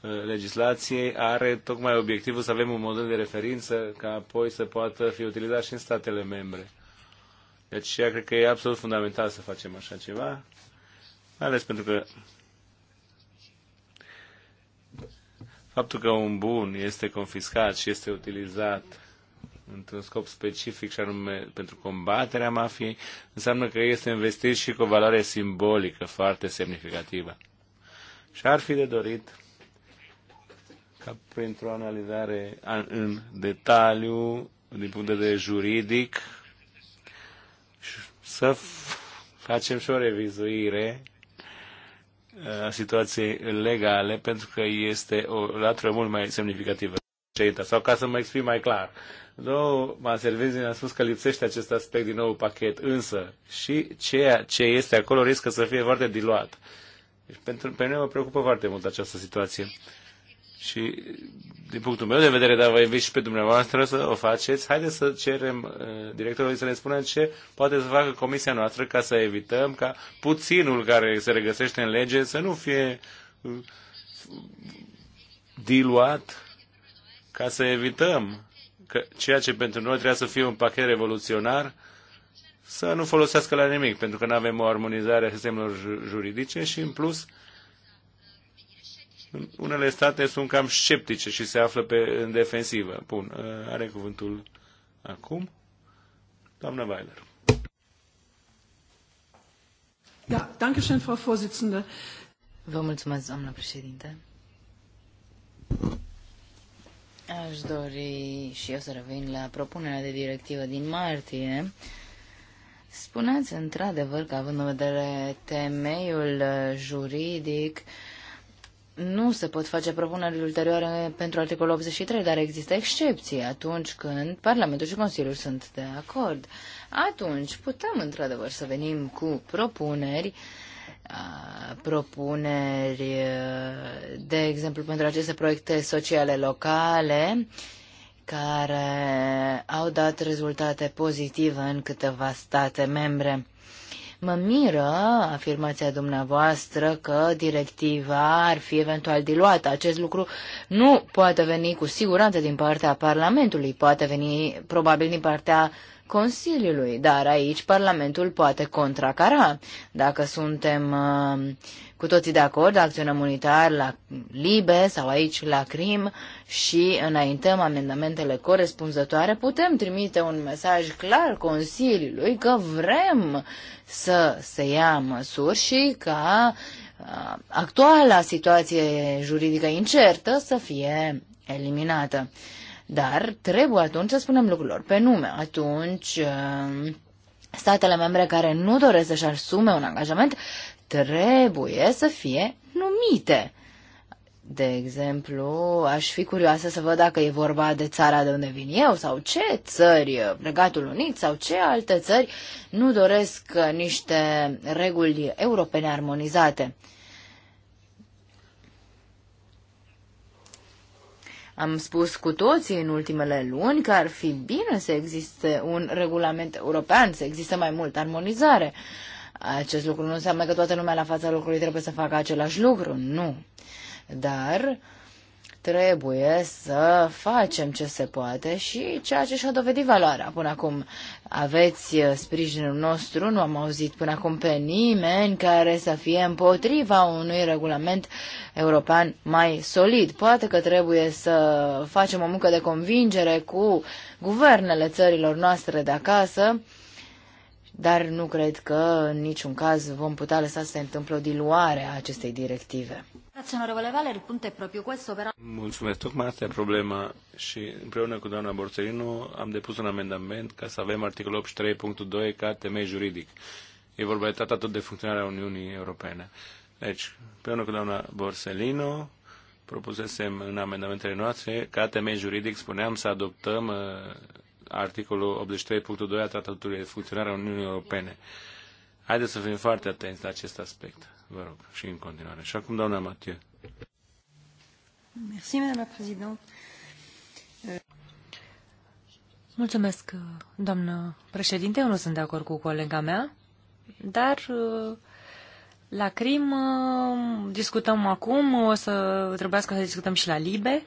Uh, legislației are tocmai obiectivul să avem un model de referință ca apoi să poată fi utilizat și în statele membre. Deci eu cred că e absolut fundamental să facem așa ceva, mai ales pentru că faptul că un bun este confiscat și este utilizat într-un scop specific și anume pentru combaterea mafiei, înseamnă că este investit și cu o valoare simbolică foarte semnificativă. Și ar fi de dorit ca pentru analizare în detaliu, din punct de vedere juridic, să facem și o revizuire uh, a situației legale, pentru că este o latură mult mai semnificativă. Sau ca să mă exprim mai clar, Domnul Manservezi a spus că lipsește acest aspect din nou pachet, însă și ceea ce este acolo riscă să fie foarte diluat. Deci pentru, pe mine mă preocupă foarte mult această situație. Și din punctul meu de vedere, dar vă invit și pe dumneavoastră să o faceți, haideți să cerem uh, directorului să ne spună ce poate să facă comisia noastră ca să evităm ca puținul care se regăsește în lege să nu fie uh, diluat ca să evităm că ceea ce pentru noi trebuie să fie un pachet revoluționar să nu folosească la nimic, pentru că nu avem o armonizare a sistemelor juridice și, în plus, unele state sunt cam sceptice și se află pe, în defensivă. Bun, uh, are cuvântul acum doamna Weiler. Da, danke schön, Frau Vorsitzende. Vă mulțumesc, doamna președinte. Aș dori și eu să revin la propunerea de directivă din martie. Spuneți într-adevăr că având în vedere temeiul juridic, uh, nu se pot face propuneri ulterioare pentru articolul 83, dar există excepții atunci când Parlamentul și Consiliul sunt de acord. Atunci putem într-adevăr să venim cu propuneri, propuneri, de exemplu, pentru aceste proiecte sociale locale, care au dat rezultate pozitive în câteva state membre. Mă miră afirmația dumneavoastră că directiva ar fi eventual diluată. Acest lucru nu poate veni cu siguranță din partea Parlamentului, poate veni probabil din partea Consiliului, dar aici Parlamentul poate contracara. Dacă suntem uh, cu toții de acord, acționăm unitar la LIBE sau aici la CRIM și înaintăm amendamentele corespunzătoare, putem trimite un mesaj clar Consiliului că vrem să se ia măsuri și ca uh, actuala situație juridică incertă să fie eliminată. Dar trebuie atunci să spunem lucrurilor pe nume. Atunci, um, statele membre care nu doresc să-și asume un angajament trebuie să fie numite. De exemplu, aș fi curioasă să văd dacă e vorba de țara de unde vin eu sau ce țări, Regatul Unit sau ce alte țări nu doresc niște reguli europene armonizate. Am spus cu toții în ultimele luni că ar fi bine să existe un regulament european, să existe mai multă armonizare. Acest lucru nu înseamnă că toată lumea la fața locului trebuie să facă același lucru, nu. Dar Trebuie să facem ce se poate și ceea ce și-a dovedit valoarea până acum. Aveți uh, sprijinul nostru, nu am auzit până acum pe nimeni care să fie împotriva unui regulament european mai solid. Poate că trebuie să facem o muncă de convingere cu guvernele țărilor noastre de acasă, dar nu cred că în niciun caz vom putea lăsa să se întâmple o diluare a acestei directive. Mulțumesc. Tocmai asta e problema și împreună cu doamna Borțelinu am depus un amendament ca să avem articolul 83.2 ca temei juridic. E vorba de tratatul de funcționare a Uniunii Europene. Deci, împreună cu doamna Borsellino, propusesem în amendamentele noastre ca temei juridic, spuneam, să adoptăm uh, articolul 83.2 a tratatului de funcționare a Uniunii Europene. Haideți să fim foarte atenți la acest aspect vă rog, și în continuare. Și acum, doamna Matie. Merci, doamna președinte. Uh, mulțumesc, uh, doamnă președinte. Eu nu sunt de acord cu colega mea, dar uh, la crim discutăm acum, o să trebuiască să discutăm și la Libe,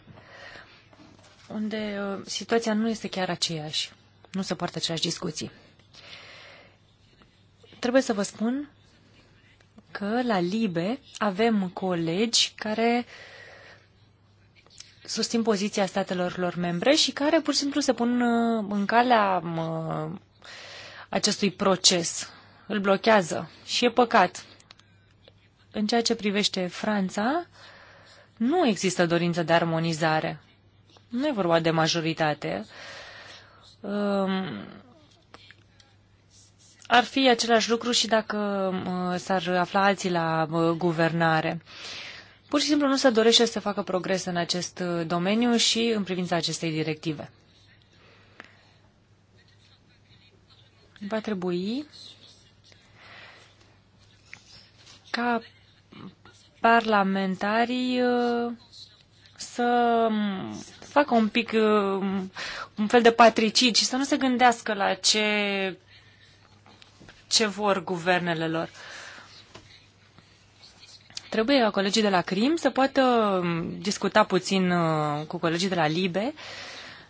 unde situația nu este chiar aceeași. Nu se poartă aceeași discuții. Trebuie să vă spun că la LIBE avem colegi care susțin poziția statelor lor membre și care pur și simplu se pun uh, în calea uh, acestui proces. Îl blochează și e păcat. În ceea ce privește Franța, nu există dorință de armonizare. Nu e vorba de majoritate. Um, ar fi același lucru și dacă s-ar afla alții la guvernare. Pur și simplu nu se dorește să facă progres în acest uh, domeniu și în privința acestei directive. Va trebui ca parlamentarii uh, să facă un pic uh, un fel de patricid și să nu se gândească la ce ce vor guvernele lor. Trebuie ca colegii de la CRIM să poată um, discuta puțin uh, cu colegii de la LIBE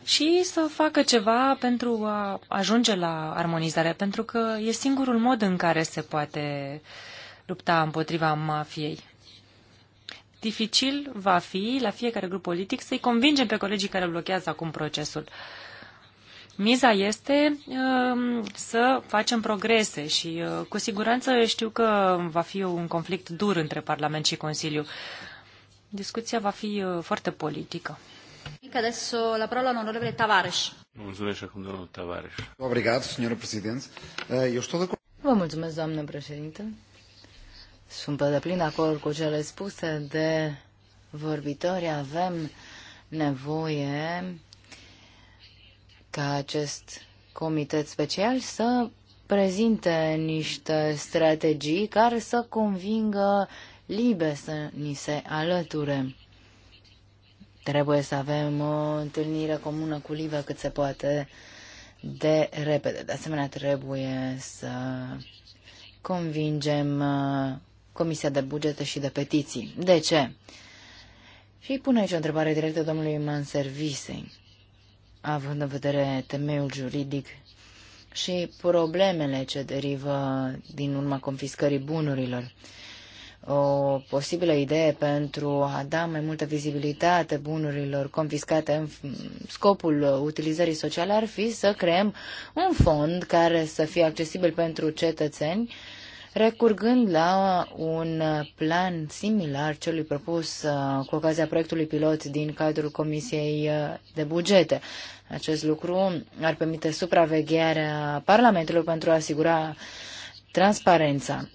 și să facă ceva pentru a ajunge la armonizare, pentru că e singurul mod în care se poate lupta împotriva mafiei. Dificil va fi la fiecare grup politic să-i convingem pe colegii care blochează acum procesul. Miza este um, să facem progrese și uh, cu siguranță știu că va fi un conflict dur între Parlament și Consiliu. Discuția va fi uh, foarte politică. Adesso la parola all'onorevole Tavares. Mulțumesc acum domnul Tavares. Obrigat, președinte. Eh, eu știu de... Vă mulțumesc, doamnă președinte. Sunt pe deplin de acord cu cele spuse de vorbitori. Avem nevoie ca acest comitet special să prezinte niște strategii care să convingă libe să ni se alăture. Trebuie să avem o întâlnire comună cu Libe cât se poate de repede. De asemenea, trebuie să convingem uh, Comisia de Bugete și de Petiții. De ce? Și pune aici o întrebare directă domnului Manservisei având în vedere temeiul juridic și problemele ce derivă din urma confiscării bunurilor. O posibilă idee pentru a da mai multă vizibilitate bunurilor confiscate în scopul utilizării sociale ar fi să creăm un fond care să fie accesibil pentru cetățeni recurgând la un plan similar celui propus uh, cu ocazia proiectului pilot din cadrul Comisiei uh, de Bugete. Acest lucru ar permite supravegherea Parlamentului pentru a asigura transparența.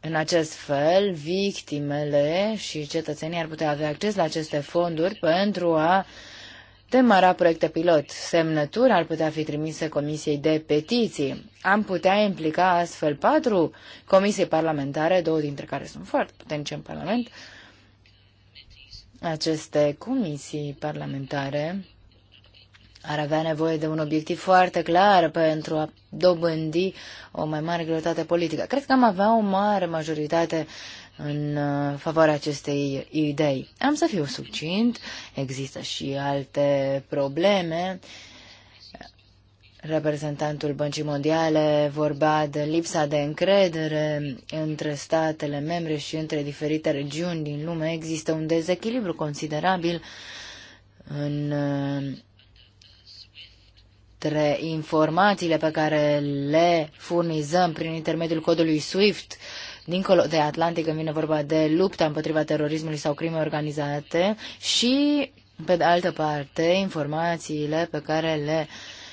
În acest fel, victimele și cetățenii ar putea avea acces la aceste fonduri pentru a uh, demara proiecte pilot. Semnătura ar putea fi trimise Comisiei de Petiții. Am putea implica astfel patru comisii parlamentare, două dintre care sunt foarte puternice în Parlament. Aceste comisii parlamentare ar avea nevoie de un obiectiv foarte clar pentru a dobândi o mai mare greutate politică. Cred că am avea o mare majoritate uh, în uh, favoarea acestei idei. Am să fiu succint, există și alte probleme. Reprezentantul Băncii Mondiale vorbea de lipsa de încredere între statele membre și între diferite regiuni din lume. Există un dezechilibru considerabil în uh, între informațiile pe care le furnizăm prin intermediul codului SWIFT dincolo de Atlantic, când vine vorba de lupta împotriva terorismului sau crime organizate și, pe de altă parte, informațiile pe care le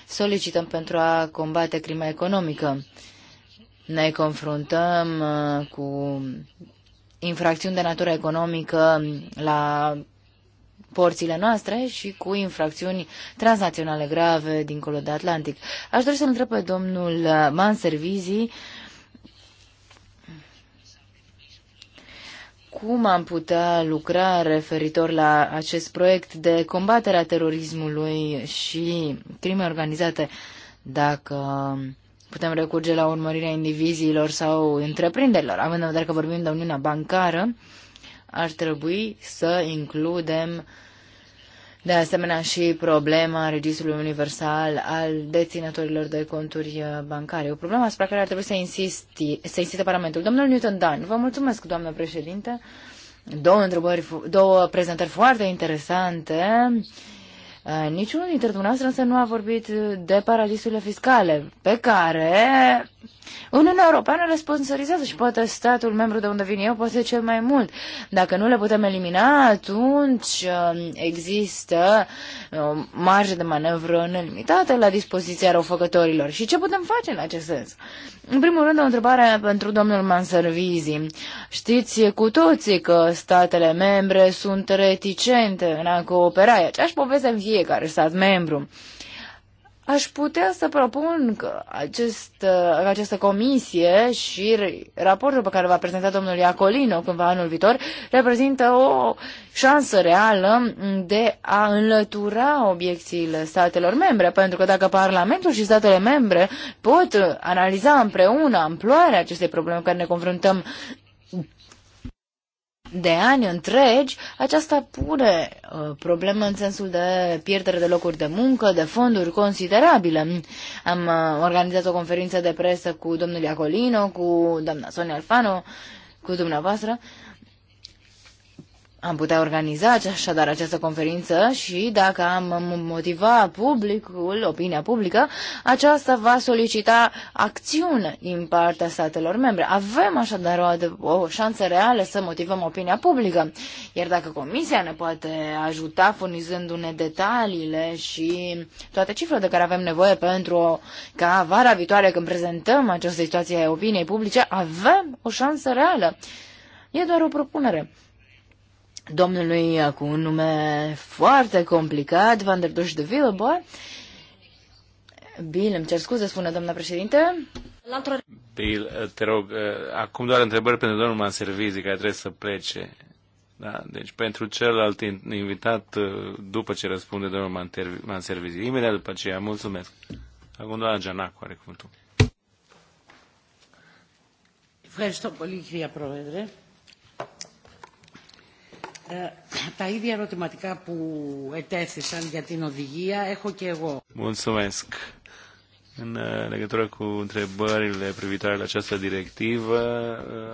solicităm pentru a combate crima economică. Ne confruntăm uh, cu infracțiuni de natură economică la porțile noastre și cu infracțiuni transnaționale grave dincolo de Atlantic. Aș dori să-l întreb pe domnul Manservizi cum am putea lucra referitor la acest proiect de combatere a terorismului și crime organizate, dacă putem recurge la urmărirea indiviziilor sau întreprinderilor, având în vedere că vorbim de Uniunea Bancară, ar trebui să includem de asemenea și problema registrului universal al deținătorilor de conturi uh, bancare. O problemă asupra care ar trebui să, insisti, să insiste Parlamentul. Domnul Newton Dan, vă mulțumesc, doamnă președinte. Două întrebări, două prezentări foarte interesante. Uh, niciunul dintre dumneavoastră însă nu a vorbit de paradisurile fiscale, pe care Uniunea Europeană responsabilizează și poate statul membru de unde vin eu poate cel mai mult. Dacă nu le putem elimina, atunci um, există o um, marjă de manevră nelimitată la dispoziția răufăcătorilor. Și ce putem face în acest sens? În primul rând, o întrebare pentru domnul Manservizi. Știți cu toții că statele membre sunt reticente în a coopera. Aceeași poveste în fiecare stat membru. Aș putea să propun că acest, această comisie și raportul pe care va prezenta domnul Iacolino cândva anul viitor reprezintă o șansă reală de a înlătura obiecțiile statelor membre, pentru că dacă Parlamentul și statele membre pot analiza împreună amploarea acestei probleme care ne confruntăm de ani întregi, aceasta pune uh, probleme în sensul de pierdere de locuri de muncă, de fonduri considerabile. Am uh, organizat o conferință de presă cu domnul Iacolino, cu doamna Sonia Alfano, cu dumneavoastră am putea organiza așadar această conferință și dacă am motiva publicul, opinia publică, aceasta va solicita acțiune din partea statelor membre. Avem așadar o, o șansă reală să motivăm opinia publică. Iar dacă Comisia ne poate ajuta furnizându-ne detaliile și toate cifrele de care avem nevoie pentru ca vara viitoare când prezentăm această situație opiniei publice, avem o șansă reală. E doar o propunere domnului uh, cu un nume foarte complicat, Van der Dush de Villebois. Bill, îmi cer scuze, spune doamna președinte. Bill, uh, te rog, uh, acum doar întrebări pentru domnul Manservizi, care trebuie să plece. Da, deci pentru celălalt invitat, după ce răspunde domnul Manservizi, imediat după aceea, mulțumesc. Acum doamna Gianacu are cuvântul. Vreau să κυρία τα ίδια ερωτηματικά που ετέθησαν για την οδηγία έχω και εγώ. Mulțumesc. În legătură cu întrebările privitoare la această directivă,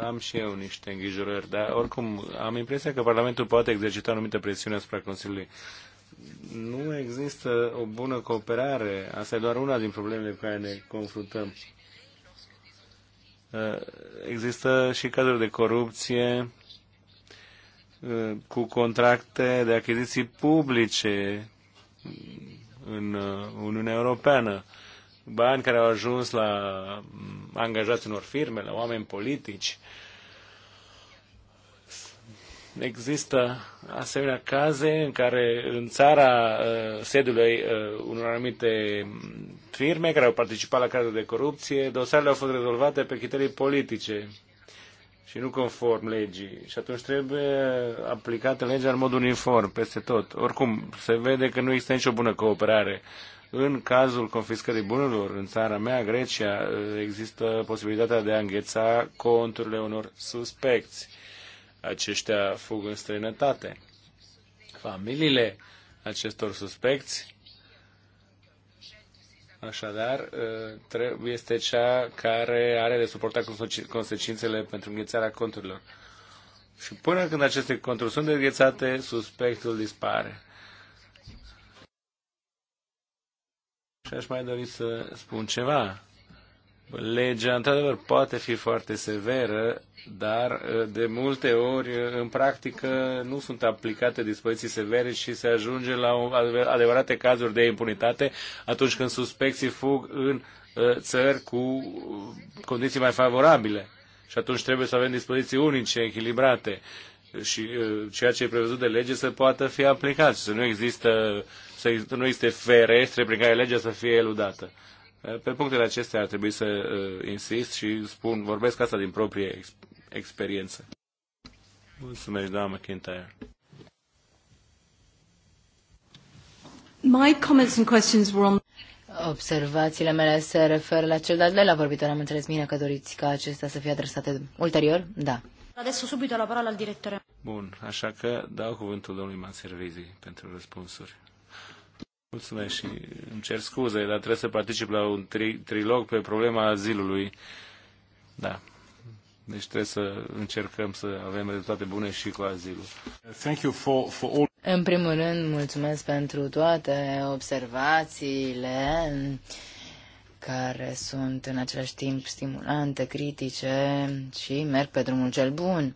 am și eu niște îngrijorări, dar oricum am impresia că Parlamentul poate exercita anumită presiune asupra Consiliului. Nu există o bună cooperare, asta e doar una din problemele cu care ne confruntăm. Există și cazuri de corupție, cu contracte de achiziții publice în uh, Uniunea Europeană, bani care au ajuns la mm, angajați unor firme, la oameni politici. Există asemenea caze în care în țara uh, sedului uh, unor anumite mm, firme care au participat la cazuri de corupție, dosarele au fost rezolvate pe criterii politice și nu conform legii. Și atunci trebuie aplicată legea în mod uniform, peste tot. Oricum, se vede că nu există nicio bună cooperare. În cazul confiscării bunurilor în țara mea, Grecia, există posibilitatea de a îngheța conturile unor suspecți. Aceștia fug în străinătate. Familiile acestor suspecți Așadar, ă, este cea care are de suportat consecințele pentru înghețarea conturilor. Și până când aceste conturi sunt înghețate, suspectul dispare. Și aș mai dori să spun ceva. Legea, într-adevăr, poate fi foarte severă, dar uh, de multe ori, uh, în practică, nu sunt aplicate dispoziții severe și se ajunge la adevărate cazuri de impunitate atunci când suspecții fug în uh, țări cu condiții mai favorabile. Și atunci trebuie să avem dispoziții unice, echilibrate și ceea ce e prevăzut de lege să poată fi aplicat, să nu există să nu existe ferestre prin care legea să fie eludată. Pe punctele acestea ar trebui să uh, insist și spun, vorbesc asta din proprie ex- experiență. Mulțumesc, doamna McIntyre. My comments and questions were on... Observațiile mele se referă la cel de-al doilea vorbitor. Am înțeles bine că doriți ca acestea să fie adresate ulterior? Da. Adesso subito la parola al direttore. Bun, așa că dau cuvântul domnului Manservizi pentru răspunsuri. Mulțumesc și îmi cer scuze, dar trebuie să particip la un tri- trilog pe problema azilului. Da. Deci trebuie să încercăm să avem rezultate bune și cu azilul. Thank you for, for all... În primul rând, mulțumesc pentru toate observațiile care sunt în același timp stimulante, critice și merg pe drumul cel bun.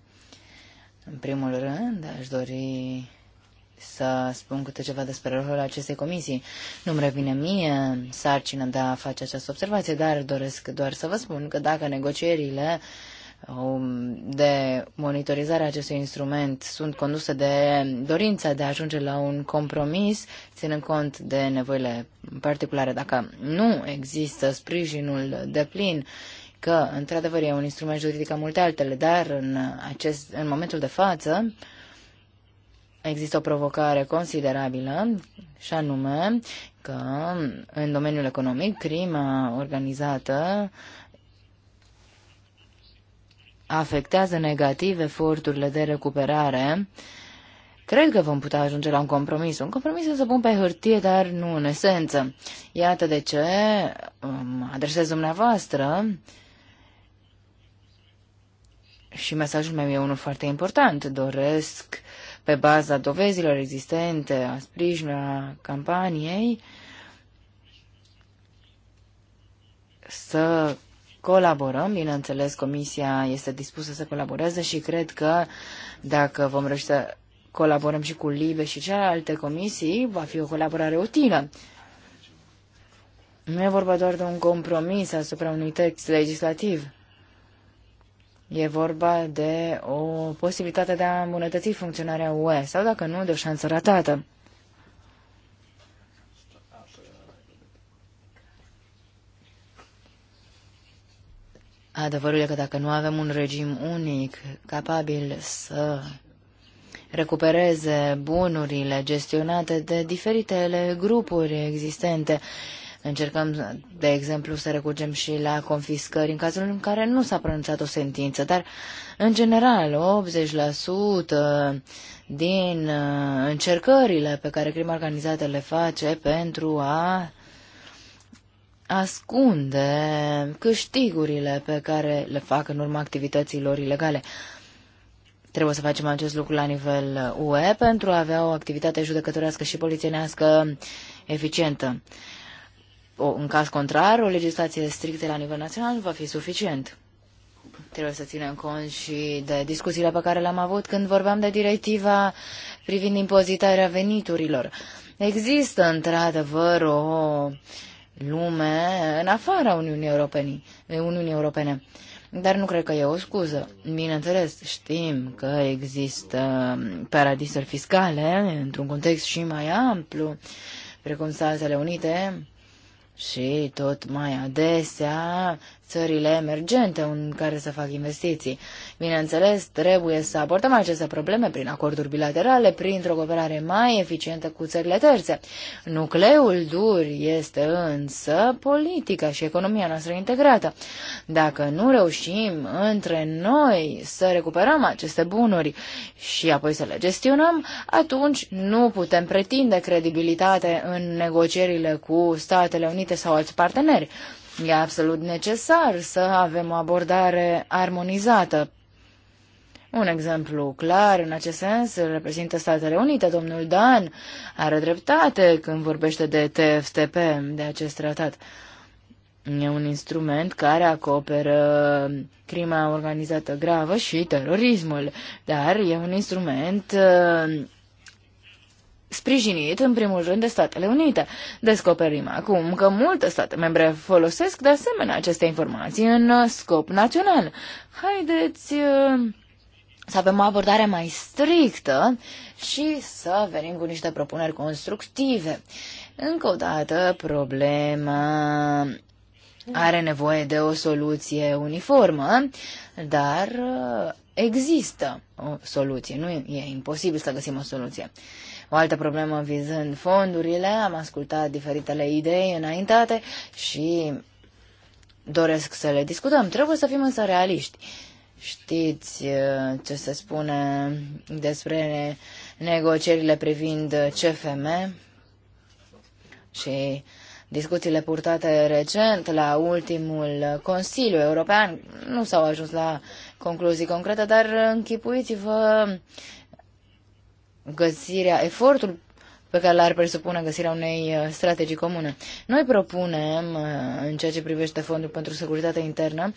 În primul rând, aș dori să spun câte ceva despre rolul acestei comisii. Nu-mi revine mie sarcină de a face această observație, dar doresc doar să vă spun că dacă negocierile um, de monitorizare a acestui instrument sunt conduse de dorința de a ajunge la un compromis, ținând cont de nevoile particulare. Dacă nu există sprijinul de plin, că într-adevăr e un instrument juridic ca multe altele, dar în, acest, în momentul de față, uh, există o provocare considerabilă și anume că în domeniul economic crima organizată afectează negativ eforturile de recuperare. Cred că vom putea ajunge la un compromis. Un compromis să pun pe hârtie, dar nu în esență. Iată de ce mă adresez dumneavoastră și mesajul meu e unul foarte important. Doresc pe baza dovezilor existente, a sprijinului a campaniei, să colaborăm. Bineînțeles, Comisia este dispusă să colaboreze și cred că dacă vom reuși să colaborăm și cu LIBE și celelalte comisii, va fi o colaborare utilă. Nu e vorba doar de un compromis asupra unui text legislativ. E vorba de o posibilitate de a îmbunătăți funcționarea UE sau, dacă nu, de o șansă ratată. Adevărul e că dacă nu avem un regim unic capabil să recupereze bunurile gestionate de diferitele grupuri existente, Încercăm, de exemplu, să recurgem și la confiscări în cazul în care nu s-a pronunțat o sentință, dar, în general, 80% din uh, încercările pe care crima organizată le face pentru a ascunde câștigurile pe care le fac în urma activităților ilegale. Trebuie să facem acest lucru la nivel uh, UE pentru a avea o activitate judecătorească și polițienească eficientă. O, în caz contrar, o legislație strictă la nivel național nu va fi suficient. Trebuie să ținem cont și de discuțiile pe care le-am avut când vorbeam de directiva privind impozitarea veniturilor. Există, într-adevăr, o lume în afara Uniunii Europene, Uniunii Europene. Dar nu cred că e o scuză. Bineînțeles, știm că există paradisuri fiscale într-un context și mai amplu, precum Statele Unite, și tot mai adesea țările emergente în care să fac investiții. Bineînțeles, trebuie să abordăm aceste probleme prin acorduri bilaterale, printr-o cooperare mai eficientă cu țările terțe. Nucleul dur este însă politica și economia noastră integrată. Dacă nu reușim între noi să recuperăm aceste bunuri și apoi să le gestionăm, atunci nu putem pretinde credibilitate în negocierile cu Statele Unite sau alți parteneri. E absolut necesar să avem o abordare armonizată. Un exemplu clar în acest sens reprezintă Statele Unite. Domnul Dan are dreptate când vorbește de TFTP, de acest tratat. E un instrument care acoperă crima organizată gravă și terorismul, dar e un instrument uh, sprijinit în primul rând de Statele Unite. Descoperim acum că multe state membre folosesc de asemenea aceste informații în uh, scop național. Haideți uh, să avem o abordare mai strictă și să venim cu niște propuneri constructive. Încă o dată, problema are nevoie de o soluție uniformă, dar uh, există o soluție, nu e imposibil să găsim o soluție. O altă problemă vizând fondurile, am ascultat diferitele idei înaintate și doresc să le discutăm. Trebuie să fim însă realiști. Știți uh, ce se spune despre negocierile privind CFM și discuțiile purtate recent la ultimul Consiliu European. Nu s-au ajuns la concluzii concrete, dar închipuiți-vă găsirea, efortul pe care l-ar presupune găsirea unei uh, strategii comune. Noi propunem, uh, în ceea ce privește Fondul pentru Securitatea Internă,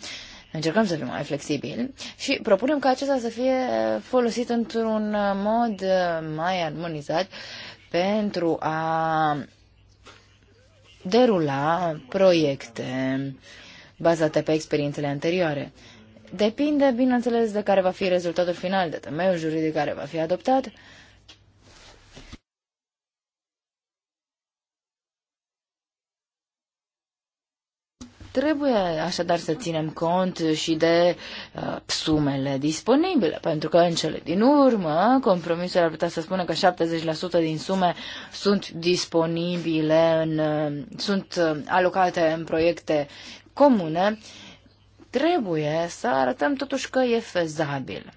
încercăm să fim mai flexibili și propunem ca acesta să fie folosit într-un uh, mod mai armonizat pentru a derula proiecte bazate pe experiențele anterioare. Depinde, bineînțeles, de care va fi rezultatul final, de temeiul juridic care va fi adoptat, Trebuie așadar să ținem cont și de uh, sumele disponibile, pentru că în cele din urmă compromisul ar putea să spună că 70% din sume sunt disponibile, în, uh, sunt uh, alocate în proiecte comune. Trebuie să arătăm totuși că e fezabil.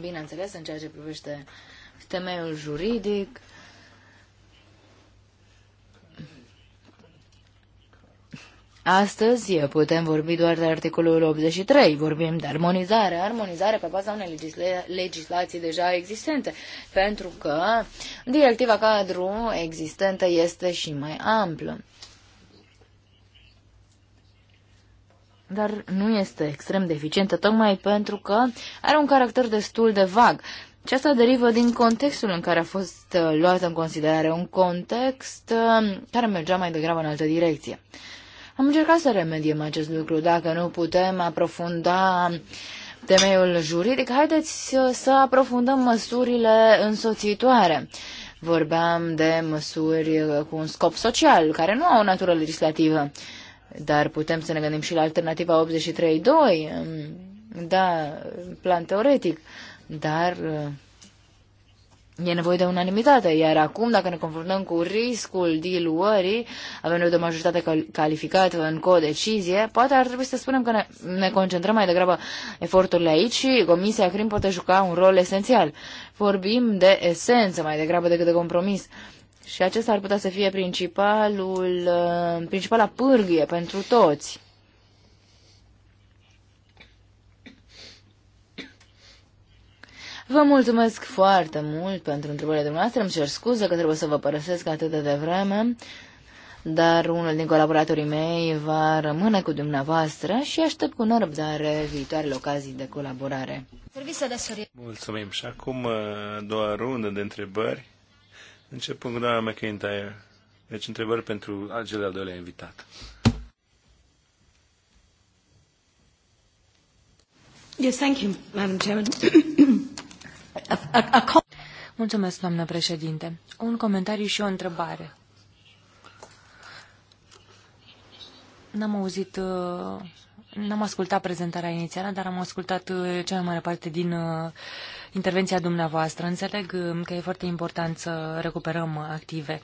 Bineînțeles, în ceea ce privește temeiul juridic, uh, Astăzi putem vorbi doar de articolul 83, vorbim de armonizare, armonizare pe baza unei legisla- legislații deja existente, pentru că directiva cadru existentă este și mai amplă. Dar nu este extrem de eficientă, tocmai pentru că are un caracter destul de vag. Și asta derivă din contextul în care a fost uh, luată în considerare, un context uh, care mergea mai degrabă în altă direcție. Am încercat să remediem acest lucru. Dacă nu putem aprofunda temeiul juridic, haideți să aprofundăm măsurile însoțitoare. Vorbeam de măsuri cu un scop social, care nu au o natură legislativă, dar putem să ne gândim și la alternativa 83.2, da, plan teoretic, dar e nevoie de unanimitate, iar acum, dacă ne confruntăm cu riscul diluării, avem nevoie de o majoritate calificată în decizie, poate ar trebui să spunem că ne, ne concentrăm mai degrabă eforturile aici și Comisia CRIM poate juca un rol esențial. Vorbim de esență mai degrabă decât de compromis. Și acesta ar putea să fie principalul, uh, principala pârghie pentru toți. Vă mulțumesc foarte mult pentru întrebările dumneavoastră. Îmi cer scuze că trebuie să vă părăsesc atât de devreme, dar unul din colaboratorii mei va rămâne cu dumneavoastră și aștept cu nerăbdare viitoarele ocazii de colaborare. Mulțumim. Și acum două uh, doua rundă de întrebări, începând cu doamna McIntyre. Deci întrebări pentru cel de-al doilea invitat. Yes, thank you, Madam Chairman. Mulțumesc, doamnă președinte. Un comentariu și o întrebare. N-am auzit, uh, n-am ascultat prezentarea inițială, dar am ascultat uh, cea mai mare parte din uh, intervenția dumneavoastră. Înțeleg um, că e foarte important să recuperăm active.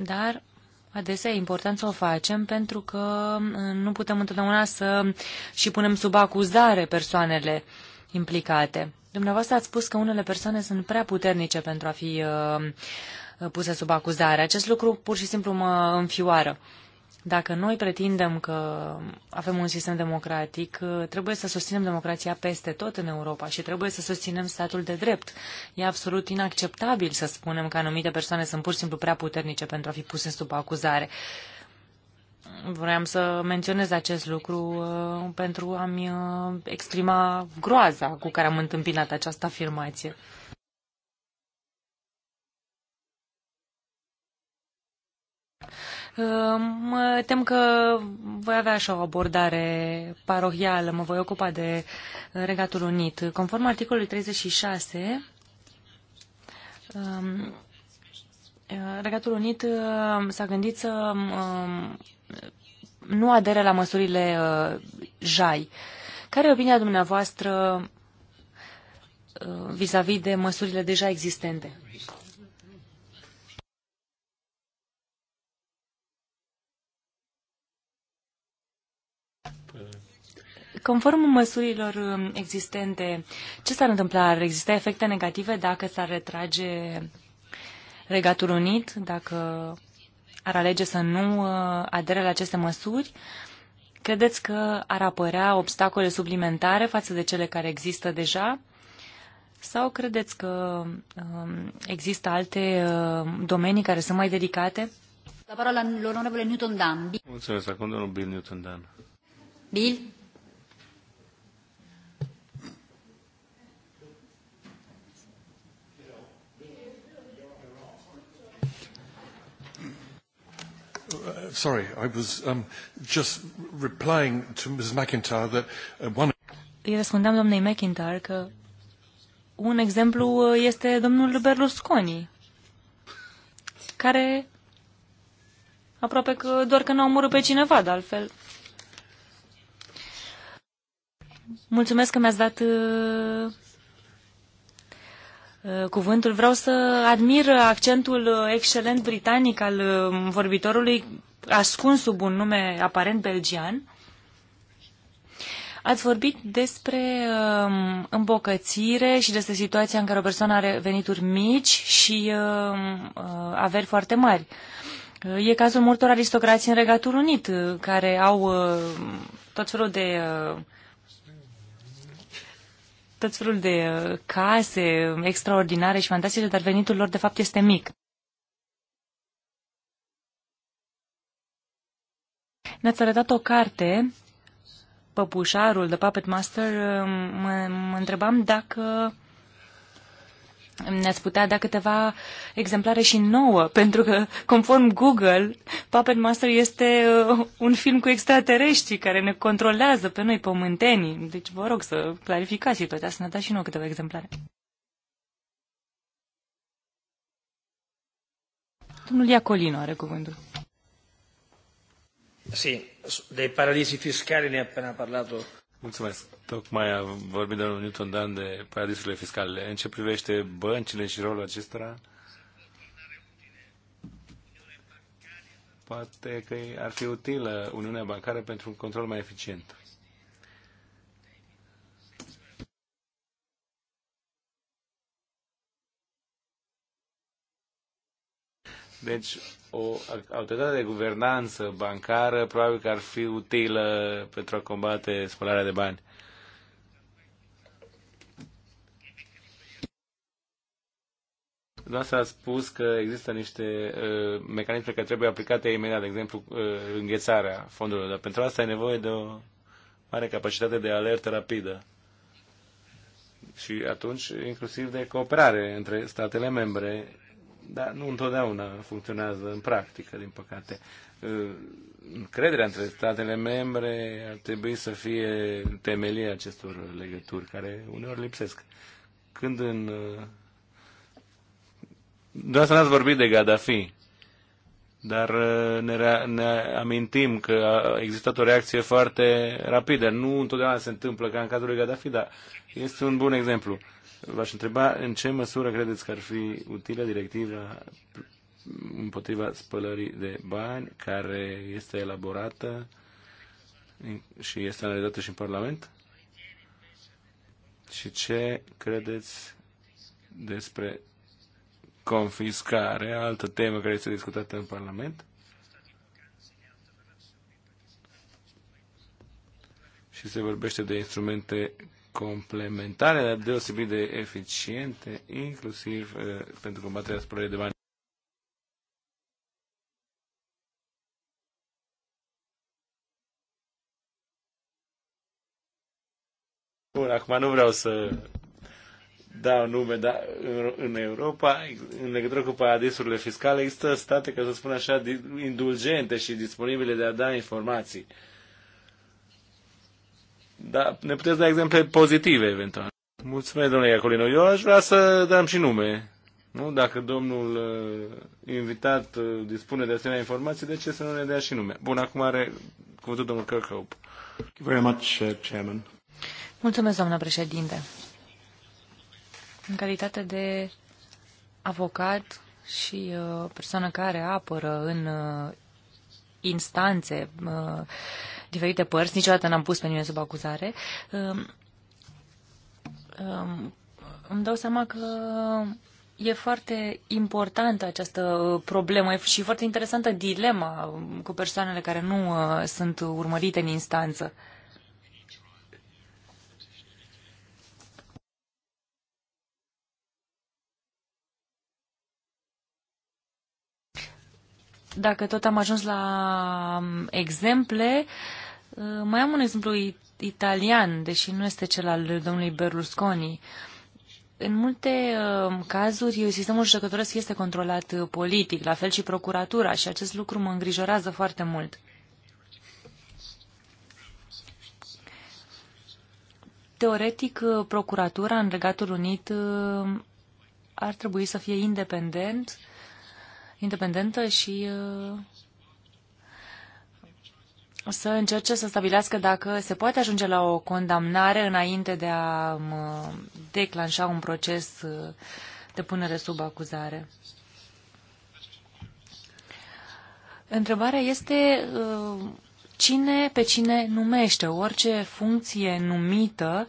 Dar adesea e important să o facem pentru că um, nu putem întotdeauna să și punem sub acuzare persoanele implicate. Dumneavoastră ați spus că unele persoane sunt prea puternice pentru a fi uh, puse sub acuzare. Acest lucru pur și simplu mă înfioară. Dacă noi pretindem că avem un sistem democratic, uh, trebuie să susținem democrația peste tot în Europa și trebuie să susținem statul de drept. E absolut inacceptabil să spunem că anumite persoane sunt pur și simplu prea puternice pentru a fi puse sub acuzare. Vreau să menționez acest lucru uh, pentru a-mi uh, exprima groaza cu care am întâmpinat această afirmație. Uh, mă tem că voi avea așa o abordare parohială, mă voi ocupa de Regatul Unit. Conform articolului 36, um, Regatul Unit s-a gândit să um, nu adere la măsurile uh, JAI. Care e opinia dumneavoastră uh, vis-a-vis -vis de măsurile deja existente? Conform măsurilor uh, existente, ce s-ar întâmpla? Ar exista efecte negative dacă s-ar retrage Regatul Unit, dacă ar alege să nu uh, adere la aceste măsuri, credeți că ar apărea obstacole suplimentare față de cele care există deja? Sau credeți că um, există alte uh, domenii care sunt mai delicate? La parola l'onorevole Newton Dan. Mulțumesc, acum domnul Bill Newton Dan. Bill? Uh, sorry, I was um, just replying to Ms. McIntyre that uh, one... Îi răspundeam doamnei McIntyre că un exemplu uh, este domnul Berlusconi, care aproape că doar că n-a omorât pe cineva, de altfel. Mulțumesc că mi-ați dat uh, Eh, cuvântul. Vreau să admir accentul eh, excelent britanic al eh, vorbitorului, ascuns sub un nume aparent belgian. Ați vorbit despre um, îmbocățire și despre situația în care o persoană are venituri mici și um, averi foarte mari. E cazul multor aristocrații în Regatul Unit, care au uh, tot felul de uh, tot felul de uh, case extraordinare și fantastice, dar venitul lor de fapt este mic. Ne-ați arătat o carte, Păpușarul, de Puppet Master, uh, mă, mă întrebam dacă ne-ați putea da câteva exemplare și nouă, pentru că, conform Google, Puppet Master este uh, un film cu extraterestri care ne controlează pe noi, pământenii. Deci vă rog să clarificați situația, să ne dați și nouă câteva exemplare. Domnul Iacolino are cuvântul. Sì, dei paradisi fiscali ne ha appena parlato. Mulțumesc. Tocmai a vorbit domnul Newton Dan de paradisurile fiscale. În ce privește băncile și rolul acestora, poate că ar fi utilă Uniunea Bancară pentru un control mai eficient. Deci, o autoritate de guvernanță bancară probabil că ar fi utilă pentru a combate spălarea de bani. s a spus că există niște uh, mecanisme care trebuie aplicate imediat, de exemplu uh, înghețarea fondurilor, dar pentru asta e nevoie de o mare capacitate de alertă rapidă și atunci inclusiv de cooperare între statele membre, dar nu întotdeauna funcționează în practică, din păcate. Uh, Crederea între statele membre ar trebui să fie temelia acestor legături, care uneori lipsesc. Când în uh, Dumneavoastră n-ați vorbit de Gaddafi, dar uh, ne, ne amintim că a existat o reacție foarte rapidă. Nu întotdeauna se întâmplă ca în cazul lui Gaddafi, dar este un bun exemplu. V-aș întreba în ce măsură credeți că ar fi utilă directiva împotriva spălării de bani care este elaborată și este analizată și în Parlament? Și ce credeți despre confiscare, altă temă care este discutată în Parlament. Și se vorbește de instrumente complementare, dar deosebit de eficiente, inclusiv uh, pentru combaterea spălării de bani. Bun, acum nu vreau să dau nume, dar în Europa, în legătură cu paradisurile fiscale, există state, ca să spun așa, indulgente și disponibile de a da informații. Dar ne puteți da exemple pozitive, eventual. Mulțumesc, domnule Iacolino. Eu aș vrea să dăm și nume. Nu? Dacă domnul uh, invitat uh, dispune de asemenea informații, de ce să nu ne dea și nume? Bun, acum are cuvântul domnul Kirkhope. Thank you very much, uh, Chairman. Mulțumesc, doamnă președinte. În calitate de avocat și uh, persoană care apără în uh, instanțe uh, diferite părți, niciodată n-am pus pe nimeni sub acuzare, uh, uh, îmi dau seama că e foarte importantă această problemă și foarte interesantă dilema cu persoanele care nu uh, sunt urmărite în instanță. Uh, dacă tot am ajuns la um, exemple, uh, mai am un exemplu italian, deși nu este cel al domnului Berlusconi. În multe um, cazuri, sistemul judecătoresc este controlat uh, politic, la fel și procuratura, și acest lucru mă îngrijorează foarte mult. Teoretic, uh, procuratura în Regatul Unit ar trebui să fie independent uh, independentă și uh, să încerce să stabilească dacă se poate ajunge la o condamnare înainte de a uh, declanșa un proces uh, de punere sub acuzare. Întrebarea este cine pe cine numește. Orice funcție numită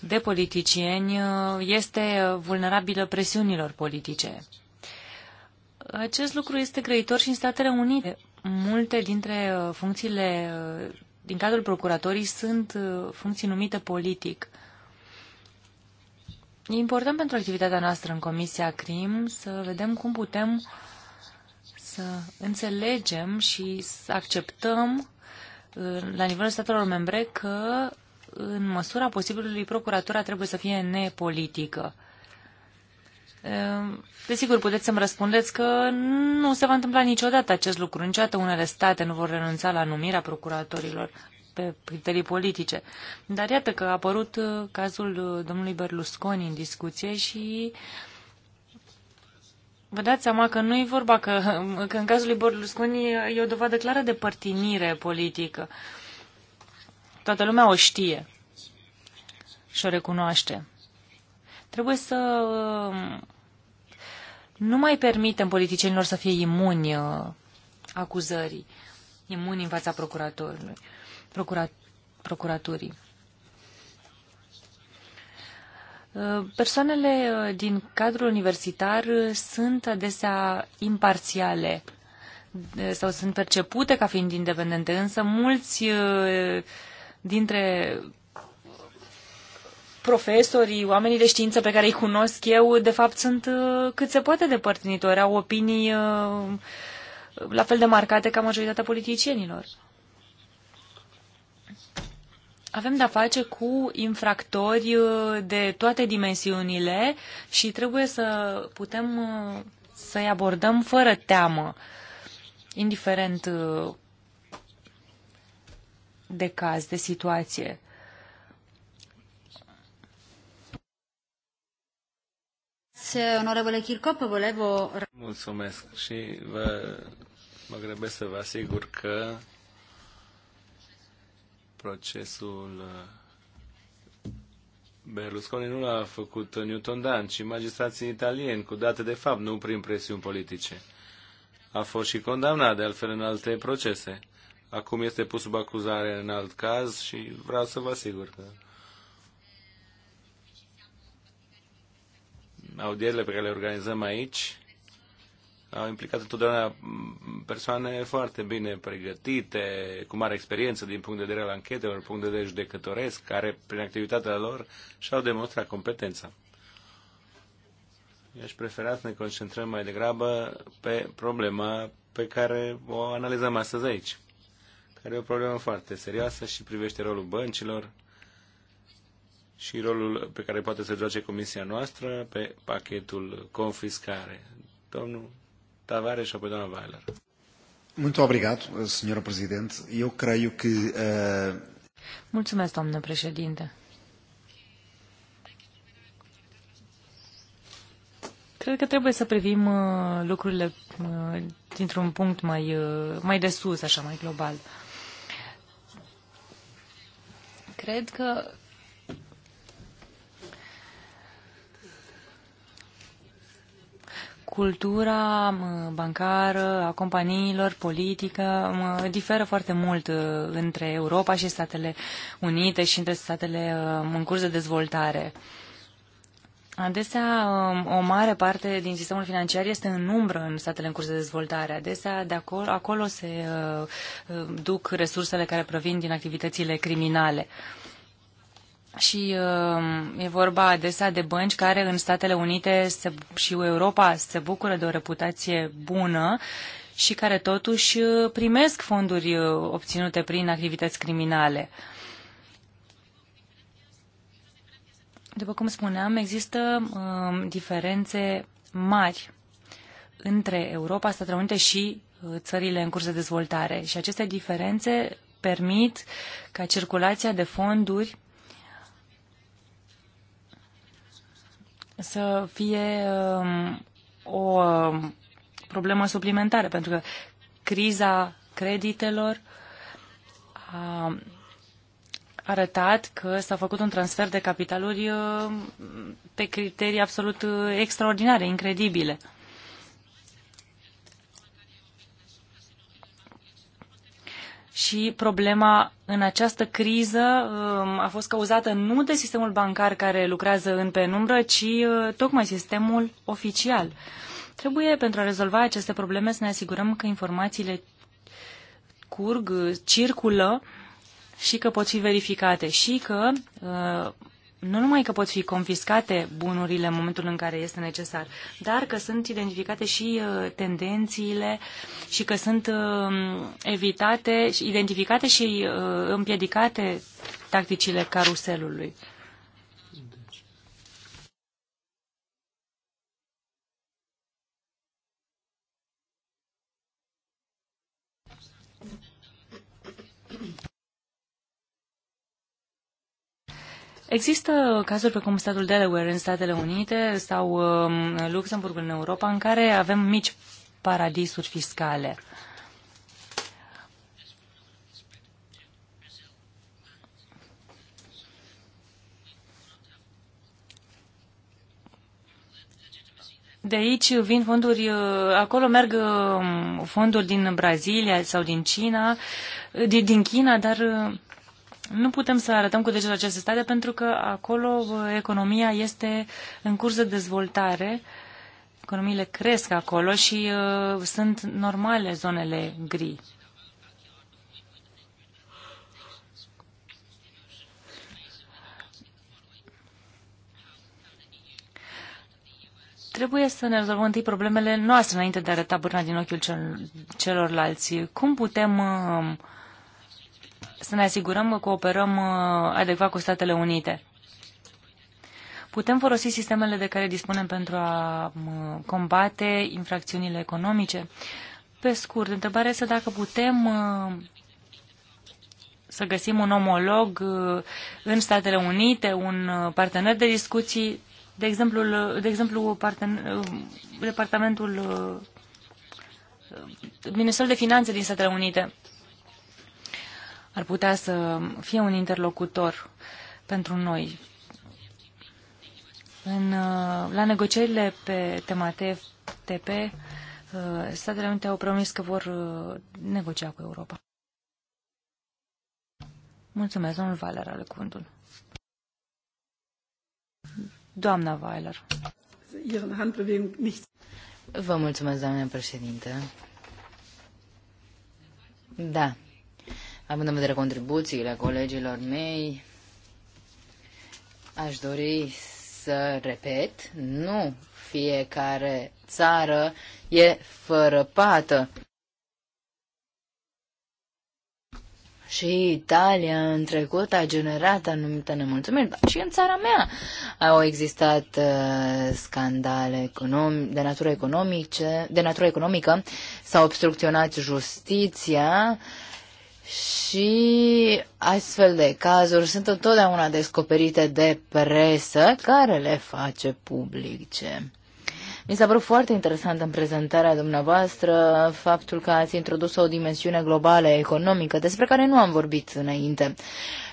de politicieni este vulnerabilă presiunilor politice. Acest lucru este grăitor și în Statele Unite. Multe dintre uh, funcțiile uh, din cadrul procuratorii sunt uh, funcții numite politic. E important pentru activitatea noastră în Comisia CRIM să vedem cum putem să înțelegem și să acceptăm la nivelul statelor membre că în măsura posibilului procuratura trebuie să fie nepolitică. Ehm, desigur, puteți să-mi răspundeți că nu se va întâmpla niciodată acest lucru. Niciodată unele state nu vor renunța la numirea procuratorilor pe criterii politice. Dar iată că a apărut uh, cazul uh, domnului Berlusconi în discuție și vă dați seama că nu e vorba că, că în cazul lui Berlusconi e o dovadă clară de părtinire politică. Toată lumea o știe și o recunoaște. Trebuie să uh, nu mai permitem politicienilor să fie imuni uh, acuzării, imuni în fața procuratorului, procura, procuraturii. Uh, persoanele uh, din cadrul universitar sunt adesea imparțiale sau sunt percepute ca fiind independente, însă mulți dintre profesorii, oamenii de știință pe care îi cunosc eu, de fapt, sunt uh, cât se poate de părtinitori, au opinii uh, la fel de marcate ca majoritatea politicienilor. Avem de-a face cu infractori uh, de toate dimensiunile și trebuie să putem să-i abordăm fără teamă, indiferent de caz, de situație. Grazie, onorevole Chircop, volevo... Mulțumesc și vă, mă grăbesc să vă asigur că procesul uh, Berlusconi nu l-a făcut Newton Dan, ci magistrații italieni, cu date de fapt, nu prin presiuni politice. A fost și condamnat, de altfel, în alte procese. Acum este pus sub acuzare în alt caz și vreau să vă asigur că audierile pe care le organizăm aici au implicat întotdeauna persoane foarte bine pregătite, cu mare experiență din punct de vedere al anchetelor, punct de vedere judecătoresc, care prin activitatea lor și-au demonstrat competența. Eu aș prefera să ne concentrăm mai degrabă pe problema pe care o analizăm astăzi aici, care e o problemă foarte serioasă și privește rolul băncilor, și rolul pe care poate să joace comisia noastră pe pachetul confiscare. Domnul Tavares și apoi doamna Weiler. Muito obrigado, senhora Presidente. Eu creio que... Uh... Mulțumesc, doamnă președinte. Cred că trebuie să privim uh, lucrurile uh, dintr-un punct mai, uh, mai de sus, așa, mai global. Cred că Cultura bancară a companiilor, politică, diferă foarte mult uh, între Europa și Statele Unite și între statele uh, în curs de dezvoltare. Adesea, um, o mare parte din sistemul financiar este în umbră în statele în curs de dezvoltare. Adesea, de acolo, acolo se uh, duc resursele care provin din activitățile criminale. Uh, și um, e vorba adesea de bănci care în Statele Unite se, și Europa se bucură de o reputație bună și care totuși uh, primesc fonduri uh, obținute prin activități criminale. După cum spuneam, există uh, diferențe mari între Europa, Statele Unite și uh, țările în curs de dezvoltare. Și aceste diferențe permit ca circulația de fonduri să fie um, o um, problemă suplimentară, pentru că criza creditelor a arătat că s-a făcut un transfer de capitaluri um, pe criterii absolut uh, extraordinare, incredibile. și problema în această criză um, a fost cauzată nu de sistemul bancar care lucrează în penumbră, ci uh, tocmai sistemul oficial. Trebuie, pentru a rezolva aceste probleme, să ne asigurăm că informațiile curg, circulă și că pot fi verificate și că uh, nu numai că pot fi confiscate bunurile în momentul în care este necesar, dar că sunt identificate și uh, tendențiile și că sunt um, evitate, identificate și uh, împiedicate tacticile caruselului. Există cazuri precum statul Delaware în Statele Unite sau um, Luxemburg în Europa în care avem mici paradisuri fiscale. De aici vin fonduri, uh, acolo merg um, fonduri din Brazilia sau din China, uh, din, din China, dar uh, nu putem să arătăm cu degetul aceste state pentru că acolo economia este în curs de dezvoltare, economiile cresc acolo și uh, sunt normale zonele gri. Trebuie să ne rezolvăm întâi problemele noastre înainte de a arăta bârna din ochiul cel, celorlalți. Cum putem uh, să ne asigurăm că cooperăm uh, adecvat cu Statele Unite. Putem folosi sistemele de care dispunem pentru a uh, combate infracțiunile economice? Pe scurt, întrebarea este dacă putem uh, să găsim un omolog în Statele Unite, un partener de discuții, de exemplu, de exemplu departamentul Ministerul de Finanțe din Statele Unite ar putea să fie un interlocutor pentru noi. În, uh, la negocierile pe tema TFTP, uh, Statele Unite au promis că vor uh, negocia cu Europa. Mulțumesc, domnul Valer, ale cuvântul. Doamna Valer. Vă mulțumesc, doamne președinte. Da, Având în vedere contribuțiile colegilor mei, aș dori să repet, nu fiecare țară e fără pată. Și Italia în trecut a generat anumite nemulțumiri, dar și în țara mea au existat uh, scandale econom- de, natură economice, de natură economică, s-a obstrucționat justiția, uh, și astfel de cazuri sunt întotdeauna descoperite de presă care le face publice. Mi s-a părut foarte interesant în prezentarea dumneavoastră faptul că ați introdus o dimensiune globală economică despre care nu am vorbit înainte.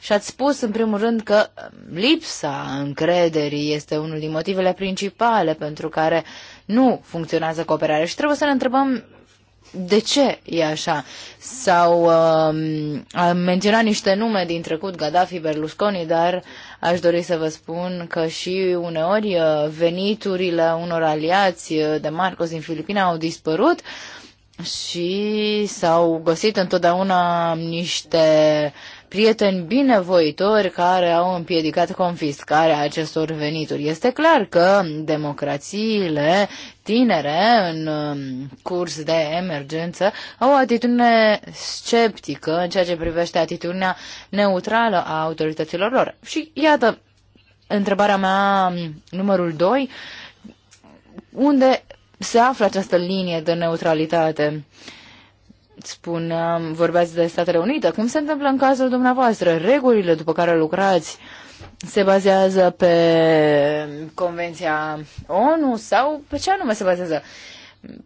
Și ați spus, în primul rând, că lipsa încrederii este unul din motivele principale pentru care nu funcționează cooperarea și trebuie să ne întrebăm de ce e așa. Sau uh, am menționat niște nume din trecut, Gaddafi, Berlusconi, dar aș dori să vă spun că și uneori uh, veniturile unor aliați uh, de Marcos din Filipina au dispărut și s-au găsit întotdeauna niște uh, prieteni binevoitori care au împiedicat confiscarea acestor venituri. Este clar că democrațiile tinere în um, curs de emergență au o atitudine sceptică în ceea ce privește atitudinea neutrală a autorităților lor. Și iată, întrebarea mea um, numărul 2, unde se află această linie de neutralitate? Uh, spuneam, vorbeați de Statele Unite. Cum se întâmplă în cazul dumneavoastră? Regulile după care lucrați se bazează pe Convenția ONU sau pe ce anume se bazează?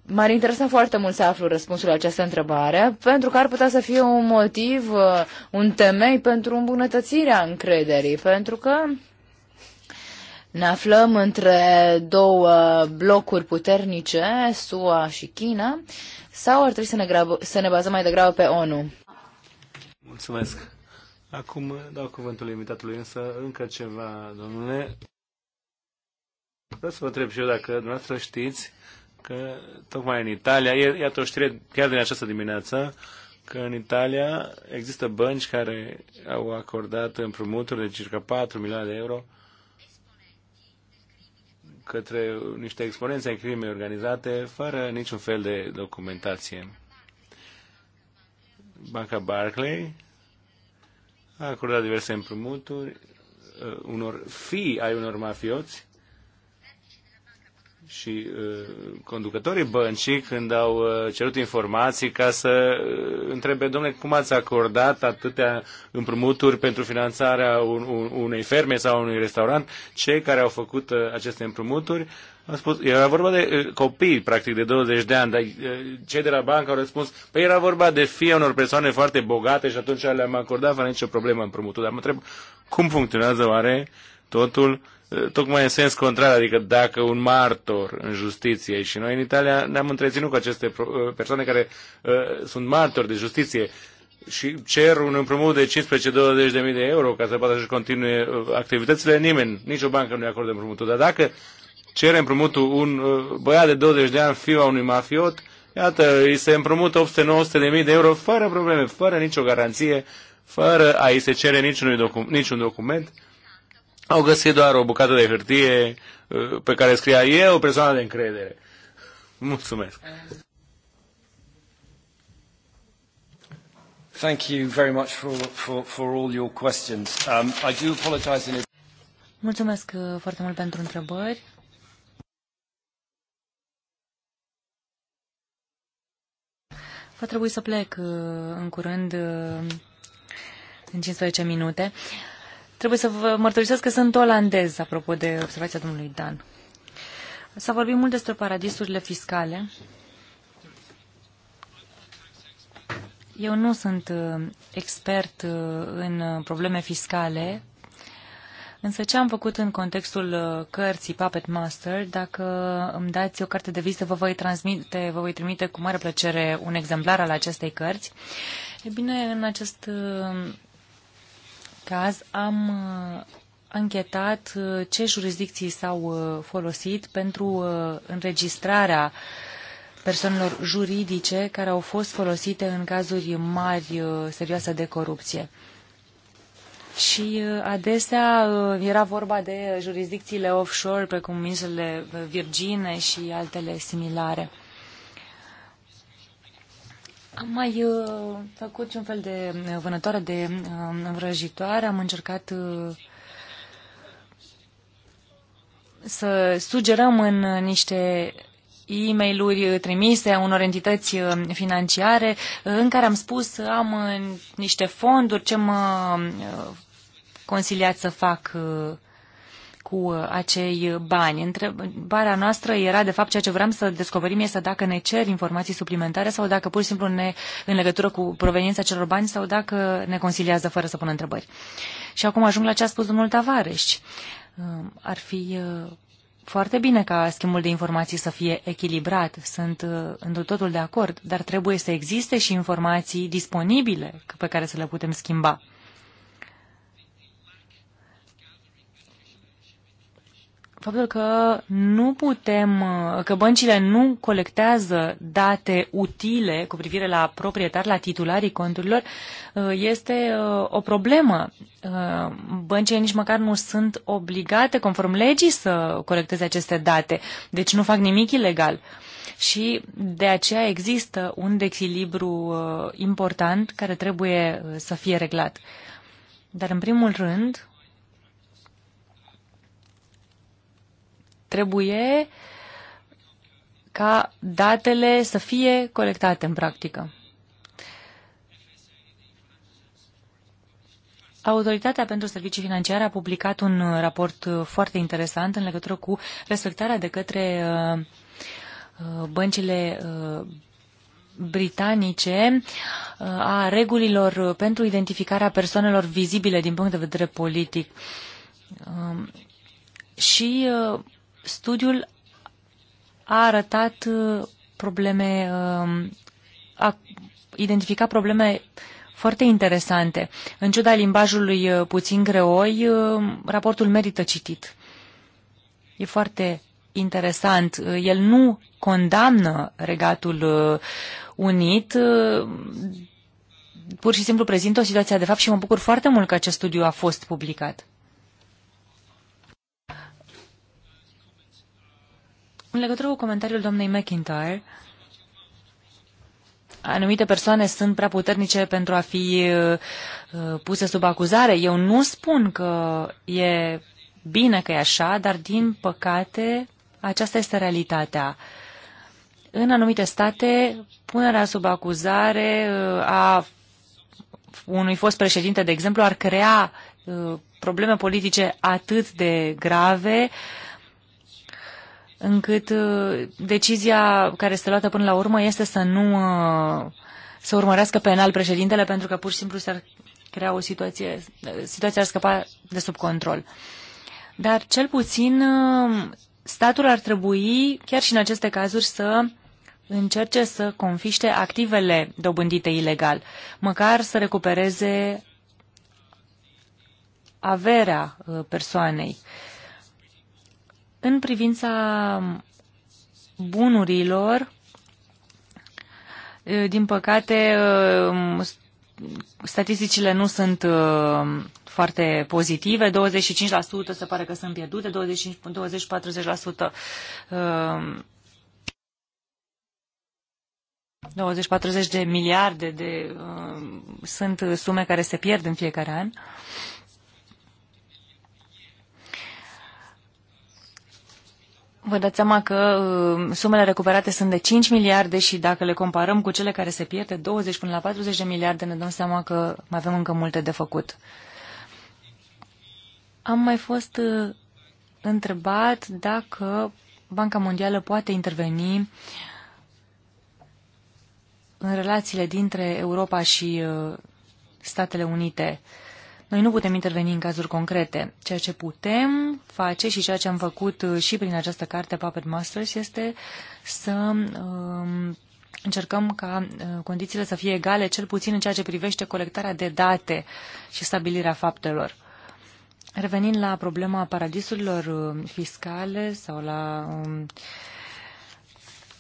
M-ar interesa foarte mult să aflu răspunsul la această întrebare, pentru că ar putea să fie un motiv, un temei pentru îmbunătățirea încrederii, pentru că ne aflăm între două blocuri puternice, SUA și China, sau ar trebui să ne, grabă, să ne bazăm mai degrabă pe ONU? Mulțumesc. Acum dau cuvântul invitatului, însă încă ceva, domnule. Vreau să vă întreb și eu dacă dumneavoastră știți că tocmai în Italia, iată o știre chiar din această dimineață, că în Italia există bănci care au acordat împrumuturi de circa 4 milioane de euro către niște exponențe în crime organizate fără niciun fel de documentație. Banca Barclay a acordat diverse împrumuturi uh, unor fii ai unor mafioți și uh, conducătorii băncii când au uh, cerut informații ca să uh, întrebe, domnule, cum ați acordat atâtea împrumuturi pentru finanțarea un, un, unei ferme sau unui restaurant, cei care au făcut uh, aceste împrumuturi am spus, era vorba de uh, copii, practic, de 20 de ani, dar uh, cei de la bancă au răspuns, păi era vorba de fie unor persoane foarte bogate și atunci le-am acordat fără nicio problemă împrumutul. Dar mă întreb, cum funcționează oare totul tocmai în sens contrar, adică dacă un martor în justiție și noi în Italia ne-am întreținut cu aceste uh, persoane care uh, sunt martori de justiție și cer un împrumut de 15-20 de mii de euro ca să poată să continue uh, activitățile, nimeni, nicio bancă nu-i acordă împrumutul. Dar dacă cere împrumutul un uh, băiat de 20 de ani, fiu a unui mafiot, iată, îi se împrumută 800-900 de mii de euro fără probleme, fără nicio garanție, fără a îi se cere niciun docu- niciun document au găsit doar o bucată de hârtie uh, pe care scria eu, persoana de încredere. Mulțumesc! Thank you very much for, for, for all your questions. Um, I do apologize in Mulțumesc uh, foarte mult pentru întrebări. Va trebui să plec uh, în curând în 15 minute. Trebuie să vă mărturisesc că sunt olandez, apropo de observația domnului Dan. S-a vorbit mult despre paradisurile fiscale. Eu nu sunt uh, expert uh, în uh, probleme fiscale, însă ce am făcut în contextul cărții Puppet Master, dacă îmi dați o carte de vizită, vă voi, transmite, vă voi trimite cu mare plăcere un exemplar al acestei cărți. E bine, în acest caz am uh, anchetat uh, ce jurisdicții s-au uh, folosit pentru înregistrarea persoanelor juridice care au fost folosite în cazuri mari serioase de corupție. Și adesea era vorba de jurisdicțiile offshore, precum insulele Virgine și altele similare. Am mai uh, făcut și un fel de uh, vânătoare de uh, vrăjitoare. Am încercat uh, să sugerăm în uh, niște e mail trimise a unor entități uh, financiare în care am spus am niște fonduri, ce mă consiliați să fac cu uh, acei bani. Întrebarea noastră era, de fapt, ceea ce vreau să descoperim este dacă ne cer informații suplimentare sau dacă pur și simplu ne, în legătură cu proveniența celor bani sau dacă ne consiliază fără să pună întrebări. Și acum ajung la ce a spus domnul Tavares. Uh, ar fi uh, foarte bine ca schimbul de informații să fie echilibrat, sunt într totul de acord, dar trebuie să existe și informații disponibile pe care să le putem schimba. faptul că nu putem, că băncile nu colectează date utile cu privire la proprietari, la titularii conturilor, eh, este eh, o problemă. Eh, băncile nici măcar nu sunt obligate, conform legii, să colecteze aceste date, deci nu fac nimic ilegal. Și de aceea există un echilibru important care trebuie să fie reglat. Dar, în primul rând, Trebuie ca datele să fie colectate în practică. Autoritatea pentru Servicii Financiare a publicat un raport foarte interesant în legătură cu respectarea de către uh, uh, băncile uh, britanice a regulilor pentru identificarea persoanelor vizibile din punct de vedere politic. Um, și Studiul a arătat uh, probleme, um, a identificat probleme foarte interesante. În ciuda limbajului uh, puțin greoi, uh, raportul merită citit. E foarte interesant. El nu condamnă Regatul Unit, pur și simplu prezintă o situație de fapt și mă bucur foarte mult că acest studiu a fost publicat. În legătură cu comentariul doamnei McIntyre, anumite persoane sunt prea puternice pentru a fi uh, uh, puse sub acuzare. Eu nu spun că e bine că e așa, dar din păcate aceasta este realitatea. În anumite state, punerea sub acuzare uh, a unui fost președinte, de exemplu, ar crea probleme politice atât de grave încât uh, decizia care este luată până la urmă este să nu uh, să urmărească penal președintele pentru că pur și simplu s-ar crea o situație, uh, situația ar scăpa de sub control. Dar cel puțin statul ar trebui, chiar și în aceste cazuri, să încerce să confiște activele dobândite ilegal, măcar să recupereze averea persoanei. Uh, în privința bunurilor, din păcate, statisticile nu sunt foarte pozitive. 25% se pare că sunt pierdute, 20-40% 20-40 de miliarde de, uh, sunt sume care se pierd în fiecare an. Uh, Vă dați seama că uh, sumele recuperate sunt de 5 miliarde și dacă le comparăm cu cele care se pierde, 20 până la 40 de miliarde, ne dăm seama că mai avem încă multe de făcut. Am mai fost uh, întrebat dacă Banca Mondială poate interveni în relațiile dintre Europa și uh, Statele Unite. Uh, noi nu putem interveni în cazuri concrete. Ceea ce putem face și ceea ce am făcut uh, și prin această carte Puppet Masters este să um, încercăm ca uh, condițiile să fie egale, cel puțin în ceea ce privește colectarea de date și stabilirea faptelor. Revenind la problema paradisurilor uh, fiscale sau la um,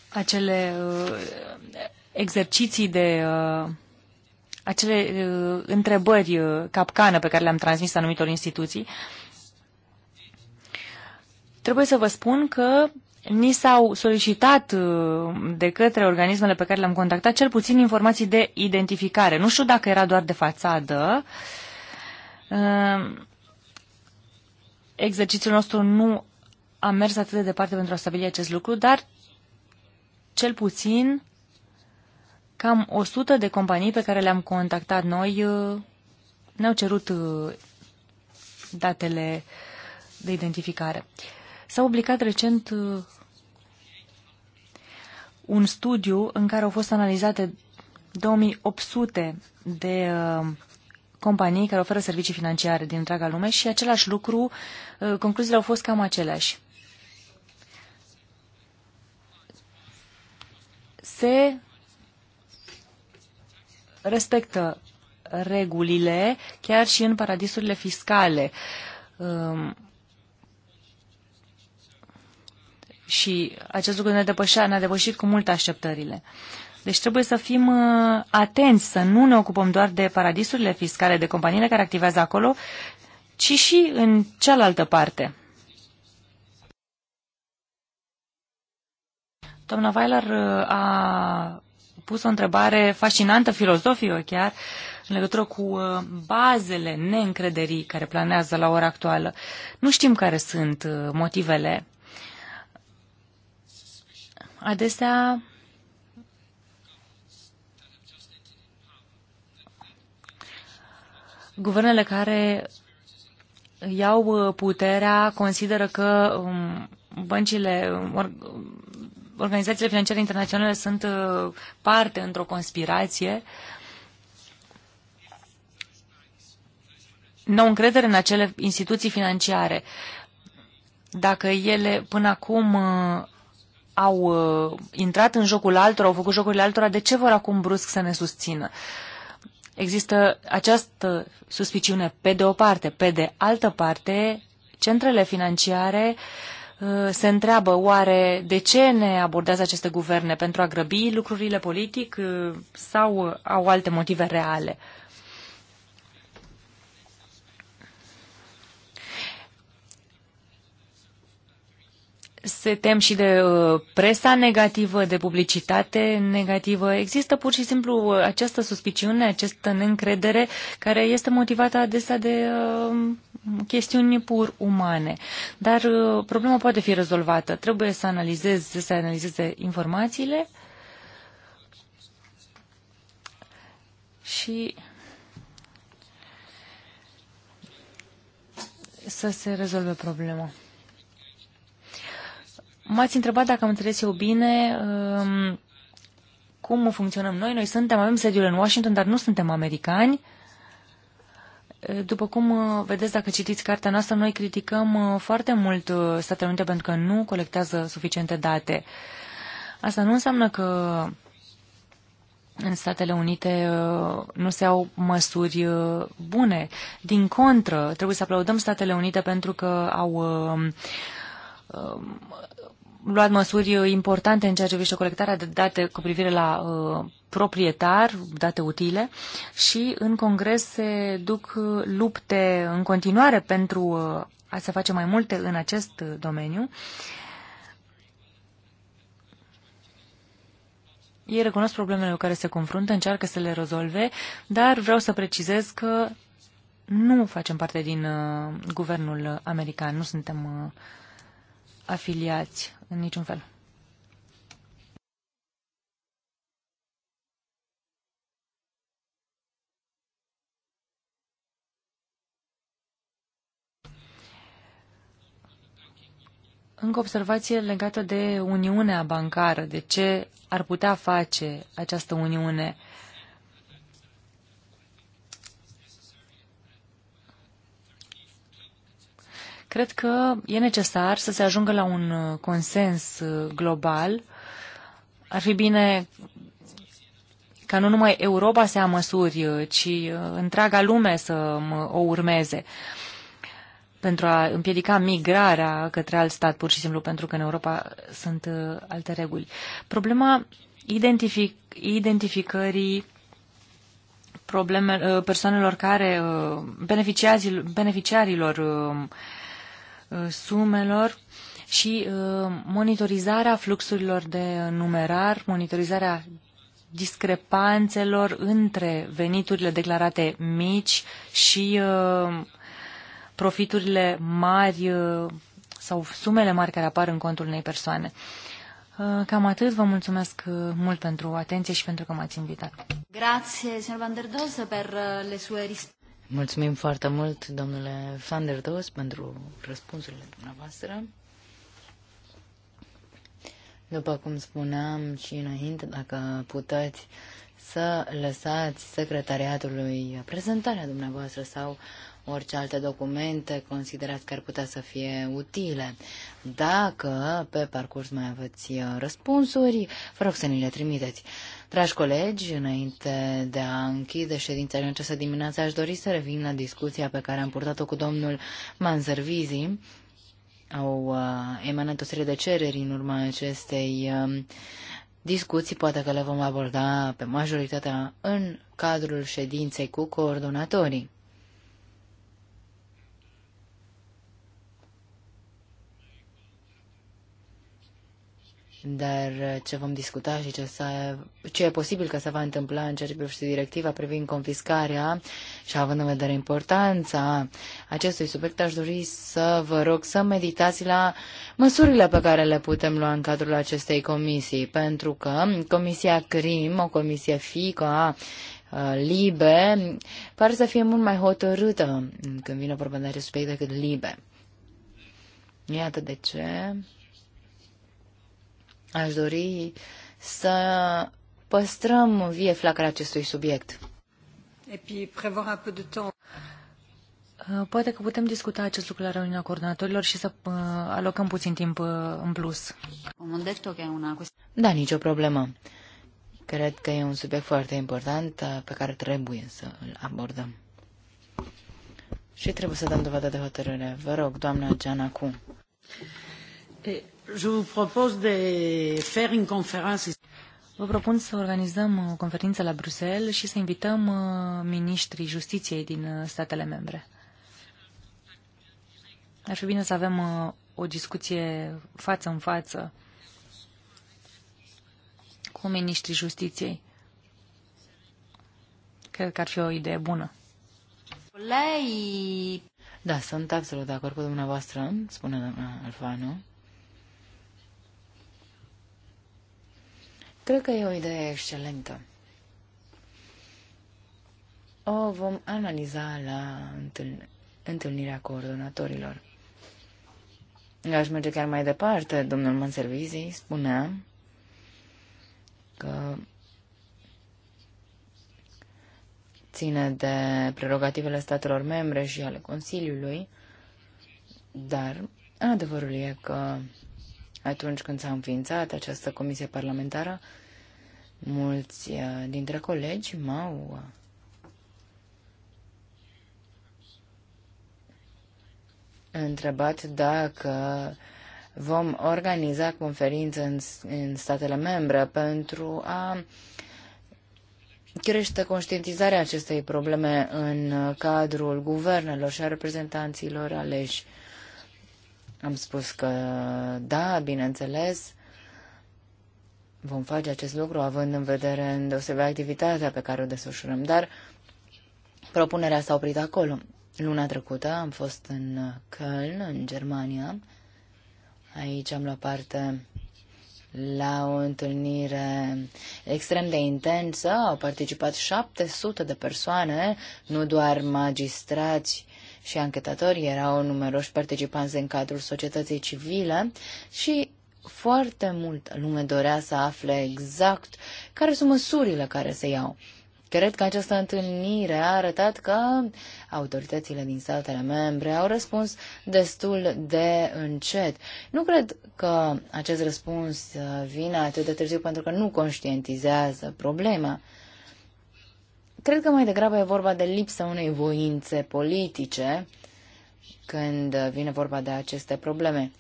acele uh, exerciții de uh, acele uh, întrebări uh, capcană pe care le-am transmis anumitor instituții, trebuie să vă spun că ni s-au solicitat uh, de către organismele pe care le-am contactat cel puțin informații de identificare. Nu știu dacă era doar de fațadă. Uh, exercițiul nostru nu a mers atât de departe pentru a stabili acest lucru, dar cel puțin Cam 100 de companii pe care le-am contactat noi uh, ne-au cerut uh, datele de identificare. S-a publicat recent uh, un studiu în care au fost analizate 2800 de companii care oferă servicii financiare din întreaga lume și același lucru, concluziile au fost cam aceleași. Se respectă regulile chiar și în paradisurile fiscale. Um, și acest lucru ne-a depășit, ne depășit cu mult așteptările. Deci trebuie să fim uh, atenți, să nu ne ocupăm doar de paradisurile fiscale, de companiile care activează acolo, ci și în cealaltă parte. Doamna Weiler uh, a pus o întrebare fascinantă, filozofică chiar, în legătură cu uh, bazele neîncrederii care planează la ora actuală. Nu știm care sunt uh, motivele. Adesea guvernele care iau uh, puterea consideră că um, băncile um, organizațiile financiare internaționale sunt uh, parte într-o conspirație. Nu încredere în acele instituții financiare. Dacă ele până acum uh, au uh, intrat în jocul altora, au făcut jocurile altora, de ce vor acum brusc să ne susțină? Există această suspiciune pe de o parte, pe de altă parte, centrele financiare uh, Uh, se întreabă oare de ce ne abordează aceste guverne pentru a grăbi lucrurile politic uh, sau au alte motive reale. se tem și de uh, presa negativă, de publicitate negativă. Există pur și simplu această suspiciune, această neîncredere care este motivată adesea de uh, chestiuni pur umane. Dar uh, problema poate fi rezolvată. Trebuie să analizeze, să analizeze informațiile și să se rezolve problema. M-ați întrebat dacă am înțeles eu bine um, cum funcționăm noi. Noi suntem, avem sediul în Washington, dar nu suntem americani. După cum uh, vedeți, dacă citiți cartea noastră, noi criticăm uh, foarte mult uh, Statele Unite pentru că nu colectează suficiente date. Asta nu înseamnă că în Statele Unite nu se au măsuri bune. Din contră, trebuie să aplaudăm Statele Unite pentru că au um, luat măsuri importante în ceea ce privește colectarea de date cu privire la uh, proprietar, date utile, și în Congres se duc uh, lupte în continuare pentru uh, a se face mai multe în acest uh, domeniu. Ei recunosc problemele cu care se confruntă, încearcă să le rezolve, dar vreau să precizez că nu facem parte din uh, guvernul american, nu suntem uh, afiliați în niciun fel. Încă observație legată de Uniunea Bancară, de ce ar putea face această Uniune uh, Cred că e necesar să se ajungă la un uh, consens uh, global. Ar fi bine ca nu numai Europa să ia măsuri, uh, ci întreaga lume să um, o urmeze pentru a împiedica migrarea către alt stat, pur și simplu pentru că în Europa sunt alte reguli. Problema identific identificării probleme, persoanelor care beneficiarilor um, Uh, sumelor și uh, monitorizarea fluxurilor de numerar, monitorizarea discrepanțelor între veniturile declarate mici și uh, profiturile mari sau sumele mari care apar în contul unei persoane. Cam atât. Vă mulțumesc mult pentru atenție și pentru că m-ați invitat. Grazie, signor Van der per le sue risposte. Mulțumim foarte mult, domnule Van der Doos, pentru răspunsurile dumneavoastră. După cum spuneam și înainte, dacă puteți să lăsați secretariatului prezentarea dumneavoastră sau orice alte documente considerați că ar putea să fie utile. Dacă pe parcurs mai aveți uh, răspunsuri, vă rog să ni le trimiteți. Dragi colegi, înainte de a închide ședința în această dimineață, aș dori să revin la discuția pe care am purtat-o cu domnul Manzervizi. Au uh, emanat o serie de cereri în urma acestei uh, discuții, poate că le vom aborda pe majoritatea în cadrul ședinței cu coordonatorii. dar uh, ce vom discuta și ce, s-a, ce e posibil că se va întâmpla în ceea ce privește directiva privind confiscarea și având în vedere importanța acestui subiect, aș dori să vă rog să meditați la măsurile pe care le putem lua în cadrul acestei comisii, pentru că Comisia CRIM, o comisie fică a Libe, pare să fie mult mai hotărâtă când vine vorba de acest subiect decât Libe. Iată de ce Aș dori să păstrăm vie flacăra acestui subiect. un de uh, Poate că putem discuta acest lucru la reuniunea coordonatorilor și să uh, alocăm puțin timp uh, în plus. Da, nicio problemă. Cred că e un subiect foarte important pe care trebuie să îl abordăm. Și trebuie să dăm dovadă de hotărâre. Vă rog, doamna Geana, acum. Vă propun să organizăm uh, o conferință la Bruxelles și să invităm uh, ministrii justiției din uh, statele membre. Ar fi bine să avem o discuție față în față cu ministrii justiției. Cred că ar fi o idee bună. Lei! Da, sunt absolut de acord cu dumneavoastră, spune doamna Alfano. Cred că e o idee excelentă. O vom analiza la întâlnirea coordonatorilor. Aș merge chiar mai departe, domnul Manservizi spunea că ține de prerogativele statelor membre și ale Consiliului, dar adevărul e că atunci când s-a înființat această comisie parlamentară, mulți uh, dintre colegi m-au uh, întrebat dacă vom organiza conferințe în, în statele membre pentru a crește conștientizarea acestei probleme în uh, cadrul guvernelor și a reprezentanților aleși am spus că da, bineînțeles, vom face acest lucru având în vedere îndeosebea activitatea pe care o desfășurăm, dar propunerea s-a oprit acolo. Luna trecută am fost în Köln, în Germania. Aici am luat parte la o întâlnire extrem de intensă. Au participat 700 de persoane, nu doar magistrați și anchetatori, erau numeroși participanți în cadrul societății civile și foarte mult lume dorea să afle exact care sunt măsurile care se iau. Cred că această întâlnire a arătat că autoritățile din statele membre au răspuns destul de încet. Nu cred că acest răspuns uh, vine atât de târziu pentru că nu conștientizează problema. Cred că mai degrabă e vorba de lipsa unei voințe politice când vine vorba de aceste probleme.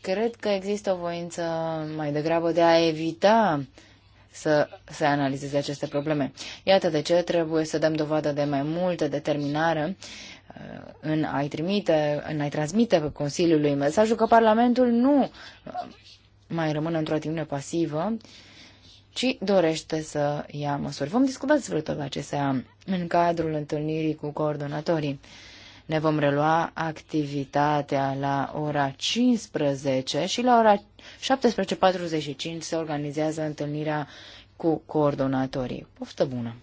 Cred că există o voință mai degrabă de a evita să se analizeze aceste probleme. Iată de ce trebuie să dăm dovadă de mai multă determinare uh, în a-i trimite, în a-i transmite Consiliului mesajul că Parlamentul nu mai rămâne într-o atitudine pasivă, ci dorește să ia măsuri. Vom discuta despre toate acestea în cadrul întâlnirii cu coordonatorii. Ne vom relua activitatea la ora 15 și la ora 17.45 se organizează întâlnirea cu coordonatorii. Poftă bună!